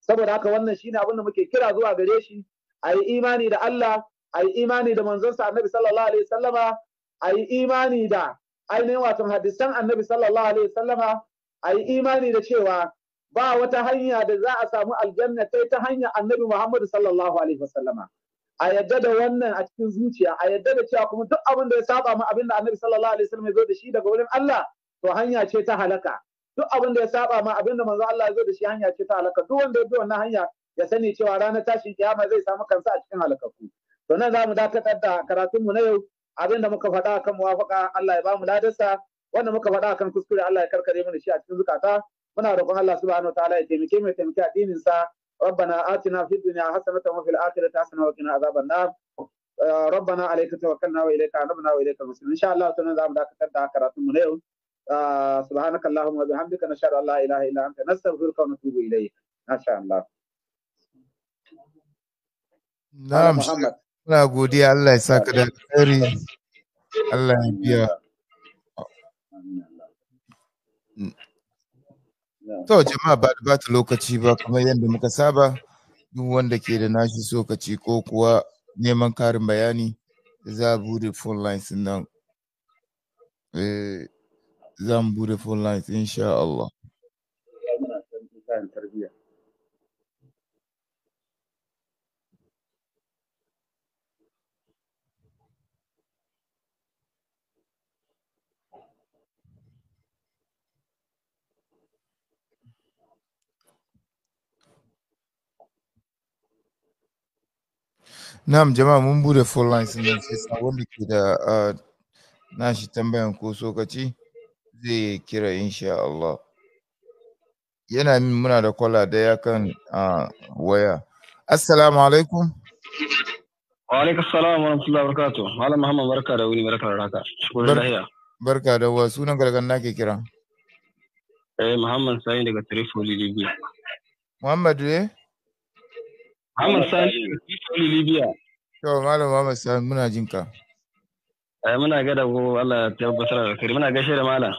Speaker 2: saboda haka wannan shine abin da muke kira zuwa gare shi a yi imani da Allah a yi imani da manzonsa annabi sallallahu alaihi sallama a yi imani da ainihin watan hadisan annabi sallallahu alaihi sallama a yi imani da cewa ba wata hanya da za a samu aljanna sai ta hanyar annabi muhammadu sallallahu alaihi wasallama a yadda da wannan a cikin zuciya a yadda da cewa kuma duk abin da ya saba mu abin da annabi sallallahu alaihi wasallam ya zo da shi daga wurin Allah to hanya ce ta halaka duk abin da ya saba ma abin da manzo Allah ya zo da shi hanya ce ta halaka duk wanda ya bi wannan hanya ya sani cewa ranar tashin kiyama zai samu kansa a cikin halakaku to nan za mu dakatar da karatunmu na yau abin da muka faɗa akan muwafaka Allah ya ba mu ladarsa wanda muka faɗa akan kuskure Allah ya karkare mana shi a cikin zukata muna roƙon Allah subhanahu wa ta'ala ya taimake mu ya taimake addinin sa ربنا آتنا في الدنيا حسنة وفي الآخرة حسنة وقنا عذاب النار ربنا عليك توكلنا وإليك أنبنا وإليك المسلم إن شاء الله تعالى دام ذاك تدعى na yau سبحانك اللهم وبحمدك نشهد أن لا إله إلا أنت نستغفرك
Speaker 3: ونتوب إليك ما شاء الله Na'am.
Speaker 4: Muna godiya Allah ya ka da Allah ya biya. To jama'a ba bata ta lokaci ba kamar yadda muka saba duk wanda ke da nashi sokaci ko kuwa neman karin bayani za a bude phone lines nan. Eh, za mu bude phone lines insha Allah. Na'am jama'a mun bude full lines ne sai sabon da ke da nashi tambayan ko sokaci zai kira insha Allah. Yana min muna da kwala ya kan waya. Assalamu alaikum.
Speaker 5: Wa alaikum salam wa rahmatullahi wa barakatuh. Malam Muhammad barka da wuni barka da raka. Shukran lahiya.
Speaker 4: Barka da wa sunan gargan nake kira.
Speaker 5: Eh Muhammad Sani daga Tripoli Libya.
Speaker 4: Muhammad eh? Muhammad Sani Soli Libya. Yau Malam Muhammad Sani muna jin ka.
Speaker 1: Ai eh, muna ga ko Allah ya tabbatar
Speaker 5: da kai muna gaishe da malam.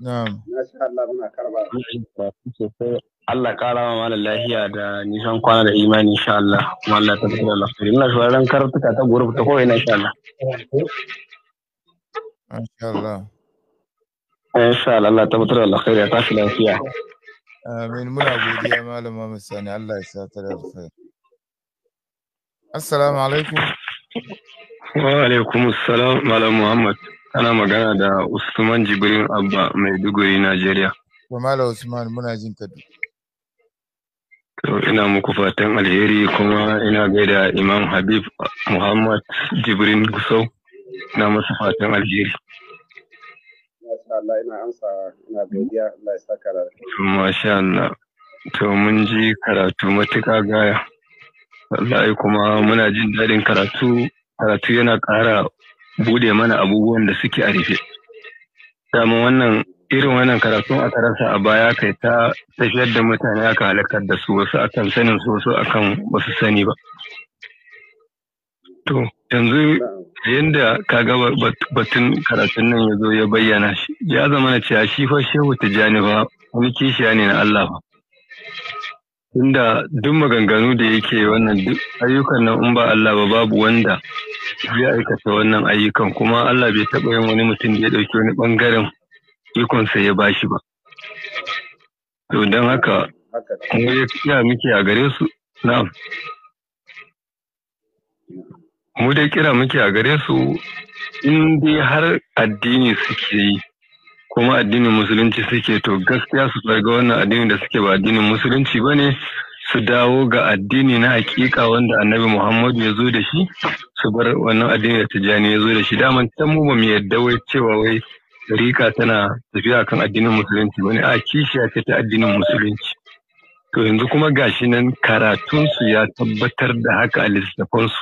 Speaker 5: Na'am. Masha Allah muna karba. Allah kara ma malam lafiya da nisan kwana
Speaker 3: da imani insha Allah. Kuma Allah ta tabbatar da kai. Muna
Speaker 1: shawaran karatuka ta gurbi ta koyi na insha Allah.
Speaker 5: Masha Allah. Eh, insha Allah Allah tabbatar da kai ya tashi lafiya.
Speaker 4: Amin muna godiya malam Muhammad Sani Allah ya sa ta da kai. Assalamu alaikum.
Speaker 5: Wa alaikum assalam Malam Muhammad. Ana magana da Usman Jibrin Abba Maiduguri, Najeriya.
Speaker 4: Wa Malam Usman muna jin ka
Speaker 5: ina muku fatan alheri kuma ina gaida Imam Habib Muhammad Jibrin Gusau. Ina masa fatan alheri.
Speaker 3: Masha Allah ina amsa ina godiya Allah ya saka da.
Speaker 5: Masha Allah. To mun ji karatu matuƙa gaya. wallahi kuma muna jin daɗin karatu karatu yana ƙara bude mana abubuwan da suke a rufe dama wannan irin wannan karatun aka rasa a baya kai ta tafiyar da mutane aka halakar da su wasu akan sanin su wasu akan wasu sani ba to yanzu yadda ga batun karatun nan ya zo ya bayyana shi ya zama na cewa shi fa shehu tijjani ba wani kishiya ne na Allah ba Tunda duk maganganu da yake wannan duk ayyukan nan in ba Allah ba babu wanda zai aikata wannan ayyukan kuma Allah bai taɓa yin wani mutum da ya ɗauki wani ɓangaren ikonsa ya bashi ba. To don haka, mu ya muke a gare su, na'am. Mu dai kira muke a gare su in dai har addini suke yi. kuma addinin musulunci suke to gaskiya su tsarga wannan addinin da suke ba addinin musulunci ba ne su dawo ga addini na hakika wanda annabi muhammadu ya zo da shi su bar wannan addini da tijjani ya zo da shi daman can mu ba mu yadda wai cewa wai rika tana tafiya kan addinin musulunci ba ne a kishiya ce ta addinin musulunci to yanzu kuma gashi nan karatunsu ya tabbatar da haka a su.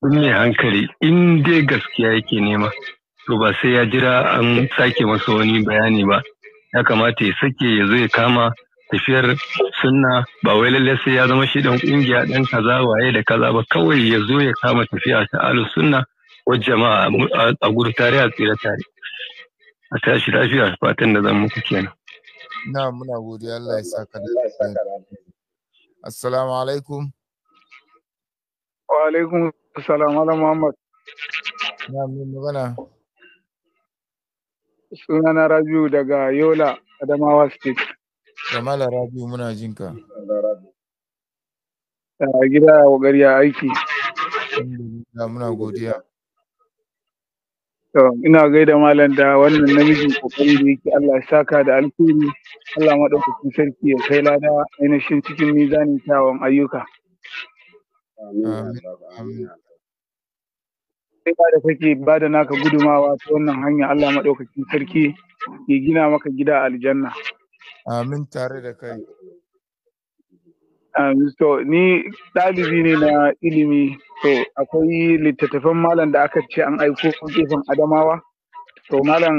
Speaker 5: sun mai hankali in dai gaskiya yake nema to ba sai ya jira an sake masa wani bayani ba ya kamata ya sake ya zo ya kama tafiyar sunna ba wai lalle sai ya zama shi dan kungiya dan kaza waye da kaza ba kawai ya zo ya kama tafiya ta alu sunna wa jama'a a gudu tare a tsira tare a tashi lafiya fatan da zan muku kenan
Speaker 4: na muna godiya Allah ya saka da assalamu alaikum wa
Speaker 6: alaikum assalamu alaikum muhammad na mun magana sunana Rabiu daga Yola, Adamawa State. Da Rabiu muna jin A gida a ƙoƙari a aiki. Muna godiya. ina gaida malam da wannan namijin kokari da yake Allah saka da alkhairi Allah maɗaukakin sarki ya kai lada ainihin cikin mizanin kyawun ayyuka. Amin. kai ba da kake ba da naka gudumawa ta wannan hanya Allah maɗaukakin sarki ya gina maka gida a aljanna.
Speaker 4: Amin tare da kai.
Speaker 6: So, ni ɗalibi ne na ilimi to akwai littattafan malam da aka ce an aiko gefen adamawa to malam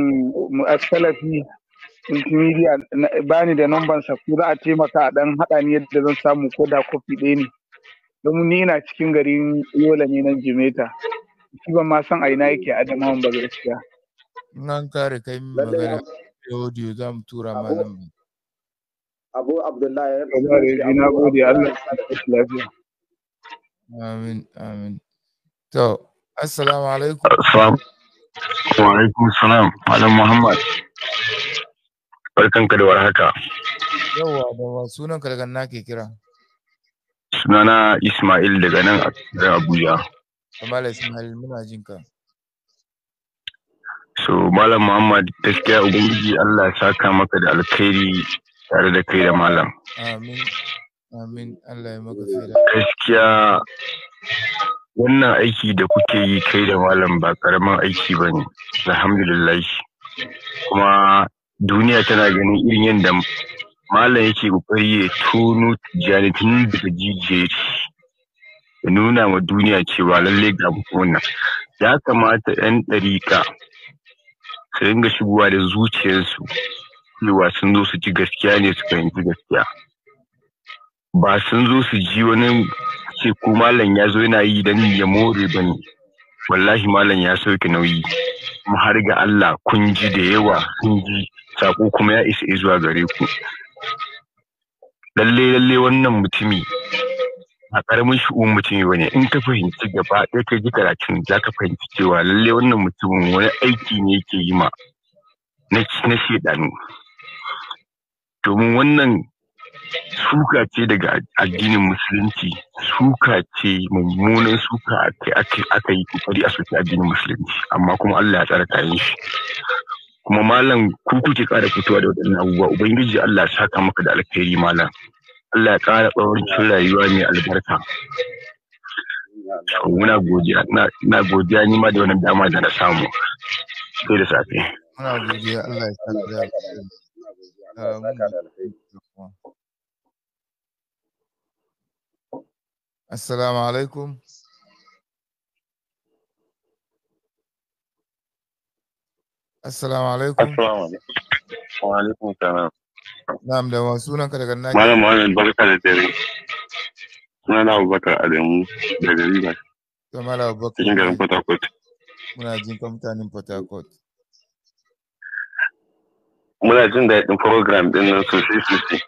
Speaker 6: mu'assalafi multimedia ba ni da namban saku ko za a taimaka a ɗan haɗa ni yadda zan samu ko da kofi ɗaya ne don ni ina cikin garin yola ne na jimeta shi ban ma san a ina yake adamawan ba gaskiya
Speaker 4: nan kare kai magana audio za mu tura ma malam abu
Speaker 6: abdullahi ya na gode allah ya lafiya
Speaker 4: amin amin to assalamu alaikum
Speaker 5: Assalamu alaikum salam malam muhammad barkanka da warhaka
Speaker 4: Yawwa, ba sunan ka daga nake kira
Speaker 5: sunana ismail daga nan a abuja
Speaker 4: Malam Ismail muna jin ka.
Speaker 5: So Malam Muhammad gaskiya Ubangiji Allah ya saka maka da alkhairi tare da kai da malam.
Speaker 4: Amin. Amin.
Speaker 5: Allah ya maka sai Gaskiya
Speaker 1: wannan aiki da kuke yi kai da malam ba karamin aiki ba ne. Alhamdulillah.
Speaker 5: Kuma duniya tana ganin irin yadda malam yake kokari ya tono tijjani tun daga jijiyar nuna ma duniya cewa lallai ga wannan ya kamata 'yan ɗarika su dinga shigowa da zuciyarsu cewa sun zo su ji gaskiya ne su fahimci gaskiya ba sun zo su ji wani ce ko malam ya zo yana yi don ya more ba ne wallahi malam ya sauke nauyi kuma har ga Allah kun ji da yawa kun ji sako kuma ya isa zuwa gare ku lalle lalle wannan mutumi A karamin shi'un mutum ba ne in ka fahimci gaba ɗaya ka ji karatun za ka fahimci cewa lalle wannan mutumin wani aiki ne yake yi ma na shaidanu domin wannan suka ce daga addinin musulunci suka ce mummunan suka aka yi kokari a soke addinin musulunci amma kuma Allah ya tsara kayan shi
Speaker 1: kuma malam kuku ke kara fitowa da waɗannan abubuwa ubangiji Allah ya saka maka da alkhairi malam Allah ya ƙara cikin rayuwa mai albarka.
Speaker 5: Muna godiya, na godiya ni ma da wani dama da na samu. Sai da safe.
Speaker 4: Muna godiya Allah ya sani
Speaker 3: da
Speaker 4: Assalamu alaikum. Assalamu
Speaker 3: alaikum. Assalamu alaikum.
Speaker 5: Wa alaikum salam.
Speaker 4: Na'am da wasu sunan ka daga nan. Malam
Speaker 5: Malam barka da dare. Suna na Abubakar Adamu daga Riba.
Speaker 4: To Malam Abubakar. Cikin garin Port Harcourt. Muna jin ka mutanen Port Harcourt.
Speaker 5: Muna jin daɗin program ɗin nan sosai sosai.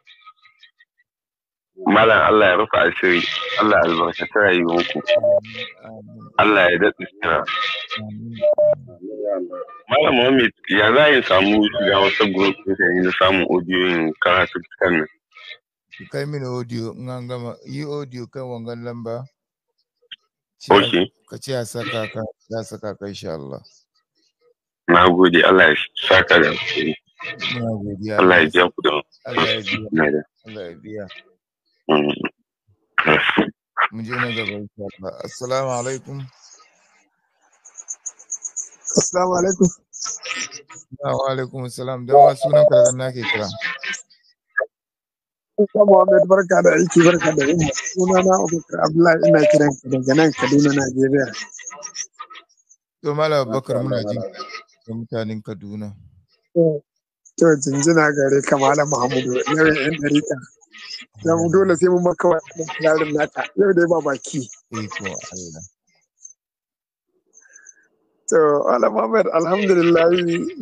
Speaker 5: Malam Allah ya rufa asiri, Allah ya albarkaci rayuwanku. Allah ya daɗe sutura. Malam Muhammad ya za in samu shiga wasu group ɗin na samun audiyoyin karatu kan nan.
Speaker 4: Kai mini audio in an gama yi audio kan wangan lamba. Ok. Ka ce ya saka ka ya saka ka insha Allah.
Speaker 5: Na gode Allah ya saka da.
Speaker 4: Na gode Allah ya
Speaker 5: ji da. Allah ya biya.
Speaker 4: Allah ya biya. mu je na gaba assalamu alaikum assalamu alaikum assalamu alaikum assalam dan wa sunan kargan nake kira
Speaker 3: Isa Muhammad barka da aiki barka da yamma sunana Abubakar Abdullahi ina kiran daga nan Kaduna Najeriya
Speaker 4: To Malam Abubakar muna jin da mutanen Kaduna
Speaker 3: To jinjina gare ka Malam Muhammadu yau yan dariƙa za dole sai mun maka wannan kirarin nata yau da ba baki eh to Allah Muhammad alhamdulillah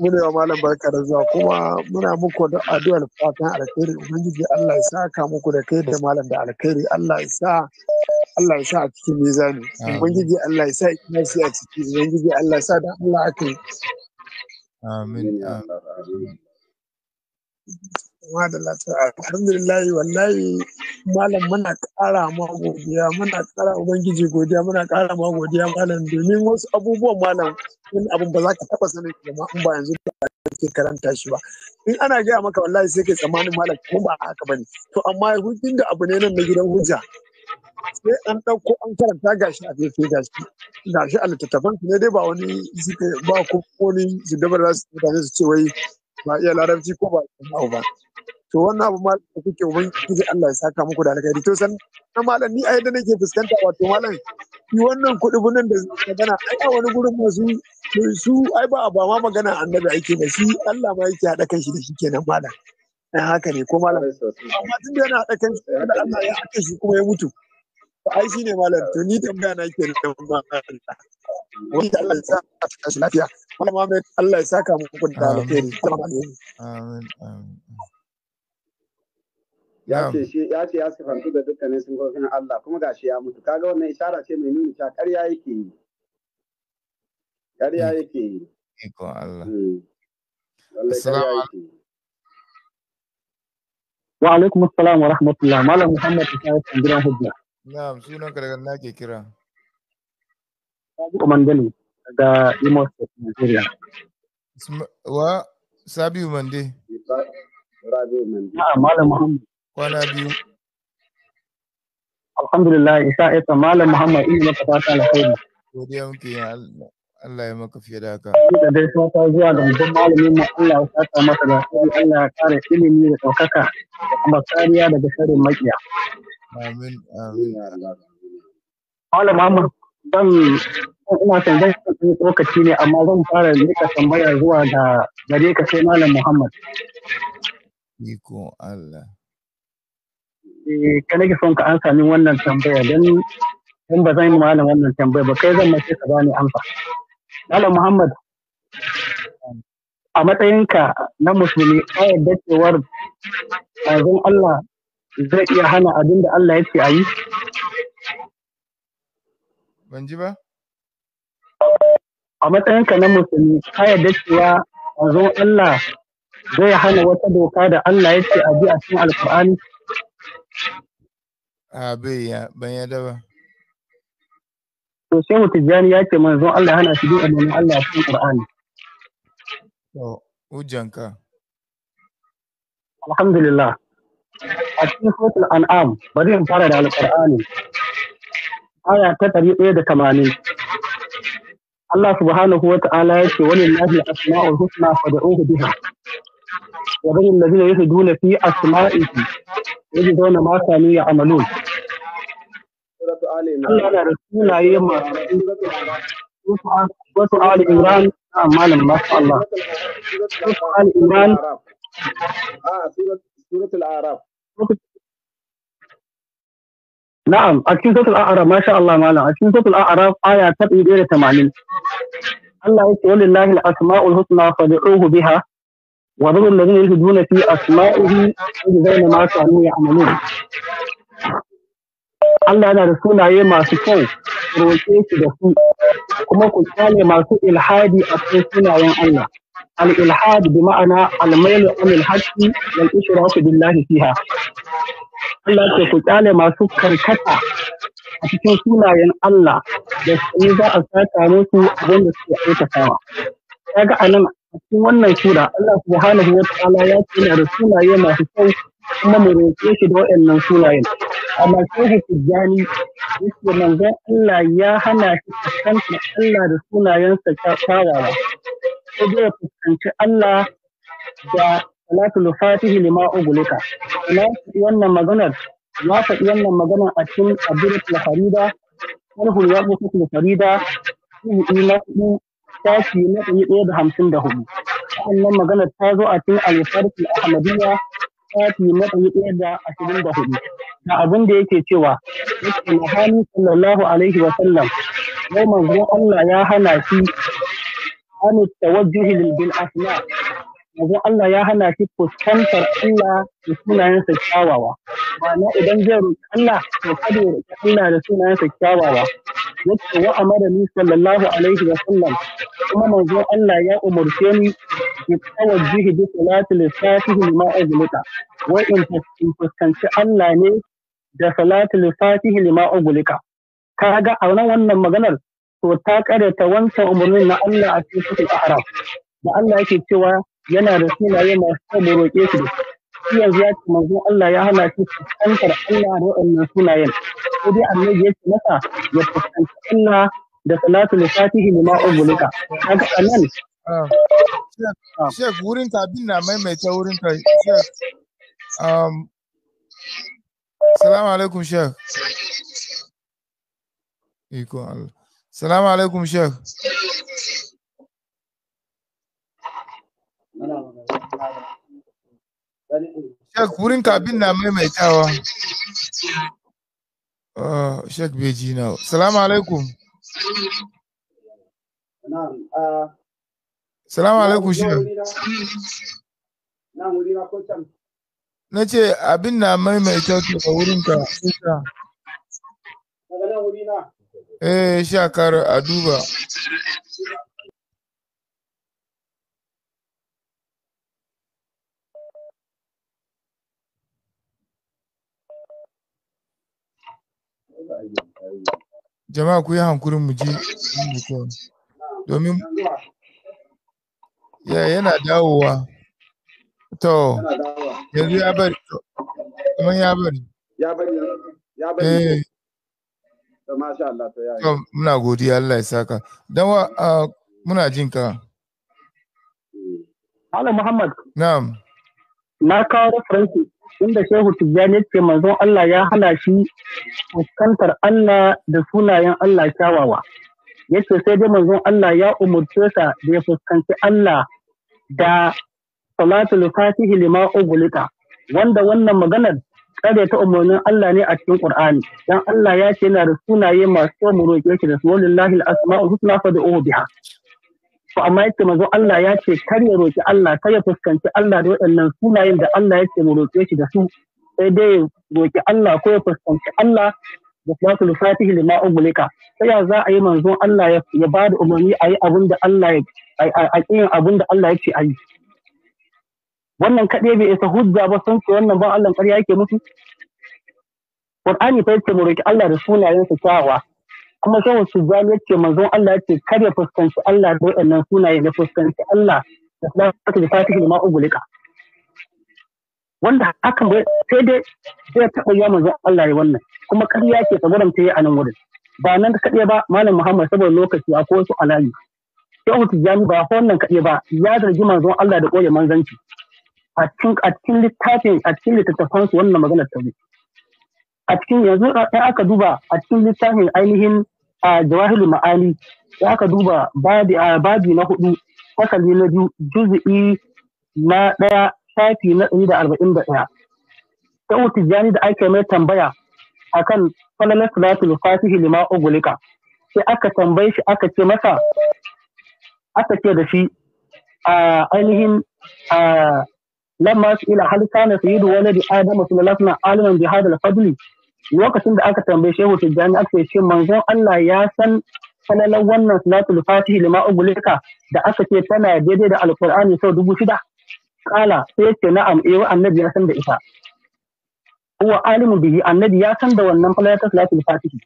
Speaker 3: ne wa malam barka da zuwa kuma muna muku da addu'ar fatan alkhairi ubangiji Allah ya saka muku da kai da malam da alkhairi Allah ya sa Allah ya sa a cikin mizani ubangiji Allah ya sa ikhlasi a cikin ubangiji Allah ya sa da Allah akai amin amin madalla ta alhamdulillah wallahi malam muna ƙara ma godiya muna ƙara ubangiji godiya muna ƙara ma godiya malam domin wasu abubuwan malam wani abun ba za ka taɓa sanin kuma in ba yanzu ba ke karanta shi ba in ana gaya maka wallahi sai kai tsammanin malam kuma ba haka bane to amma hujjin da abu ne nan na gidan hujja sai an ɗauko an karanta gashi a fefe gashi gashi a littattafan ne dai ba wani ba kuma wani Zidabar dabar za su mutane su ce wai ba iya larabci ko ba ba to wannan abu ma da kuke ubangiji Allah ya saka muku da alkhairi to san na malam ni a yadda nake fuskanta wato malam shi wannan kuɗi da magana ai a wani gurin masu su ai ba ba ma magana annabi ake da shi Allah ma yake haɗa kanshi da shi kenan malam dan haka ne ko malam amma tun da yana haɗa kanshi da Allah ya hada shi kuma ya mutu ai shine malam to ni tambaya na kenan ba wani Allah ya saka lafiya malam Ahmed Allah ya saka muku da alkhairi amin amin ya ce
Speaker 2: shi ya ce ya sifantu da dukkanin sifofin Allah kuma gashi ya mutu kaga wannan ishara ce mai nuni cewa ƙarya
Speaker 3: yake yi ƙarya hmm. yake yi iko Allah hmm. assalamu
Speaker 7: wa alaikum assalam wa
Speaker 1: rahmatullah malam muhammad ta yi tambayar hujja
Speaker 4: na'am sunan ka daga nake kira Sabi
Speaker 1: Mandani daga Imo State Nigeria
Speaker 4: wa Sabi Mande Rabi Mande malam muhammad kwana biyu alhamdulillah isa ya malam muhammad ina maka fata alheri godiya muke ya Allah ya maka fiye da haka
Speaker 1: da dai fata zuwa ga mutum malamin mu Allah ya saka masa da alheri Allah ya kare ilimi da daukaka da kuma kariya daga sharrin makiya
Speaker 3: amin amin malam muhammad
Speaker 1: zan ina son zan yi lokaci ne amma zan fara rika tambaya zuwa ga gare ka sai malam muhammad iko Allah Eh, ka nake son ka ansa min wannan tambaya don in ba zan yi malam wannan tambaya ba kai zan mace ka bani amsa malam muhammad a matsayinka na musulmi a yadda cewar azan allah zai iya hana abin da allah ya ce a yi ban ji ba a matsayinka na musulmi a yadda cewa azan allah zai hana wata doka da allah ya ce a bi a cikin alkur'ani
Speaker 4: a bai ya ban yi daba
Speaker 1: to sai mutum ya ce manzon Allah hana shi duk annabi Allah cikin Qur'ani
Speaker 4: to hujjanka
Speaker 1: alhamdulillah a cikin suratul an'am bari in fara da alqur'ani aya ta ɗari ɗaya da tamanin Allah subhanahu wa ta'ala ya ce wani lafi asma'ul husna fa da'uhu biha wa bani allazina yahduna fi asma'ihi yajiduna ma kanu ya'malun
Speaker 2: Allah na da sunaye
Speaker 7: masu wasu Ali Imran na malam masu Allah wasu Ali Imran
Speaker 1: Na'am, a cikin sautul a'araf, masha Allah malam, a cikin sautul a'araf aya ta ɗaya da tamanin. Allah ya ce, Walillahi al-asma'ul husna fad'uhu biha وذر الذين يلحدون في أسمائه يجزون ما كانوا يعملون Allah yana da sunaye masu kyau roƙe shi da su kuma ku kyale masu ilhadi a cikin sunayen Allah al-ilhad bi ma'ana al-mailu anil haqqi wal ishraku billahi fiha Allah ce ku kyale masu karkata a cikin sunayen Allah da su za a saka musu abin da suke aikatawa kaga anan cikin wannan sura Allah subhanahu wa ta'ala ya ce yana da sunaye masu kyau kuma mu roƙe shi da waɗannan sunayen amma shehu tijjani yake manzon Allah ya hana shi fuskantar Allah da sunayensa kyawawa sai dai ya fuskanci Allah da salatul fatihi lima ugulika na wannan maganar ya faɗi wannan maganar a cikin abdul farida sharhul waqful farida shi na tashi na ɗari ɗaya da hamsin da hudu sannan maganar ta zo a cikin alfarki ahmadiyya tashi na ɗari ɗaya da ashirin da hudu da abin da yake cewa yake mahani sallallahu alaihi wa sallam wai manzon Allah ya hana shi an tawajjuhi bil asma manzon Allah ya hana shi fuskantar Allah da sunayensa kyawawa ma'ana idan zai roƙi Allah to kada ya roƙi Allah da sunayensa kyawawa yace wa amara ni sallallahu alaihi wa sallam kuma manzon Allah ya umarce ni in tawajjihi bi salati lissafihi lima ugulita wai in fuskanci Allah ne da salati lissafihi lima ugulika kaga a wannan maganar to ta ta wancan umarnin na Allah a cikin Arab da Allah yake cewa yana da sunaye masu roƙe shi da shi yanzu ya ce manzon Allah ya hana shi fuskantar Allah da waɗannan sunayen sai dai annabi ya ce masa ya fuskanci Allah da salatu lisatihi lima ubulika kaga anan
Speaker 3: ah.
Speaker 4: Sheikh wurin ta na maimaita wurin ta Sheikh um, Salamu alaikum Iko Allah Salamu alaikum
Speaker 3: Thank you.
Speaker 4: Shek wurin kabin na maimaitawa. Ah, Shek ji na. Salamu alaikum. Salamu alaikum shi. Na ce abin na maimaita a ka. Eh, shakar a duba. jama'a ku yi hankurin mu ji domin ya yana dawowa to yanzu ya bari kuma ya bari
Speaker 2: ya bari ya bari eh. Allah to ya
Speaker 4: muna godiya Allah ya saka dan wa muna jin ka Malam Muhammad na'am na kawo Francis. inda Shehu Tijjani ce
Speaker 1: manzon Allah ya hana shi fuskantar Allah da sunayen Allah kyawawa. Yace sai dai manzon Allah ya umurce sa da ya fuskanci Allah da salatul fatihi lima ugulita wanda wannan maganar kare ta umarnin Allah ne a cikin Qur'ani dan Allah ya ce yana da sunaye masu mu roƙe shi da su wallahi asmaul husna da biha to amma yake mazo Allah ya ce kar ya roki Allah kar ya fuskanci Allah da waɗannan sunayen da Allah ya ce mu roƙe shi da su sai dai ya roki Allah ko ya fuskanci Allah da salatul fatihi lima ugulika sai ya za a yi manzon Allah ya ba da umarni a yi abin da Allah ya a yin abin da Allah ya ce a yi wannan kaɗai bai isa hujja ba sun ce wannan ban Allah ƙarya yake musu Qur'ani fa yace mu roki Allah da sunayen sa kyawawa kuma wasu sujjani yace manzon Allah yake kar ya fuskanci Allah da wannan sunaye na fuskanci Allah da salatu da fatihi da ugulika wanda hakan bai sai dai zai taɓa yi manzon Allah ya wannan kuma ƙarya ce ta gudun ta yi a nan wurin ba nan kaɗai ba malam Muhammad saboda lokaci a wasu alayi wasu jami ba wannan kaɗai ba ya zargi manzon Allah da ƙoye manzanci a cikin littafin a cikin littattafansu wannan magana ta zo a cikin yanzu in aka duba a cikin littafin ainihin a jawahirul ma'ani za ka duba babi a babi na hudu fasali na biyu juz'i na ɗaya shafi na ɗari da arba'in da ɗaya. Sau tijjani da ake mai tambaya akan falalar salatul fatihi lima ugulika sai aka tambaye shi aka ce masa aka ce da shi a ainihin a lamma su ila hal kana sayyidu waladi adama sallallahu alaihi wa sallam bi hadal fadli lokacin da aka tambaye shehu tijjani aka ce manzon Allah ya san falalar wannan salatul fatihi lima ugulika da aka ce tana daidai da alqur'ani sau dubu shida kala sai ce na'am eh annabi ya san da ita huwa alimu bihi annabi ya san da wannan falalar salatul fatihi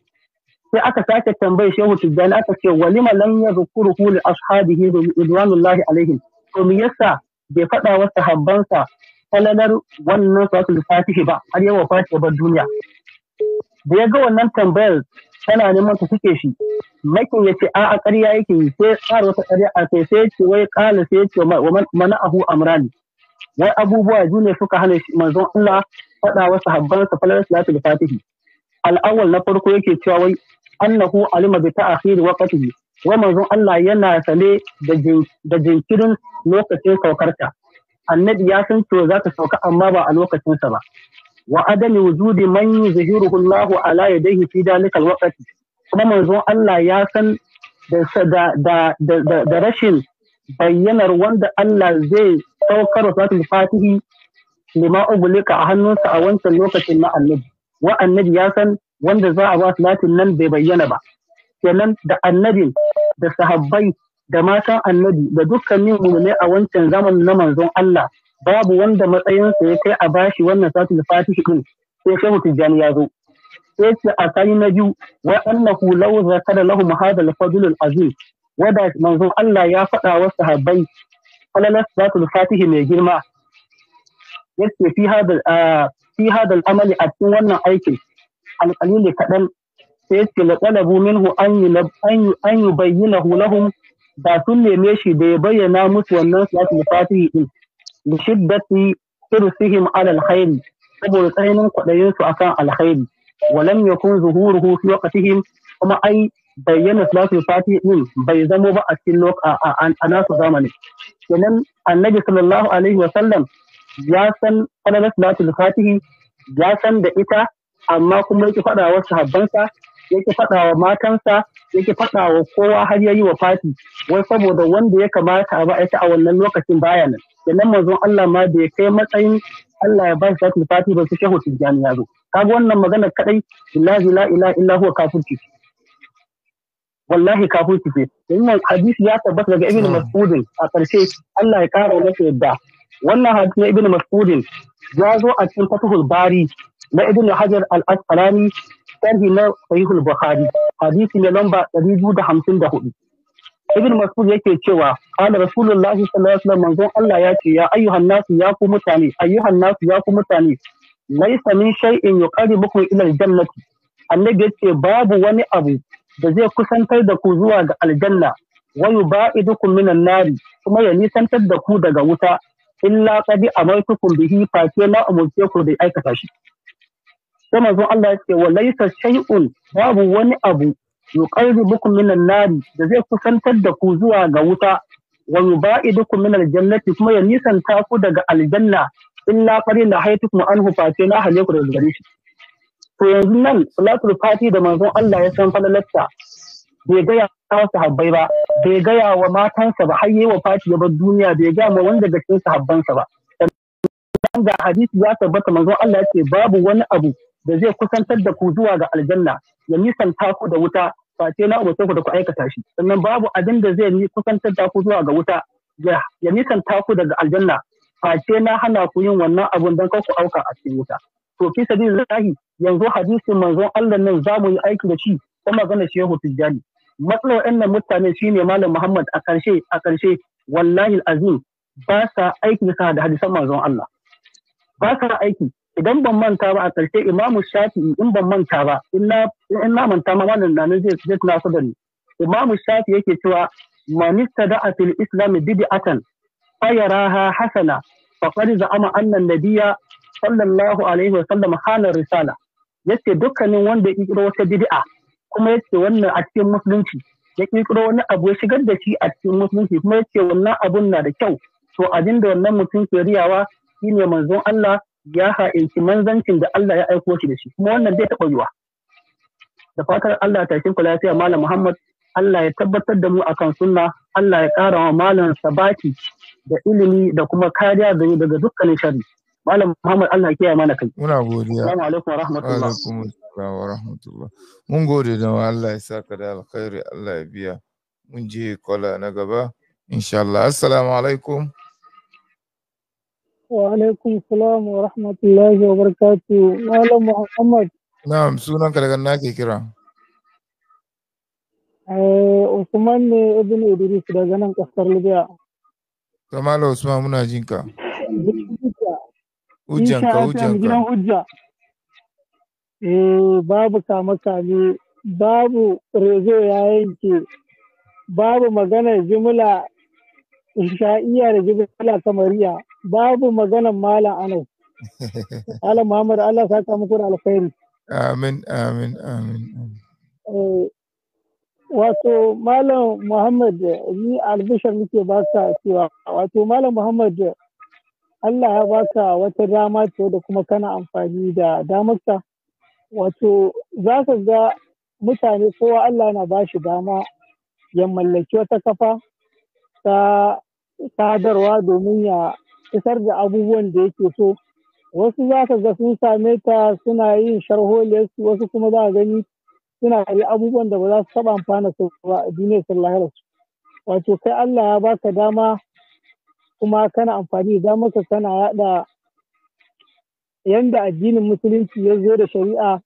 Speaker 1: sai aka sake tambaye shehu tijjani aka ce walima lam yadhkuruhu li ashabihi ridwanullahi alaihim to me yasa bai faɗa wa sahabbansa falalar wannan salatul fatihi ba har yawa fatihi bar duniya da ya ga wannan tambayar tana neman ta suke shi makin ya ce a a ƙarya yake yi sai ƙara wata ƙarya a sai sai ce wai ƙala sai ce mana ahu amrani wai abubuwa biyu ne suka hana manzon Allah faɗa wasu habban sa falar salatul fatihi al'awwal na farko yake cewa wai annahu alima bi ta'khir waqtihi wai manzon Allah yana sane da jinkirin lokacin saukarta annabi ya san cewa za ta sauka amma ba a lokacinsa ba wa adami wujudi man zahiru Allahu ala yadayhi fi dalika kuma manzon Allah ya san da da rashin bayyanar wanda Allah zai saukar salatul fatihi lima ubulika a hannunsa a wancan lokacin na annabi wa annabi ya san wanda za a ba salatin nan bai bayyana ba kenan da annabin da sahabbai da matan annabi da dukkanin mu'minai a wancan zaman na manzon Allah babu wanda matsayinsa ya kai a bashi wannan satul fatihi din sai shehu tijjani ya zo sai ce a sani na biyu wa annahu law zakara lahum hadha al-fadl al-azim wada manzon Allah ya faɗa wa sahabbai falalas zatul fatihi mai girma yace fi fi hada al-amali a cikin wannan aikin alƙalili kaɗan sai yace la talabu minhu an an yubayyinahu lahum ba sun neme shi da ya bayyana musu wannan salatul fatihi din bi shiddati hirsihim ala alkhair saboda tsananin kwaɗayin su akan alkhairi walam yakun zuhuruhu fi waqtihim kuma ai bayyana salatul fati din bai zamo ba a cikin a nasu zamani kenan annabi sallallahu alaihi wa sallam ya san falalar salatul fatihi ya san da ita amma kuma yake faɗawa wa sahabbansa yake faɗa wa matansa yake faɗa wa kowa har ya yi wa fati wai saboda wanda ya kamata a ba'aita a wannan lokacin baya nan da nan manzon Allah ma da ya kai matsayin Allah ya ba shi fati ba su shehu tijjani ya zo kaga wannan magana kadai billahi la ilaha illa huwa kafirci wallahi kafirci ce wannan hadisi ya tabbata daga ibnu mas'ud a karshe Allah ya kara masa yadda wannan hadisi na ibnu mas'ud ya zo a cikin fathul bari na ibnu hajar al-asqalani sharhi na sahihul bukhari hadisi ne lamba 254 ibn mas'ud yake cewa qala rasulullahi sallallahu alaihi wasallam manzon Allah ya ce ya ayyuhan nasu ya ku mutane ayyuhan nasu ya ku mutane laysa min shay'in muku ila aljannati annabi yace babu wani abu da zai kusantar da ku zuwa ga aljanna wa yubaidukum minan nari kuma ya nisantar da ku daga wuta illa qadi amaitukum bihi fa na umurce ku da aikata shi sai manzon Allah ce wa laisa shay'un babu wani abu yuqarribukum minan nari da zai kusantar da ku zuwa ga wuta wa yubaidukum dukuminar jannati kuma ya nisanta ku daga aljanna illa qarina haytukum anhu fa sai na hale ku daga gare shi to yanzu nan salatul fati da manzon Allah ya san falalarsa bai gaya wa ba bai gaya wa matansa ba har wa fati ya bar duniya bai gaya ma wanda ga cikin sahabbansa ba dan ga hadisi ya tabbata manzon Allah ya ce babu wani abu da zai kusantar da ku zuwa ga aljanna ya nisanta ku da wuta face na umarce ku da ku aikata shi sannan babu abin da zai kusantar da ku zuwa ga wuta ya nisanta ku daga aljanna face na hana ku yin wannan abun don kar ku auka a cikin wuta to fi sabilillahi yanzu hadisin manzon Allah nan za mu yi aiki da shi ta magana shehu tijjani matsalar wa'annan mutane shine malam Muhammad a karshe a karshe wallahi azim ba sa aiki da hadisan manzon Allah ba sa aiki idan ban manta ba a ƙarshe imamu shafi'i in ban manta ba in na manta ma wannan nan zai zai tuna da ni imamu shafi yake cewa manista da fil islam bid'atan fayaraha hasana faqad za'ama Annan, nabiyya sallallahu alaihi wa sallam hana risala yace dukkanin wanda ya kiro wata bid'a kuma yace wannan a cikin musulunci ya kirkiro wani abu ya shigar da shi a cikin musulunci kuma yace wannan abun na da kyau to abin da wannan mutum ke riyawa shine manzon Allah ya ha'inci manzancin da Allah ya aiko shi da shi kuma wannan bai taɓa yiwa da fatar Allah ta ku lafiya malam Muhammad Allah ya tabbatar da mu akan sunna Allah ya ƙara wa malam sabaki da ilimi da kuma kariya da daga dukkanin sharri malam Muhammad Allah ya kiyaye mana kai muna godiya assalamu alaikum wa rahmatullah
Speaker 4: wa rahmatullah mun gode da Allah ya saka da alkhairi Allah ya biya mun je kola na gaba insha Allah assalamu alaikum
Speaker 7: wa alaikum salam wa rahmatullahi wa barakatu malam muhammad
Speaker 4: na'am sunan daga na ke kira
Speaker 7: eh, usman ne ibn idris daga nan kasar libya
Speaker 4: kamala usman muna jinka
Speaker 7: hujjanka hujjanka Eh, babu kama kame babu rezo ya yanke babu magana jimla Isha'iya da Jibrila Samariya babu maganan Malam Anas. Malam Muhammad Allah sa ka muku da alkhairi.
Speaker 4: Amin, amin, amin.
Speaker 7: Eh, wato Malam Muhammad ni albishar muke baka cewa wato Malam Muhammad Allah ya baka wata dama ce da kuma kana amfani da damarsa. Wato za ka ga mutane kowa Allah na bashi dama ya mallaki wata kafa ta sadarwa domin ya isar da abubuwan da yake so wasu za ka ga sun same ta suna yin sharholiyarsu wasu kuma za a gani suna yi abubuwan da ba za su taɓa amfana su ba a duniyar su wato kai Allah ya baka dama kuma kana amfani da maka kana yada yanda addinin musulunci ya zo da shari'a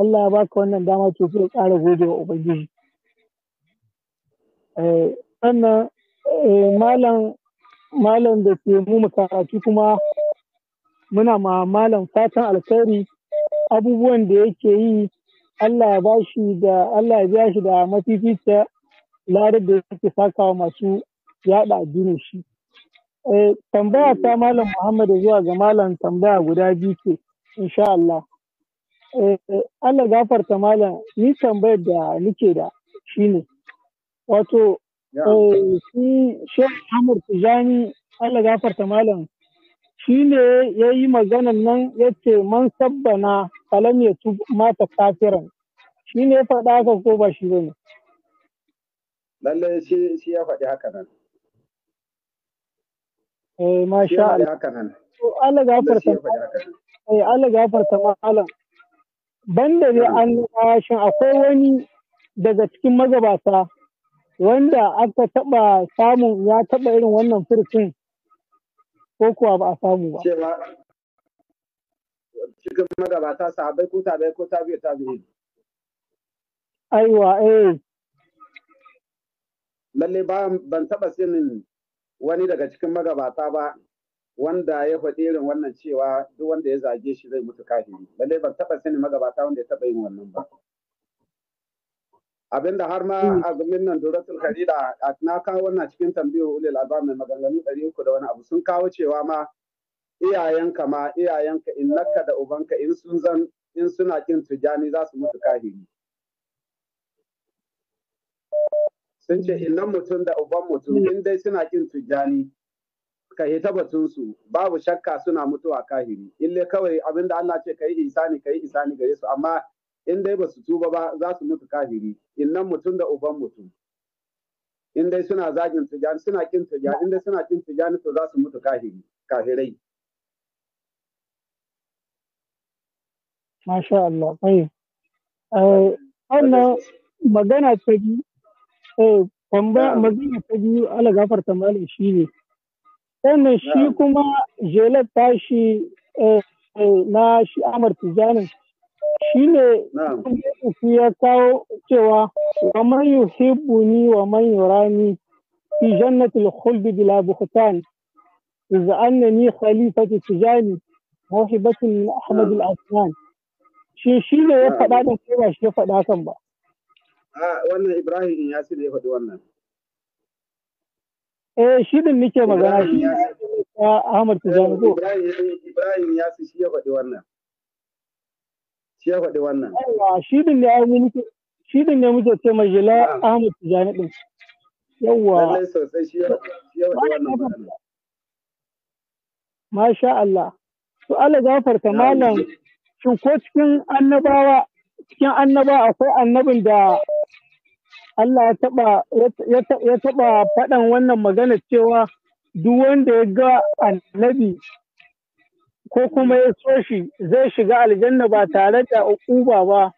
Speaker 7: Allah ya baka wannan dama to ka ƙara gode wa ubangiji eh, sannan Eh, malam da ke mu makaratu kuma muna ma malam fatan alkhairi abubuwan da yake yi Allah ya bashi da Allah ya biya shi da mafifice larar da yake sakawa masu yada addinin shi eh tambaya ta malam Muhammad zuwa ga malam tambaya guda biyu ce insha Allah eh, eh Allah gafarta malam ni tambayar da nike da shine wato Eh, shi Sheikh Ahmad Allah malam shi ne ya yi maganan nan ya ce man sabbana falam ya tu mata kafiran shi ne faɗa haka ko ba shi ba ne. Eh,
Speaker 2: Lallai shi ya faɗi haka nan.
Speaker 7: Eh masha Allah. Allah gafarta eh Allah gafarta malam. Banda dai hmm. an shin akwai wani daga cikin magabata wanda aka taba samun ya taba irin wannan furfin ko kuwa ba a samu ba. Cewa
Speaker 2: cikin magabata sahabai ko ko
Speaker 7: Aiwa eh.
Speaker 2: Lalle ba ban taɓa sanin wani daga cikin magabata ba wanda ya faɗi irin wannan cewa duk wanda ya zage shi zai mutu kafiri. Lalle ban taɓa sanin magabata wanda ya taba yin wannan ba. abinda har ma mm. azumin nan duratul kharida na kawo wannan cikin tambayar ulil alba mai maganganu ɗari uku da wani abu sun kawo cewa ma iyayenka ma iyayenka in naka da ubanka in sun zan in suna kin tujani za su mutu kahiri sun ce in nan mutum da uban mutum mm. in dai suna kin tujani ka hita batunsu babu shakka suna mutuwa kahiri ille kawai abinda Allah ce kai isani kai isani gare su amma in dai ba su tuba ba za su mutu kahiri innan mutum da uban mutum in dai suna zagin tijani suna kin tijani in dai suna kin tijani to za su mutu kahiri kahirai
Speaker 7: Masha Allah, eh Wannan magana ta biyu, eh, magana ta biyu ala gafar ta tamali shi ne. Sannan shi kuma jelar tashi eh, eh, na shi Amar shi ya kawo cewa wa man yuhibbuni wa man yurani fi jannatil khuld bila bukhtan إذ annani خليفة tijani موهبة min ahmad al shi shi shine ya fada da sai ba shi ya fada kan ba
Speaker 2: a wannan Ibrahim ya ya fadi wannan
Speaker 7: eh shi din nake magana shi Ahmad Tijani
Speaker 2: Ibrahim ya shi ya fadi wannan shi ya faɗi wannan
Speaker 7: shi din ne muke ce mai jila Ahmed Tijani Yawwa! yawa
Speaker 3: sosai shi ya faɗi wannan
Speaker 7: Masha Allah to Allah gafarta malam shin ko cikin annabawa cikin annaba akwai annabin da Allah ya taɓa faɗan wannan magana cewa duk wanda ya ga annabi ko kuma ya so shi zai shiga aljanna ba tare da uba ba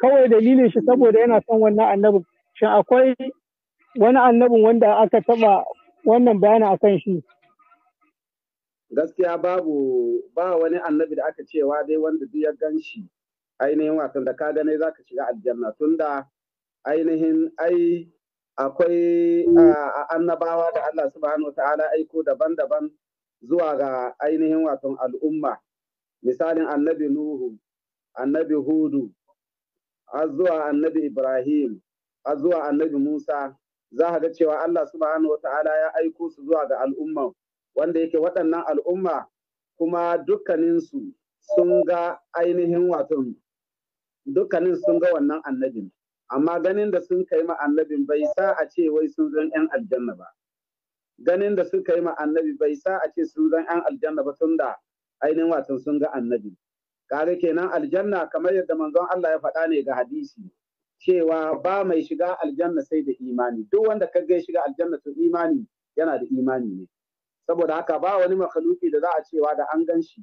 Speaker 7: kawai dalilin shi saboda yana son wannan annabin shin akwai wani annabin wanda aka taba wannan bayanin kan shi
Speaker 2: gaskiya babu ba wani annabi da aka cewa dai wanda duk ya gan shi ainihin wasan da ka gane za ka shiga aljanna tunda ainihin ai akwai annabawa da Allah subhanahu wa ta'ala aiko daban-daban zuwa ga ainihin waton al'umma misalin annabi nuhu annabi hudu har zuwa annabi ibrahim har zuwa annabi musa za a ga cewa allah subhanahu wata'ala ya aiko su zuwa ga al'umma wanda yake waɗannan al'umma kuma dukkaninsu sun ga ainihin waton dukkanin sun ga wannan annabin amma ganin da sun kai ma annabin bai sa a ce wai sun zan 'yan aljanna ba ganin da suka yi ma annabi bai sa a ce sun zan yan aljanna ba tun da ainihin watan sun ga annabi Kare kenan aljanna kamar yadda manzon Allah ya faɗa ne ga hadisi cewa ba mai shiga aljanna sai da imani duk wanda ka ga shiga aljanna to imani yana da imani ne saboda haka ba wani makhluki da za a cewa da an gan shi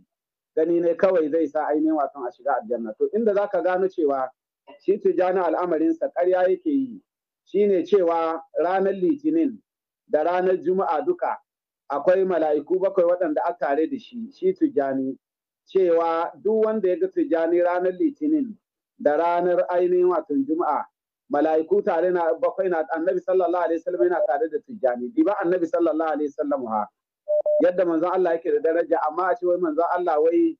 Speaker 2: gani ne kawai zai sa ainihin wasan a shiga aljanna to inda za ka gano cewa shi tijani al'amarinsa ƙarya yake yi shine cewa ranar litinin da ranar juma'a duka akwai mala'iku bakwai waɗanda aka tare da shi shi tijani cewa duk wanda ya ga tujani ranar litinin da ranar ainihin wato juma'a mala'iku tare na bakwai na annabi sallallahu alaihi wasallam yana tare da tujani, bi ba annabi sallallahu alaihi wasallam ha yadda manzon Allah yake da daraja amma a ce wai manzon Allah wai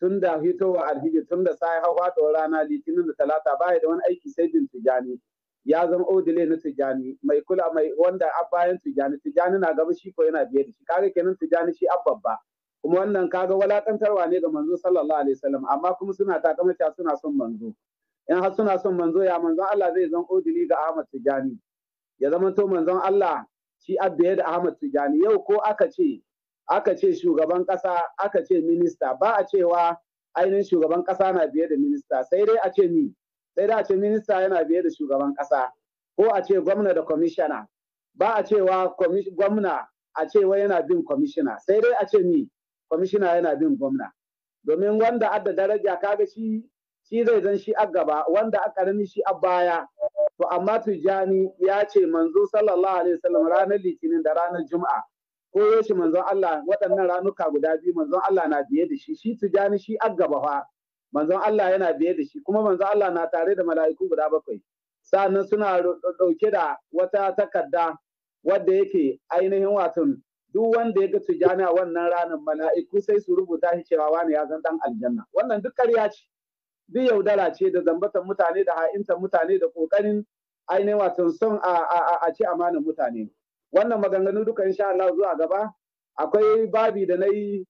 Speaker 2: tun da fitowa alhiji tun da sai hawa rana litinin da talata baya da wani aiki sai din tijani ya zama odile na tijani mai kula mai wanda a bayan tijani tijani na gaba shi ko yana biye da shi kaga kenan tijani shi abbabba kuma wannan kaga walakantarwa ne ga manzo sallallahu alaihi wasallam amma kuma suna takamata suna son manzo in har suna son manzo ya manzo. Allah zai zan odili ga Ahmad Tijani ya zama to manzo Allah shi abbiye da Ahmad Tijani yau ko aka ce aka ce shugaban kasa aka ce minista ba a cewa ainihin shugaban kasa na biye da minista sai dai a ce ni sai da a ce minista yana biye da shugaban kasa, ko a ce gwamna da kwamishina ba a cewa gwamna a cewa yana bin kwamishina sai dai a ce ni kwamishina yana bin gwamna domin wanda adda daraja kaga shi shi zai zan shi a gaba wanda aka rami shi a baya to amma tijani ya ce manzo sallallahu alaihi wasallam ranar litinin da ranar juma'a ko yaushe manzon Allah waɗannan ranuka guda biyu manzon Allah na biye da shi shi tijani shi a gaba fa manzon Allah yana biye da shi kuma manzon Allah na tare da mala'iku guda bakwai sannan suna dauke da wata takarda wadda yake ainihin watan duk wanda ya ga tijani a wannan ranar mala'iku sai su rubuta shi cewa wani ya zan dan aljanna wannan duk ƙarya ce duk yaudara ce da zambatan mutane da ha'intan mutane da kokarin ainihin wato son a ci amanar mutane wannan maganganu duka insha Allah zuwa gaba akwai babi da na yi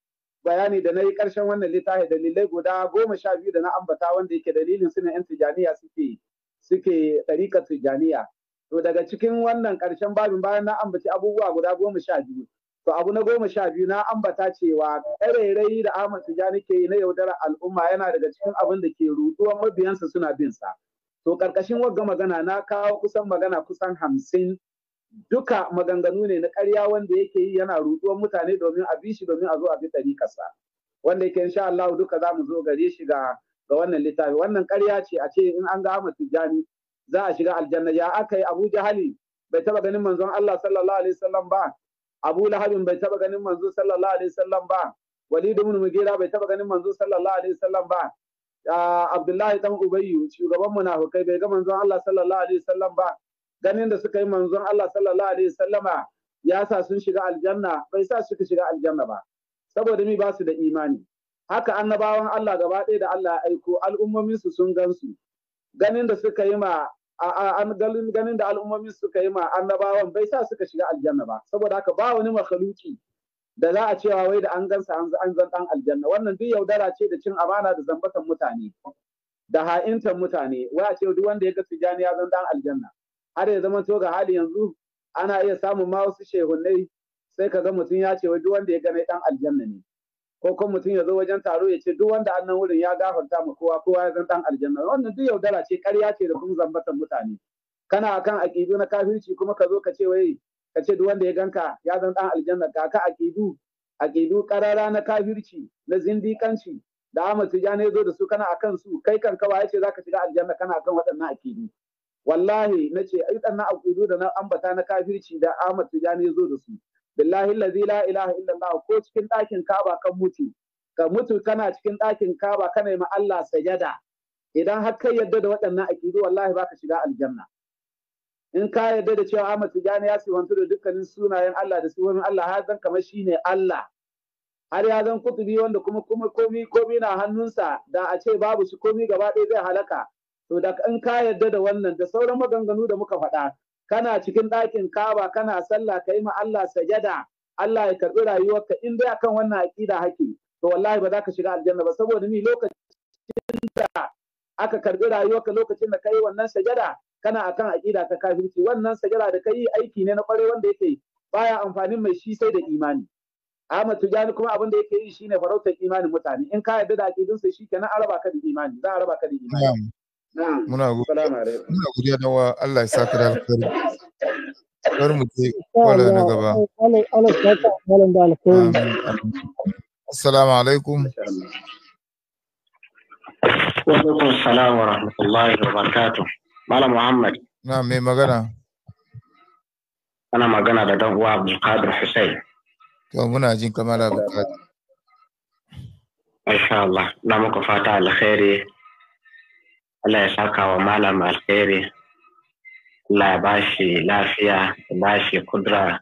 Speaker 2: bayani da na yi ƙarshen wannan littafi dalilai guda goma sha biyu da na ambata wanda yake dalilin su ne 'yan tijaniya suke suke ɗarikar tijaniya. To daga cikin wannan ƙarshen babin bayan na ambaci abubuwa guda goma sha biyu. To abu na goma sha biyu na ambata cewa ƙarairayi da Ahmad Tijani ke yi na yaudarar al'umma yana daga cikin abin da ke ruɗuwa mabiyansa suna bin sa. To ƙarƙashin wagga magana na kawo kusan magana kusan hamsin duka maganganu ne na ƙarya wanda yake yi yana ruɗuwar mutane domin a bi shi domin a zo a bi ɗariƙarsa wanda yake insha Allah duka za mu zo gare shi ga ga wannan littafi wannan ƙarya ce a ce in an ga Ahmad Tijjani za a shiga aljanna ya aka yi Abu Jahali bai taba ganin manzon Allah sallallahu alaihi wasallam ba Abu Lahabin bai taba ganin manzo sallallahu alaihi wasallam ba Walid ibn Mughira bai taba ganin manzo sallallahu alaihi wasallam ba ah, Abdullahi dan Ubayyu shugaban munafikai bai ga manzon Allah sallallahu alaihi wasallam ba ganin da suka yi manzon Allah sallallahu alaihi sallama ya sa sun shiga aljanna bai sa suka shiga aljanna ba saboda mi ba su da imani haka annabawan Allah gaba ɗaya da Allah ya aiko al'ummomin su sun gansu ganin da suka yi ma ganin da al'ummomin suka yi ma annabawan bai sa suka shiga aljanna ba saboda haka ba wani makhluki da za a cewa wai da an gansa an zan dan aljanna wannan duk yaudara ce da cin amana da zambatan mutane da ha'intan mutane wai a ce duk wanda ya ga tijani ya zan dan aljanna har ya zama to ga hali yanzu ana iya samun ma wasu shehunnai sai ka ga mutum ya ce wai duk wanda ya gane dan aljanna ne ko kuma mutum ya zo wajen taro ya ce duk wanda annan wurin ya gafarta ma kowa kowa ya zan dan aljanna wannan duk yaudara ce ƙarya ce da kuma zambatan mutane kana akan akidu na kafirci kuma ka zo ka ce wai ka ce duk wanda ya ganka ya zan dan aljanna ka ka aƙidu aƙidu na kafirci na zindikanci da Ahmad Tijani ya zo da su kana akan su kai kanka wai ce zaka shiga aljanna kana akan waɗannan akidu? wallahi na ce na aƙidu da na ambata na kafirci da Ahmad Tijani yazo da su billahi allazi la ilaha illallah ko cikin ɗakin Ka'aba kan mutu ka mutu kana cikin ɗakin Ka'aba kana ma Allah sajada idan har kai yadda da waɗannan akidu wallahi baka shiga aljanna in ka yadda da cewa Ahmad Tijani ya sifantu da dukkanin sunayen Allah da sunan Allah har zan kamar shine Allah har ya zan kutubi wanda kuma kuma komi komi na hannunsa da a ce babu shi komi gaba ɗaya zai halaka to da in ka yarda da wannan da sauran maganganu da muka faɗa kana cikin ɗakin kaba kana sallah ka yi ma Allah sajada Allah ya karɓi rayuwarka in dai akan wannan aƙida hake to wallahi ba za ka shiga aljanna ba saboda ni lokacin da aka karɓi rayuwarka lokacin da ka yi wannan sajada kana akan aƙida ta kafirci wannan sajada da ka yi aiki ne na kware wanda yake baya amfanin mai shi sai da imani Ahmad Tijani kuma abin da yake yi shine farautar imanin mutane in ka yarda da aƙidunsa shikenan kenan raba ka da imani za a raba ka
Speaker 7: da imani
Speaker 4: muna godiya da wa Allah ya saka da alkhairi kar mu je kwala na gaba assalamu alaikum wa alaikum
Speaker 1: assalam wa rahmatullahi wa barakatu. malam muhammad
Speaker 4: na mai magana
Speaker 1: ana magana da dan uwa abdulkadir hussein
Speaker 4: to muna jin kamar
Speaker 1: abdulkadir Masha Allah, na muku fata alkhairi Allah ya saka wa malam alheri Allah ya bashi lafiya ya bashi kudura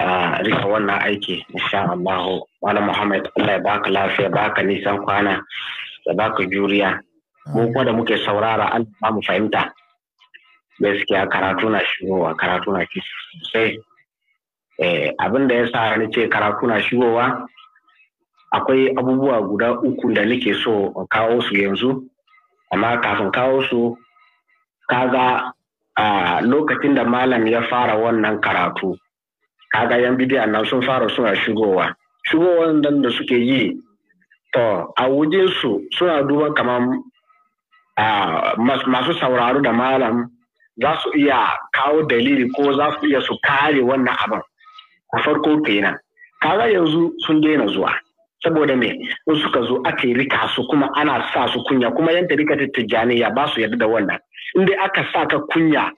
Speaker 1: a rika wannan aiki insha Allah malam Muhammad Allah ya baka lafiya baka nisan kwana ya baka juriya mu kuma da muke saurara Allah ba mu fahimta gaskiya karatu na shigowa karatu na ki sosai eh, abin da ya sa ni ce karatu na shigowa akwai abubuwa guda uku da nake so kawo su yanzu amma kafin kawo su kaga a lokacin da malam ya fara wannan karatu kaga yan bidiyan nan sun fara suna shigowa shigowar nan da suke yi to a su suna duba kamar masu sauraro da malam za su iya kawo dalili ko za su iya su kare wannan abin a farko kenan kaga yanzu sun daina zuwa saboda me in suka zo aka yi rika su kuma ana sa su kunya kuma ta tijjani ya ba su yadda da wannan in dai aka sa ka kunya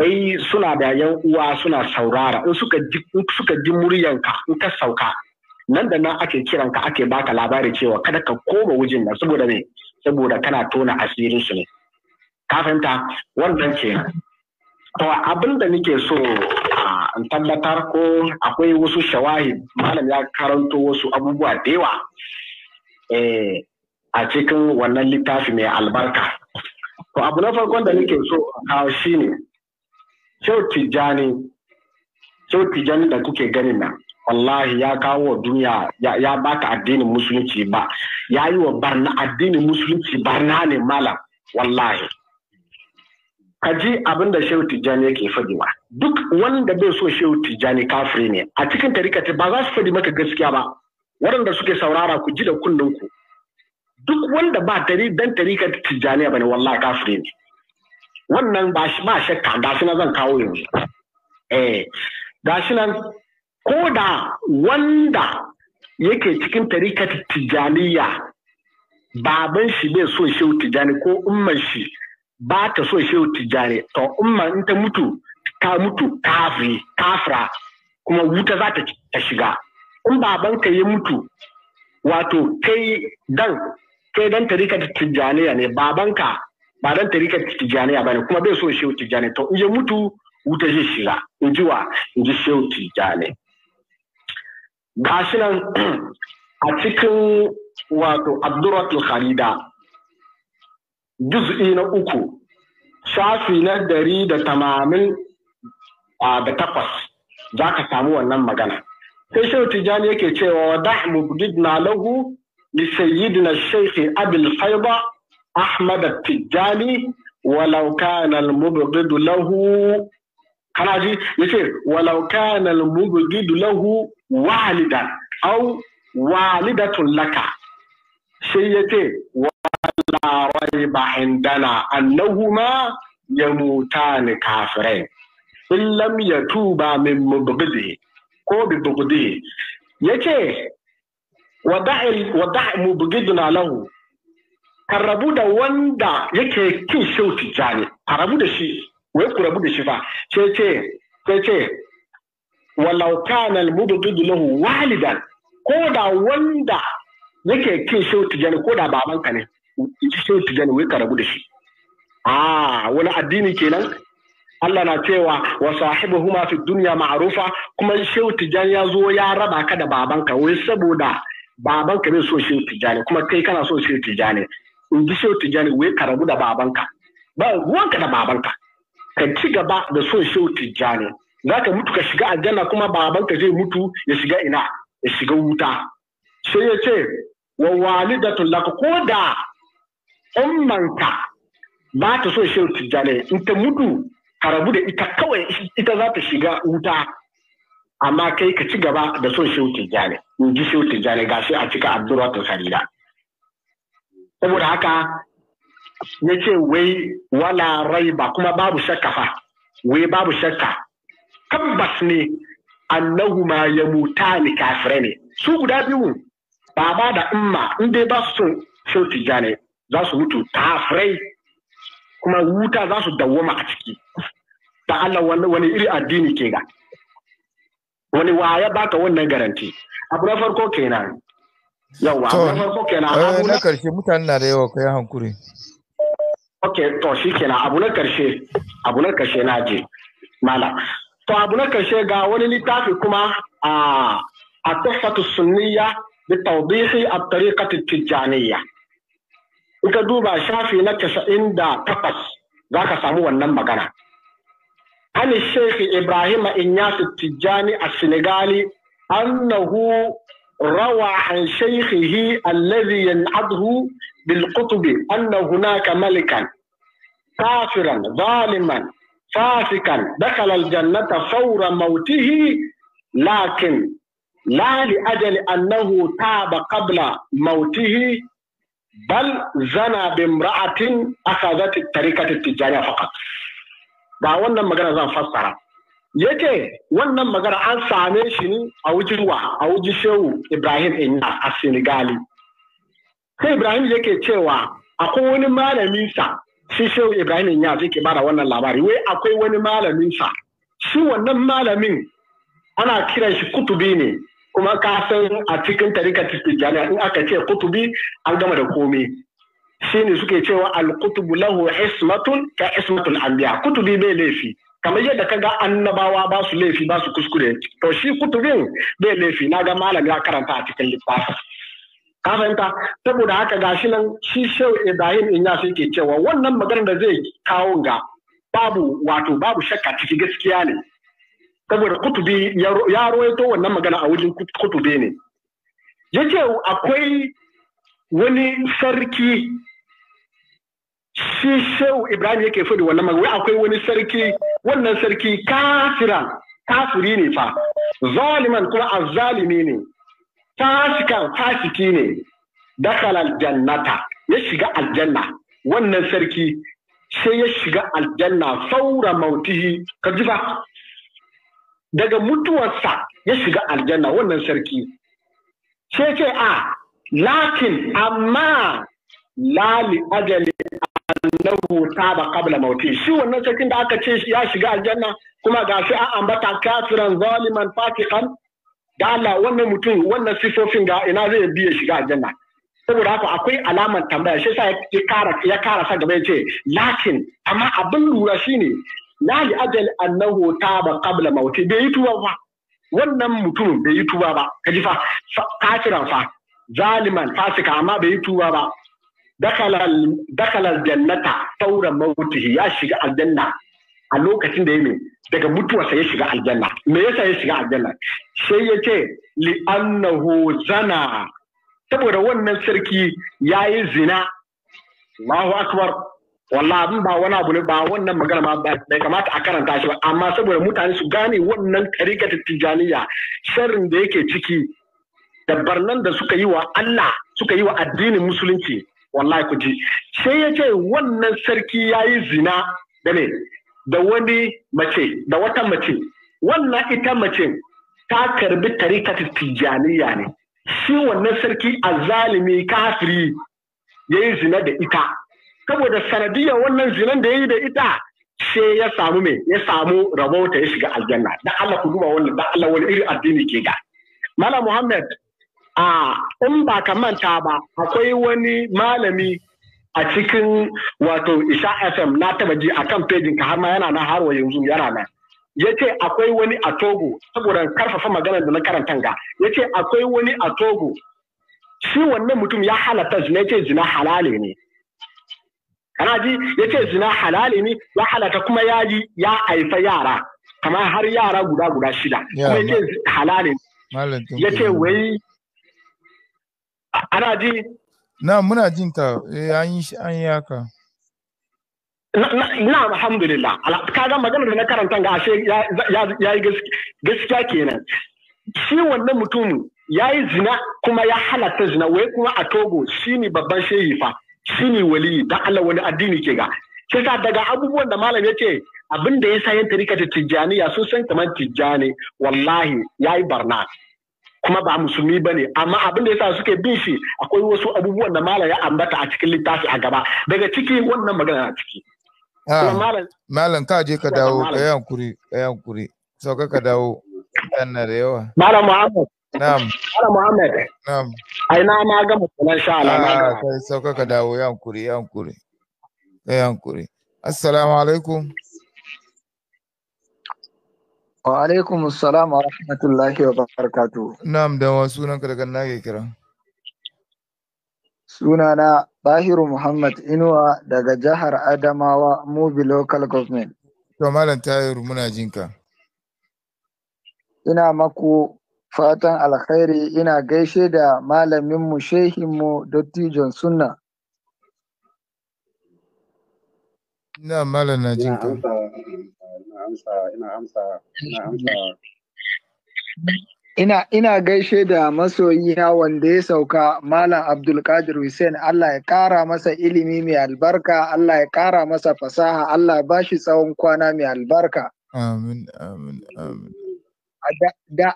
Speaker 1: ai suna da yan uwa suna saurara in suka ji suka ji muryanka in ka sauka nan da nan ake kiran ka ake baka labari cewa kada ka koma wujin nan saboda me saboda kana tona asirin su ne ka fahimta wannan kenan to abin da nake so An tabbatar ko akwai wasu shawahi malam ya karanto wasu abubuwa da yawa eh, a cikin wannan littafi mai albarka. To abu na farkon da nake so a kawo shi ne, Shehu Tijani da kuke ganin nan, wallahi ya kawo wa duniya ya baka addinin musulunci ba, ya yi wa barna addinin musulunci barna ne malam, wallahi. ka ji abin da shehu tijjani yake ba, duk wanda bai so shehu tijjani kafiri ne a cikin tarikati ba za su faɗi maka gaskiya ba waɗanda suke saurara ku ji da kunnen ku duk wanda ba tari dan tarikati tijjani bane wallahi kafiri ne wannan ba shi ba shakka da shi na zan kawo yanzu eh da shi nan ko da wanda yake cikin tarikati tijjaniya baban shi bai so shehu tijjani ko umman shi ba ta so shehu tijjani to umma in ta mutu ta mutu kafiri kafra kuma wuta za ta shiga in babanka ya mutu wato kai dan kai dan tarika tijjaniya ne babanka ba dan tarika tijjaniya ba ne kuma bai so shehu tijjani to in ya mutu wuta zai shiga in ji wa in ji shehu tijjani gashi nan a cikin wato abdurrahman kharida juz'i na uku shafi na dari da tamanin da takwas za ka samu wannan magana sai shehu tijjani yake cewa wa da mubdidna lahu li sayyidina shaykh abil faiba ahmad tijjani walau kana al mubghid lahu kana ji yace walau kana al mubghid lahu walidan aw walidatun laka sai yace ريب عندنا أنهما يموتان كافرين in lam ya tuba min mubghidi ko bi ce, wa wada'il wada' mubghidna lahu karabu da wanda yake kin sauti jani, karabu da shi wai ku rabu da shi fa sai ce ce ce walau kana al mubghid lahu walidan ko da wanda yake kin sauti jani, ko da babanka ne ta tijjani wai karabu da shi a wani addini kenan Allah na cewa wa huma fi duniya ma'rufa kuma shehu tijani ya zo ya raba ka da babanka wai saboda babanka bai so shehu tijani kuma kai kana so shehu tijani in ji shehu tijani wai karabu da babanka ba ruwanka da babanka ka ci gaba da son shehu tijani za ka mutu ka shiga aljanna kuma babanka zai mutu ya shiga ina ya shiga wuta sai ya ce wa walidatun laka ko da ummanka ba ta so shi tijjani in ta mutu ka rabu da ita kawai ita za ta shiga wuta amma kai ka ci gaba da son shi tijjani in ji shi tijjani ga shi a cika abdurrahman kharida saboda haka ya ce wai wala rai ba kuma babu shakka fa wai babu shakka tabbas ne annahu ma ya muta ni kafirai ne su guda biyu baba da umma in dai ba su son shi tijjani za su mutu kafirai kuma wuta za su dawwama a ciki da Allah wani iri addini ke ga wani waya ba baka wannan garanti abu na farko kenan yawa abu na farko kenan eh, na
Speaker 4: karshe mutane na da yawa kai hankuri
Speaker 1: ok to shi kenan abu na karshe abu na karshe na je mala to abu na karshe ga wani littafi kuma a a tafsatu sunniya bi tawdihi at-tariqati tijaniyya in ka duba shafi na casa'in da takwas za ka samu wannan magana. Ani Sheikh Ibrahim Inyasu Tijjani a Senegali annahu rawa an shaykhihi alladhi yan'adhu bil qutubi anna hunaka malikan kafiran zaliman fasikan dakhala al jannata fawra mautihi lakin la li ajali annahu taba qabla mautihi bal zana bi imra'atin akhazat tariqat tijariya faqat ga wannan magana zan fassara yace wannan magana an same shi ne a wujirwa a wuji shehu Ibrahim Inna a Senegali sai Ibrahim yake cewa akwai wani malamin sa shi shehu Ibrahim Inna yake bada wannan labari wai akwai wani malamin sa shi wannan malamin ana kiran shi kutubi ne kuma ka san a cikin tarika tijjaniya in aka ce kutubi an gama da komi shine suke cewa alkutubu lahu ismatun ka ismatul anbiya kutubi bai laifi kamar yadda ka ga annabawa ba su laifi ba su kuskure to shi kutubin bai laifi na ga malam ya karanta a cikin littafin ka fahimta saboda haka ga shi nan shi shehu ibrahim in ya ke cewa wannan maganar da zai kawo ga babu wato babu shakka ciki gaskiya ne saboda kutubi ya rawaito wannan magana a wajen kutube ne ya ce akwai wani sarki shi shehu ibrahim yake faɗi wannan magana akwai wani sarki wannan sarki kafira kafiri ne fa zaliman kuma azzalimi ne fasikan fasiki ne dakhala aljannata ya shiga aljanna wannan sarki sai ya shiga aljanna saura mautihi ka ji fa daga mutuwarsa ya shiga aljanna wannan sarki sai ce a lakin amma lali ajali annahu taba qabla mauti shi wannan sarkin da aka ce ya shiga aljanna kuma ga shi an ambata kafiran zaliman fatiqan da Allah wannan mutum wannan sifofin ga ina zai biye shiga aljanna saboda haka akwai alamar tambaya shi yasa ya kara ya kara sa gaba yace lakin amma abin lura shine Na li ajal annahu taba qabla mauti bai yi tuba ba wannan mutum bai yi tuba ba kaji fa kafiran fa zaliman fasika amma bai yi tuba ba dakala Jannata saura mautihi ya shiga aljanna a lokacin da ya mai daga mutuwarsa ya shiga aljanna me yasa ya shiga aljanna sai ya ce li annahu zana saboda wannan sarki yayi zina Allahu akbar walla abin ba wani abu ne ba wannan magana ma bai kamata a karanta shi ba amma saboda mutane su gane wannan tarikata tijaniya sharrin da yake ciki da barnan da suka yi wa Allah suka yi wa addinin musulunci wallahi ku ji sai ya ce wannan sarki ya yi zina da ne da wani mace da wata mace wannan ita mace ta karbi tarikata tijaniya ne shi wannan sarki azalimi kafiri ya yi zina da ita saboda sanadiyar wannan zinan da ya yi da ita sai ya samu me ya samu rabauta ya shiga aljanna da Allah ku duba wannan da Allah wani irin addini ke ga Malam Muhammad a in ba ka manta ba akwai wani malami a cikin wato Isha FM na taba ji akan pejin ka har ma yana nan har wa yanzu yana nan yace akwai wani a Togo saboda karfafa magana da na karanta ga yace akwai wani a Togo shi wannan mutum ya halatta zina yace zina halale ne kana ji ya ce zina halali ne ya halata kuma ya ji ya haifa yara kamar har yara guda guda shida kuma ya ce halali ya ce wai ana ji
Speaker 4: na muna jin ka eh, an yi an yi haka
Speaker 1: na alhamdulillah kaga maganar da na karanta ga ashe ya yi gaskiya kenan shi wannan mutum ya yi zina kuma ya halatta zina wai kuma a togo shi ne babban shehi fa ne wali dan Allah wani addini ke ga kisa daga abubuwan da malam ce abin da sa yin tarika tijjani tijjaniya sun san kamar tijjani wallahi ya yi barna kuma ba musulmi ba ne amma abin da sa suke bin shi akwai wasu abubuwan da malam ya ambata a cikin littafi a gaba daga ciki wannan magana a ciki
Speaker 4: ah, malam ka je ka dawo ka yi hankuri ka yi hankuri sauka ka dawo kan na da yawa malam muhammad Na'am. Ala Muhammad. Na'am. Ai na na gama sunan sha Allah na ah, Kai sauka ka dawo yankuri yankuri. Kai yankuri. Assalamu alaikum.
Speaker 8: Wa alaikum assalam wa rahmatullahi wa barakatuh.
Speaker 4: Na'am da wa sunan
Speaker 8: ka daga nake kira. na: Bahiru Muhammad Inuwa daga jihar Adamawa Mubi Local Government.
Speaker 4: To Malam Tayiru muna jinka.
Speaker 8: Ina maku fatan alkhairi ina gaishe da malaminmu shehinmu dattijon sunna ina malam na jin ka ina ina gaishe da masoyi na wanda ya sauka malam abdulkadir hussein allah ya kara masa ilimi mai albarka allah ya kara masa fasaha allah ya bashi tsawon kwana mai albarka
Speaker 4: amin amin amin
Speaker 8: da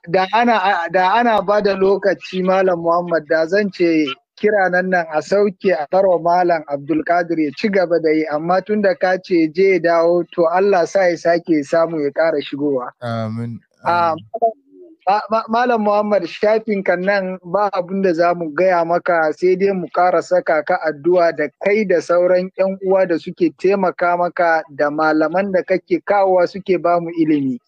Speaker 8: ana ba da lokaci malam muhammad da zan ce kira nan a sauke a barwa malam abdulkadir ya ci gaba da yi amma tun da ka ce je dawo to allah sa ya sake samu ya ƙara shigowa amin ah, malam muhammad shafin kan nan ba abin da za mu gaya maka sai dai mu ƙara saka ka addu'a da kai da sauran 'yan uwa da suke taimaka maka da malaman da kake kawowa suke ba mu ilimi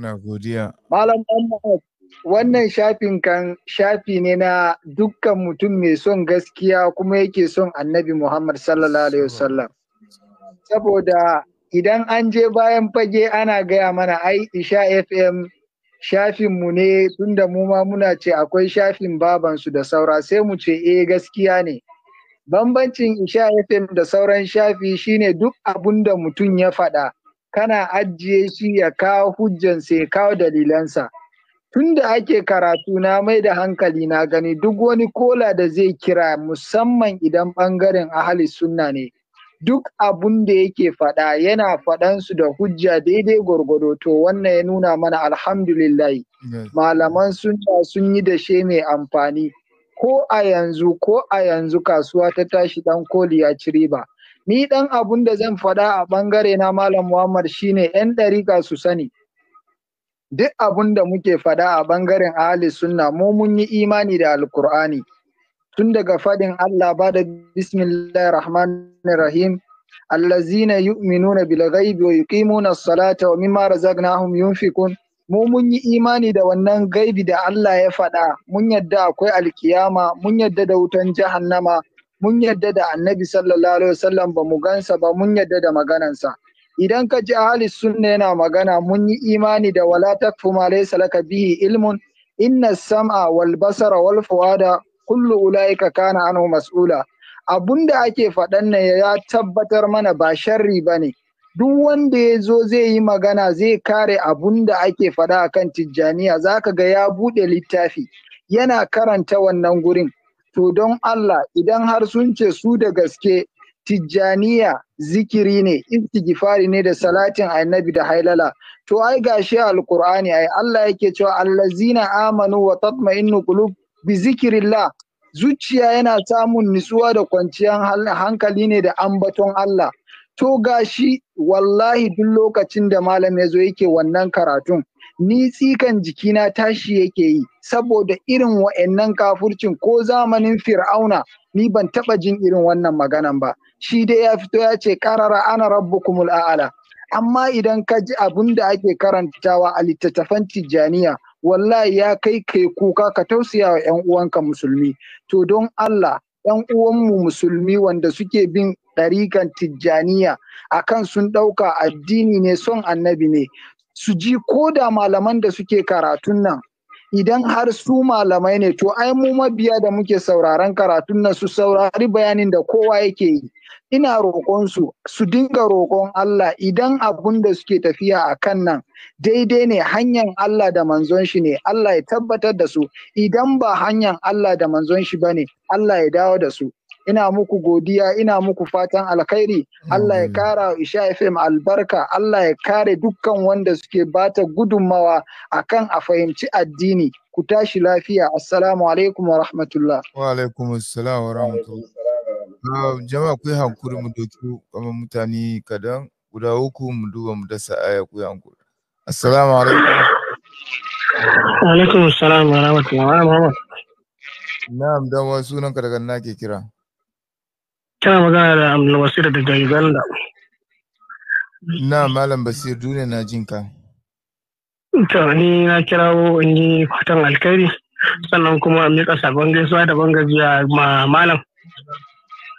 Speaker 4: Muna godiya.
Speaker 8: Malam Muhammad, wannan shafin kan shafi ne na dukkan mutum mai son gaskiya kuma yake son annabi Muhammad sallallahu Alaihi wasallam. Saboda idan an je bayan fage ana gaya mana ai Isha FM mu ne tunda mu ma muna ce akwai shafin babansu da saura sai mu ce eh gaskiya ne. Bambancin Isha FM da sauran shafi shine duk abun da mutum ya faɗa. kana ajiye shi ya kawo hujjansa ya kawo dalilansa tunda ake karatu na mai da hankali na gani duk wani kola da zai kira musamman idan bangaren ahali sunna ne duk abun da yake faɗa yana faɗan da hujja daidai gwargwado to wannan ya nuna mana alhamdulillah malaman sunna sun yi da she mai amfani ko a yanzu ko a yanzu kasuwa ta tashi dan koli ya ci riba Ni dan abun da zan fada a bangare na Malam Muhammad shine ‘yan dariƙa su sani. Duk abun da muke fada a bangaren ahli sunna mu mun yi imani da alkur'ani tun daga fadin Allah ba da bismillahir rahmanir rahim allazina yu'minuna bil ghaibi wa yuqimuna as-salata wa mimma razaqnahum yunfiqun mu mun yi imani da wannan gaibi da Allah ya fada? mun yadda akwai alkiyama mun yadda da wutan jahannama mun yadda da annabi sallallahu alaihi wasallam ba mu gansa ba mun yadda da maganansa idan ka ji ahli sunna yana magana mun yi imani da wala takfu ma laysa laka bihi ilmun inna sam'a wal basara wal fuada kullu ulaika kana anhu mas'ula abunda ake faɗan nan ya tabbatar mana ba sharri bane duk wanda ya zo zai yi magana zai kare abun da ake faɗa akan tijjaniya zaka ga ya buɗe littafi yana karanta wannan gurin To don Allah idan har sun ce su da gaske tijjaniya zikiri ne, istighfari ne da salatin annabi da hailala. To ai gashi Alƙur'ani! ai Allah yake cewa allazina amanu wa tatma'innu qulub bi zikrillah. Zuciya yana samun nutsuwa da kwanciyar hankali ne da ambaton Allah. To gashi wallahi duk lokacin da malam ya zo yake wannan karatun ni tsikan jikina tashi yake yi saboda irin wa'annan kafurcin ko zamanin fir'auna ni ban taba jin irin wannan maganan ba shi dai ya fito ya ce karara ana rabbukumul a'ala amma idan ka ji abin da ake karantawa a littattafan tijjaniya wallahi ya kai kai kuka ka tausaya wa 'yan uwanka musulmi to don Allah 'yan uwanmu musulmi wanda suke bin ɗarikan tijjaniya akan sun ɗauka addini ne son annabi ne su ji ko da malaman da suke karatun nan idan har su malamai ne to ai mu mabiya da muke sauraron karatun nan su saurari bayanin da kowa yake yi ina roƙon su su dinga roƙon Allah idan abun da suke tafiya a kan nan daidai ne hanyar Allah da manzon shi ne Allah ya tabbatar da su idan ba hanyar Allah da manzon shi bane Allah ya dawo da su ina muku godiya ina muku fatan alkhairi Allah ya kara Isha FM albarka Allah ya kare dukkan wanda suke bata gudunmawa akan a fahimci addini ku tashi lafiya assalamu alaikum wa rahmatullah
Speaker 4: wa alaikum assalam wa rahmatullah ah, jama'a ku hankuri mu doki kamar mutane kadan guda uku mu duba mu dasa aya ku hankuri assalamu alaikum alaikum assalam wa rahmatullah na'am dan wasu nan ka daga na ke kira Tana magana da Abdulwasir daga Uganda. Na Malam Basir duniya na jin ka.
Speaker 1: To ni na kirawo in yi fatan alkhairi sannan kuma in miƙa sabon gaisuwa da ban gajiya ma malam.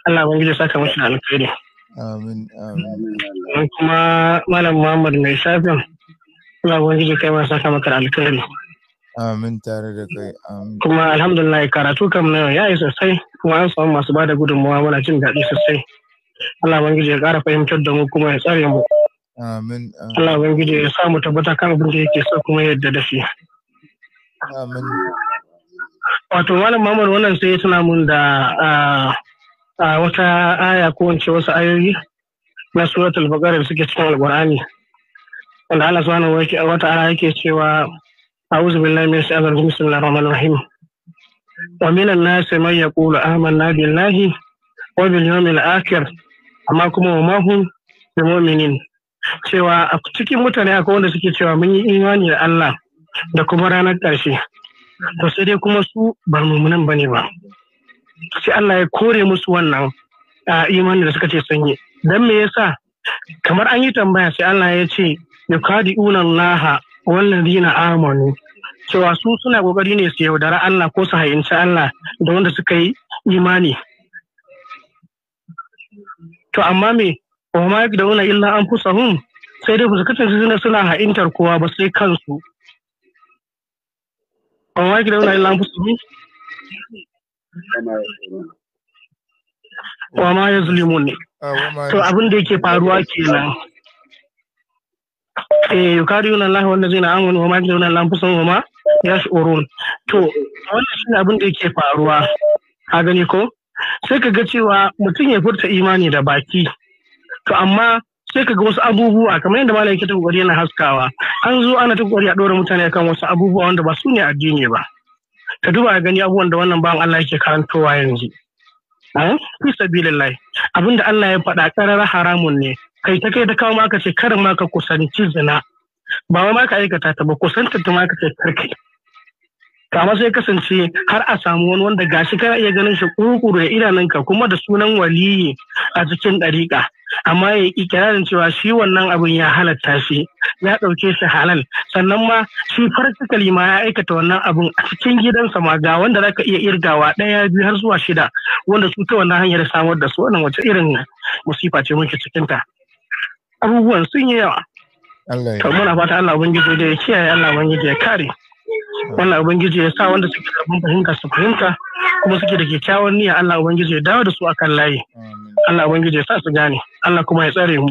Speaker 1: Allah ban gajiya saka mashi
Speaker 4: alkhairi. Amin
Speaker 3: amin.
Speaker 4: Kuma malam Muhammad mai shafin Allah ban gajiya kai ma saka maka alkhairi. Amin tare da kai. Kuma
Speaker 1: alhamdulillah karatu kam na yau ya yi sosai kuma an samu masu bada gudunmawa muna jin daɗi sosai. Allah bangiji ya ƙara fahimtar da mu kuma ya tsare mu. Amin. Allah bangiji ya sa mu tabbata kan abin da yake so kuma yadda da shi. Amin. Wato Malam Mamman wannan sai ya tuna mun da wata aya ko
Speaker 7: wance wasu ayoyi na suratul baqara da suke cikin alqur'ani. Wanda Allah subhanahu wa ta'ala yake cewa أعوذ بالله من الشيطان الرجيم بسم الله الرحمن الرحيم
Speaker 1: ومن الناس من يقول آمنا بالله وباليوم الآخر amma kuma wa mahun da mominin cewa a cikin mutane akwai wanda suke cewa mun yi imani da Allah da kuma ranar ƙarshe to sai dai kuma su ba mummunan bane ba sai Allah ya kore musu wannan a imani da suka ce sun yi dan me yasa kamar an yi tambaya sai Allah ya ce yukadi'una Allah wallazina amanu cewa su suna kokari ne su yaudara Allah ko su hayinci Allah da wanda suka yi imani to amma me wa ma da wuna illa an hun, sai dai su kasance suna ha'intar kowa ba sai kansu
Speaker 3: wa ma da wuna illa an
Speaker 1: hun? wa ma zulimu ne
Speaker 3: ah, to abin da yake faruwa kenan
Speaker 1: eh yukari yunan lahi wanda zai na amon wa ma yadda yunan lamfusan wa ma Ya yash'urun to wannan ne abin da yake faruwa ka gani ko sai ka ga cewa mutum ya furta imani da baki to amma sai ka ga wasu abubuwa kamar yadda malam yake ta kokari yana haskawa an zo ana ta kokari a dora mutane kan wasu abubuwa wanda ba su ne addini ba ka duba a gani abubuwan da wannan bawan Allah yake karantowa yanzu eh? fi sabilillahi abinda Allah ya faɗa karar haramun ne kai ta kai ta kawo maka ce karin maka kusanci zina ba ma ka aikata ta ba kusanta ta ma ka ce karkai kama sai kasance har a samu wani wanda gashi kana iya ganin shi kukuru ya idanun ka kuma da sunan waliyi a cikin dariƙa. amma ya yi ikirarin cewa shi wannan abin ya halatta shi ya ɗauke shi halal sannan ma shi farkakali ma ya aikata wannan abin a cikin gidansa ma ga wanda za ka iya irgawa ɗaya biyu har zuwa shida wanda su ta wannan hanyar samar da su wannan wace irin musifa ce muke cikinta abubuwan sun yi yawa Allah ya. muna fata Allah ubangiji da ya kiyaye Allah ubangiji ya kare. Wannan ubangiji ya sa wanda suke da fahimta su fahimta kuma suke da kyakkyawan niyya Allah ubangiji ya dawo da su akan layi. Allah ubangiji ya sa su gane. Allah kuma ya tsare mu.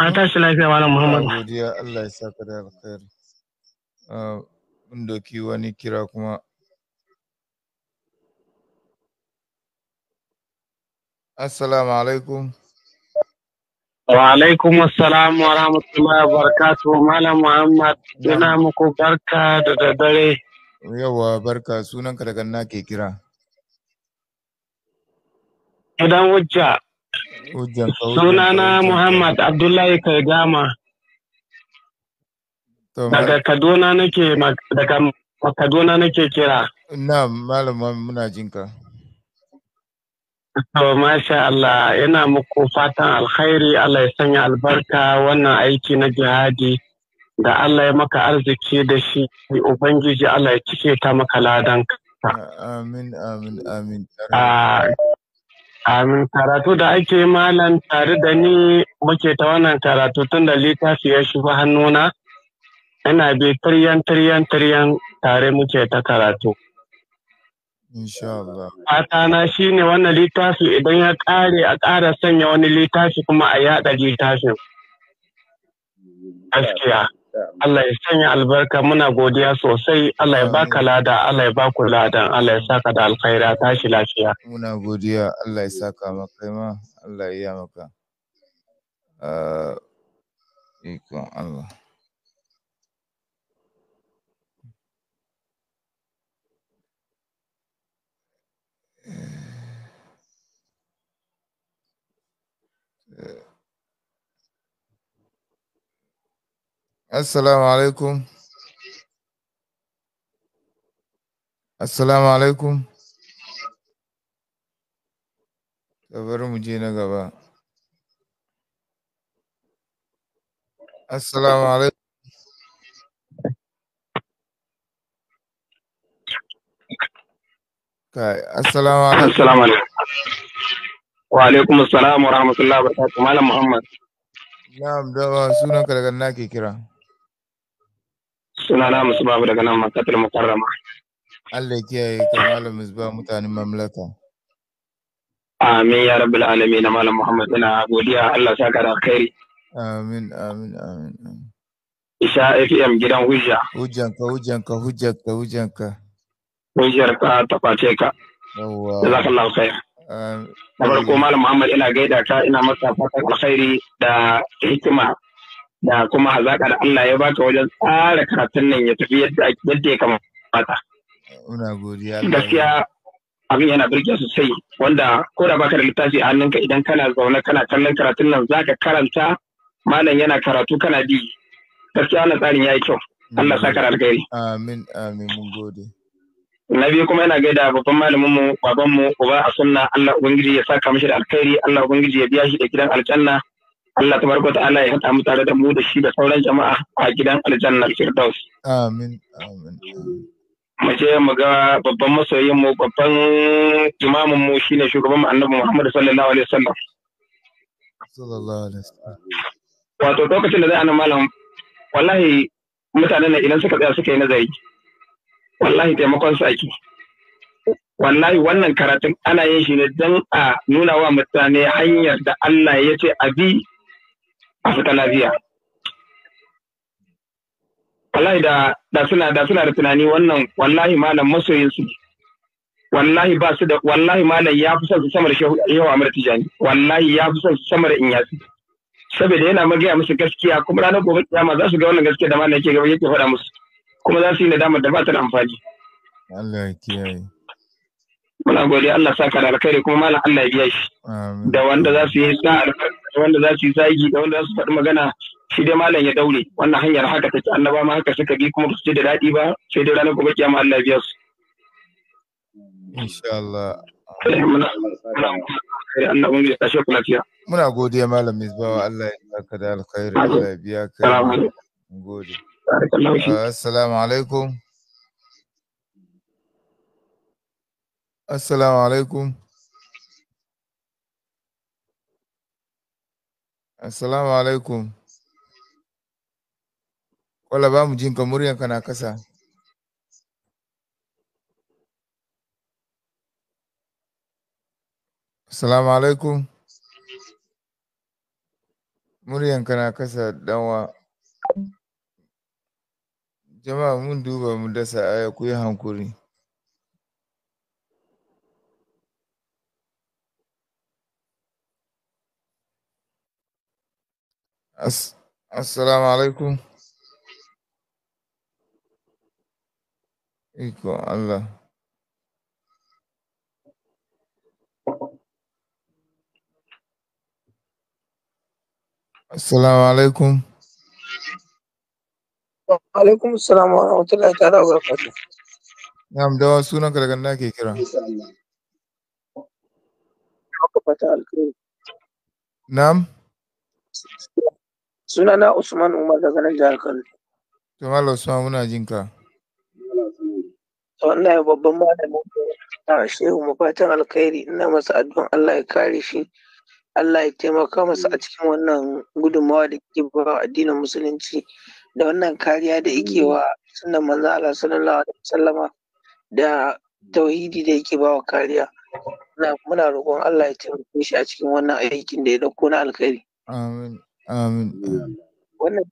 Speaker 1: An tashi lafiya malam Muhammad. Godiya
Speaker 4: Allah ya ka da alkhair. Mun doki wani kira kuma Assalamu alaikum.
Speaker 1: Wa'alaikum assalam wa rahmatullahi wa barakatuhu
Speaker 4: Malam Muhammad dina muku barka da daddare. Yawa barka sunanka daga na ke kira.
Speaker 3: Idan hujja. Sunana Muhammad Abdullahi kai gama.
Speaker 1: Daga Kaduna nake daga Kaduna nake kira.
Speaker 4: Na malam muna jinka.
Speaker 1: To masha Allah yana muku fatan alkhairi Allah ya sanya albarka wannan aiki na jihadi
Speaker 4: da Allah ya maka arziki da shi Ubangiji Allah ya cike ta maka ladan Amin amin amin. Amin karatu da ake malam tare da ni muke ta wannan karatu tun da littafi ya shigo
Speaker 1: hannuna. yana bi tiryan tiryan tiryan tare muke ta karatu. Fata na shi ne wannan littafi idan ya ƙare a ƙara sanya wani littafi kuma a yaɗa littafin. Gaskiya. Allah ya sanya albarka muna godiya sosai Allah ya baka lada Allah ya baku lada Allah ya saka da alkhaira tashi lafiya.
Speaker 4: Muna godiya Allah ya saka maka ma Allah ya yi maka. Ah, ikon Allah.
Speaker 3: Eh, eh,
Speaker 4: assalamu alaikum. Assalamu alaikum. bari mu je na gaba. Assalamu alaikum. assalamu alaikum assalamu alaikum wa alaikum assalam wa rahmatullahi wa barakatuh malam muhammad na'am dawa sunan ka daga na ke kira
Speaker 5: sunana musbahu daga nan makatul mukarrama
Speaker 4: Allah ya kiyaye ka malam musbahu mutanen mamlaka
Speaker 5: amin ya rabbul alamin
Speaker 4: malam muhammad ina godiya Allah saka da alkhairi amin amin amin Isha FM gidan hujja. Hujjanka, hujjanka, hujjanka, hujjanka. kungiyar ka ta kwace ka jazakallahu da farko malam muhammad
Speaker 1: ina gaida ka ina masa fatan alkhairi da hikima da kuma hazaka da Allah ya baka wajen tsara karatun nan ya tafi yadda ya kamata gaskiya abin yana birge sosai wanda ko da baka da littafi a hannunka idan kana zaune kana kallon karatun nan zaka karanta malam yana karatu kana bi gaskiya wannan tsarin yayi kyau Allah saka alkhairi
Speaker 4: amin amin mun gode
Speaker 1: na biyu kuma yana gaida babban malamin mu baban mu uba a sunna Allah ubangiji ya saka mishi da alkhairi Allah ubangiji ya biya shi da gidan aljanna Allah tabaraka ta'ala ya hada mu tare da mu da shi da sauran jama'a a gidan aljanna firdaus
Speaker 4: amin amin
Speaker 1: mu je mu ga babban masoyin mu babban imamin mu shine shugaban mu annabi Muhammad sallallahu alaihi wasallam
Speaker 3: sallallahu alaihi wasallam
Speaker 1: wato lokacin da zai ana malam wallahi mutanen nan idan suka tsaya suka yi nazari wallahi taimakon su ake wallahi wannan karatun ana yin shi ne don a nuna wa mutane hanyar da Allah ya ce a bi a fita lafiya wallahi da da suna da suna da tunani wannan wallahi malam masoyin su wallahi ba su da wallahi malam ya fi son su samar shehu Amir Tijani wallahi ya fi son su samar yasi saboda yana magaya musu gaskiya kuma ranar gobe kiyama za su ga wannan gaskiya da malam yake gaba yake faɗa musu kuma za su yi nadamar da ba ta da amfani
Speaker 3: Allah
Speaker 4: ya kiyaye
Speaker 1: muna godiya Allah sa ka da alkhairi kuma malam Allah ya biya shi da wanda za su yi sa'ar da wanda za su yi zagi da wanda za su faɗi magana shi dai malam ya daure wannan hanyar haka take annaba ma haka suka bi kuma ba su da daɗi ba sai dai ranar gobe kiyama Allah ya biya
Speaker 6: su insha Allah
Speaker 4: muna godiya malam misbawa Allah ya ka da alkhairi Allah ya biya ka gode Assalamu alaikum. Assalamu alaikum. Assalamu alaikum. Wala ba mu jinka muryanka na kasa. Assalamu alaikum. Muryanka na kasa danwa. Jama'a mun duba mu dasa aya ku yi hankuri. Assalamu alaikum. Iko Allah. Assalamu alaikum.
Speaker 7: Wa alaikum salam wa rahmatullahi ta'ala wa barakatuh.
Speaker 4: Na'am dawa sunan ka daga nake kira.
Speaker 3: Maka fata alkhairi. Na'am. Sunana Usman Umar daga nan jihar
Speaker 4: To muna jin ka.
Speaker 3: Wannan babban malamin a shehu mu fatan alkhairi ina masa addu'an Allah ya kare shi. Allah ya taimaka masa a cikin wannan gudunmawa da ke bara addinin musulunci da wannan kariya da yake wa sunan manzo Allah sallallahu alaihi wasallama da tauhidi da yake bawa kariya muna roƙon Allah ya taimake shi a cikin wannan aikin da ya dauko na alkhairi
Speaker 4: amin amin
Speaker 3: wannan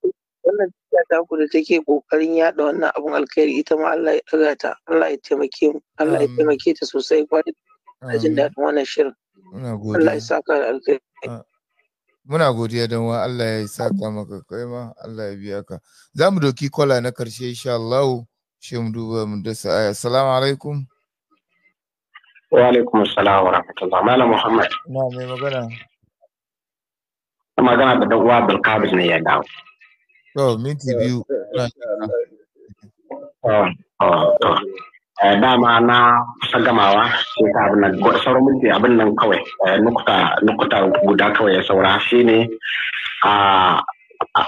Speaker 3: wannan ta ku da take kokarin yada wannan abun alkhairi ita ma Allah ya daga ta Allah ya taimake mu Allah ya taimake ta sosai kwarai da jin daɗin wannan shirin Allah ya saka da alkhairi
Speaker 4: Muna godiya don wa Allah ya saƙa maka kai ma Allah ya biya ka. Za mu doki kwala na karshe insha Allah shi mu duba mu da aya. Assalamu alaikum.
Speaker 1: Wa alaikum assalam wa rahmatullah. Malam Muhammad.
Speaker 4: Na mai magana.
Speaker 1: Magana da dan uwa Bilkabis ne ya dawo.
Speaker 3: To minti biyu.
Speaker 1: Oh, oh, oh. Eh, dama na kusa gamawa sai ta abin nan sauran minti abin nan kawai eh, nukuta nukuta guda kawai ya saura Shi ne a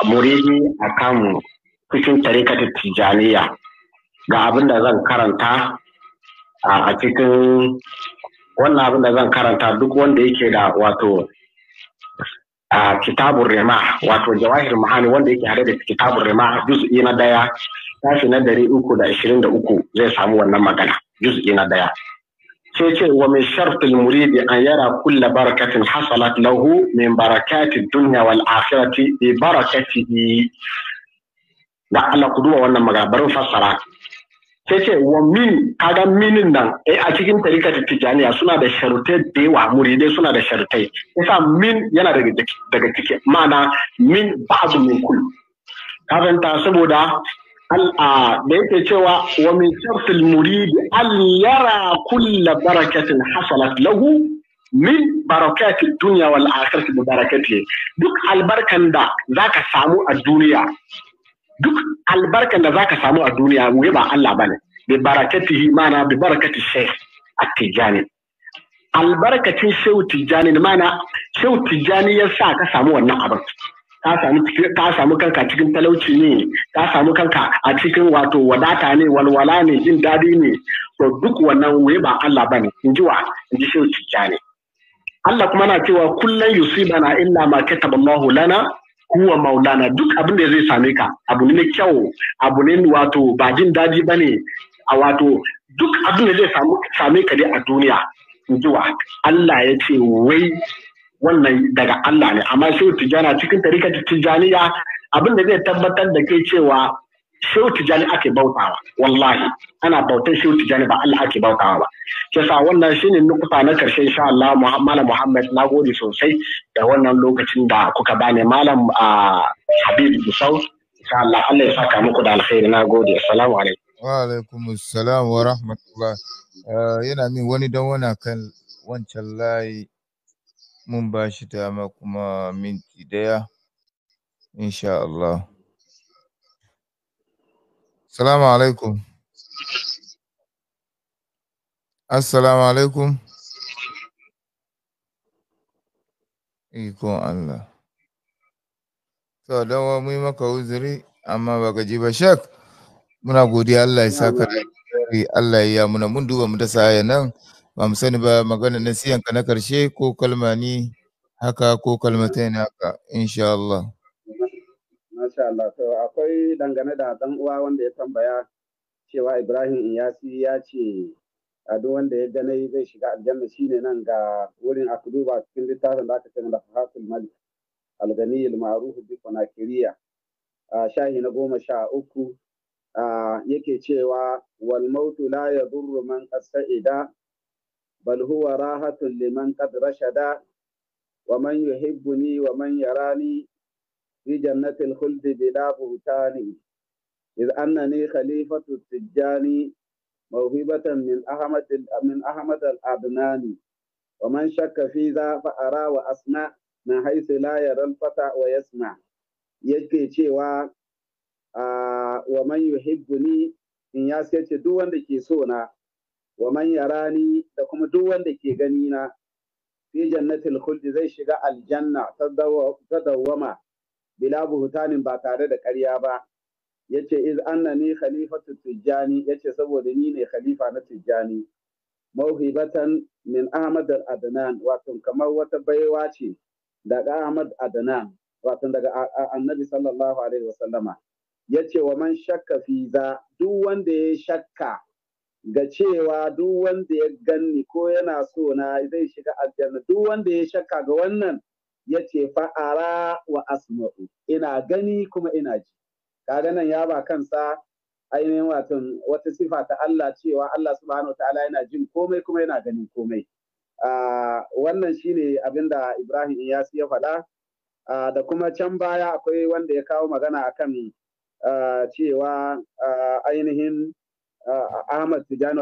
Speaker 1: muridi kan cikin tarikatar tijaniya ga abin da zan karanta a cikin wannan abin da zan karanta duk wanda yake da wato a kitabun rema wato jawahir mahani wanda yake hade da kitabun rema juz'i na daya tashi na dari uku da ashirin da uku zai samu wannan magana juz'i na daya sai ce wa min shartil muridi an yara kulla barakatin hasalat lahu min barakati dunya wal akhirati bi da Allah ku duba wannan magana bari fassara sai ce wa min kaga minin nan eh a cikin tarikati tijaniya suna da sharutai da yawa muridai suna da sharutai yasa min yana daga daga ma'ana min ba'du min kull kafin saboda da yake cewa wa min shartil muridi an yara kulla barakatin hasalat lahu min barakatin dunya wal akhirati bi barakatihi duk albarkan da zaka samu a duniya duk albarkan da zaka samu a duniya wai ba Allah bane bi barakatihi mana bi barakati shaykh at-tijani albarkacin shehu tijani mana shehu tijani ya sa ka samu wannan abin ka samu ka samu kanka cikin talauci ne ka samu kanka a cikin wato wadata ne walwala ne jin dadi ne to duk wannan wai ba Allah bane in ji wa in ji shi ne Allah kuma na cewa kullun yusibana illa ma kataballahu lana huwa maulana duk abin da zai same ka abu ne kyau abu ne wato ba jin dadi bane a wato duk abin da zai same ka dai a duniya in ji wa Allah ya ce wai wannan daga Allah ne amma shehu tijana cikin tarikar tijaniya abinda zai tabbatar da kai cewa shehu tijani ake bautawa wallahi ana bautar shehu tijani ba Allah ake bautawa ba yasa wannan shine nukuta na karshe insha Allah malam Muhammad na gode sosai da wannan lokacin da kuka bani malam Habib Musau insha Allah Allah ya saka muku da alkhairi na gode assalamu alaikum
Speaker 4: wa alaikum assalam wa rahmatullah eh, yana min wani don wana kan wancan layi mun ba shi dama kuma minti daya insha Allah. Salamu alaikum. Assalamu alaikum. Ikon Allah. To, don wa mu maka uzuri, amma ba ka ji ba shak. Muna godiya Allah ya saka da Allah ya muna mun duba mu ta saya nan. ba mu sani ba magana nasiyanka na karshe ko kalma ni haka ko kalmata na haka insha Allah.
Speaker 6: Masha Allah, to akwai
Speaker 2: dangane da dan uwa wanda ya tambaya cewa Ibrahim Iyasi ya ce a duk wanda ya gane zai shiga aljanna shine nan ga wurin akuduba cikin littafin da aka ce da Fahatul Malik Al-Ghani Al-Ma'ruf bi shahi na goma sha uku yake cewa wal mautu la yadurru man ida بل هو راحة لمن قد رشد ومن يحبني ومن يراني في جنة الخلد بلا بهتان إذ أنني خليفة التجاني موهبة من أحمد من أحمد الأبناني ومن شك في ذا فأرى وأسمع من حيث لا يرى الفتى ويسمع yake cewa wa man yuhibbuni in ya sai ce duk wanda ke so na wa man yarani da kuma duk wanda ke gani na fi jannatil khuldi zai shiga aljanna ta dawwama bila buhutanin ba tare da ƙarya ba yace iz annani khalifatu tijjani yace saboda ni ne khalifa na tijjani mauhibatan min ahmad al-adnan wato kamar wata baiwa ce daga ahmad adnan wato daga annabi sallallahu alaihi wasallama yace wa man shakka fi za duk wanda ya shakka ga cewa duk wanda ya ganni ko yana so na zai shiga aljanna duk wanda ya shakka ga wannan ya ce fa'ara wa asma'u ina gani kuma ina ji kaga nan ya ba kansa ainihin watan wata sifa ta Allah cewa Allah subhanahu wa ta'ala yana jin komai kuma yana ganin komai wannan shine abinda Ibrahim Iyasi ya faɗa da kuma can baya akwai wanda ya kawo magana akan cewa ainihin Ahmad Tijani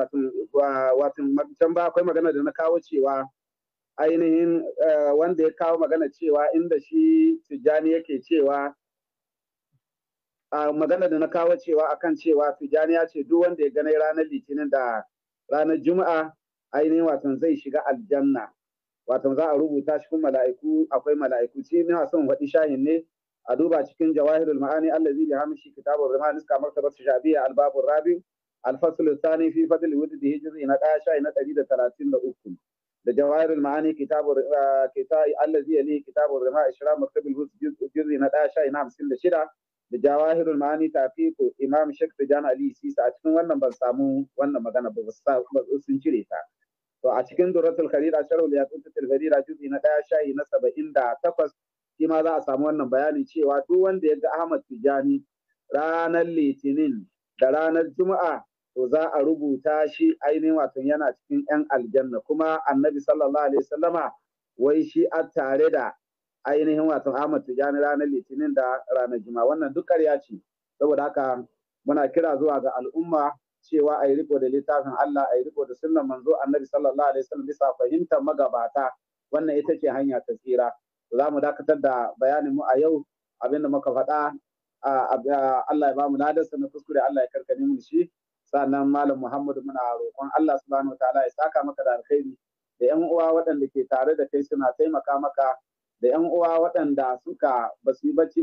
Speaker 2: watan can ba akwai magana da na kawo cewa ainihin eh, wanda ya kawo magana cewa inda shi Tijani yake cewa magana da na kawo cewa akan cewa Tijani ya ce duk wanda ya gane ranar litinin da ranar juma'a ainihin watan zai shiga aljanna watan za a rubuta cikin mala'iku akwai mala'iku ci a son faɗi shahin ne a duba cikin jawahirul ma'ani allazi bi hamshi kitabur rahman iska martabatu shabiya albabur rabi' alfasul sani fi fadl wuddi hijri na daya sha na ɗari da talatin da uku da ma'ani kitabu kitabi allazi yali kitabu rima ishra maktabil hus juz'i na daya sha na hamsin da shida da ma'ani tafiku imam shek tijan ali a cikin wannan ban samu wannan magana ba sun cire ta to a cikin duratul kharira sharhul yaqutul kharira juz'i na daya na saba'in da takwas shi ma za a samu wannan bayani cewa duk wanda ya ga ahmad tijani ranar litinin da ranar juma'a to za a rubuta shi ainihin wato yana cikin 'yan aljanna kuma annabi sallallahu alaihi wasallama wai shi a tare da ainihin watan Ahmad Tijani ranar Litinin da ranar juma wannan duk ƙarya ce saboda haka muna kira zuwa ga al'umma cewa a yi riko da littafin Allah a yi riko da sunnan manzo annabi sallallahu alaihi wasallam bisa fahimtar magabata wannan ita ce hanya ta tsira za mu dakatar da bayanin mu a yau abinda muka faɗa Allah ya ba mu ladarsa na kuskure Allah ya karkane mu shi sannan malam muhammadu muna roƙon allah subhanahu ta'ala ya saka maka da alkhairi da yan uwa waɗanda ke tare da kai suna taimaka maka da yan uwa waɗanda suka basu yi bacci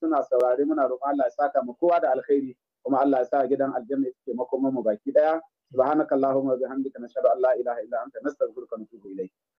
Speaker 2: suna saurari muna roƙon allah ya saka mu kowa da alkhairi kuma allah ya sa gidan aljanna ya ce makomanmu baki ɗaya subhanakallahumma wa bihamdika nashhadu an la ilaha illa anta nastaghfiruka wa natubu ilayk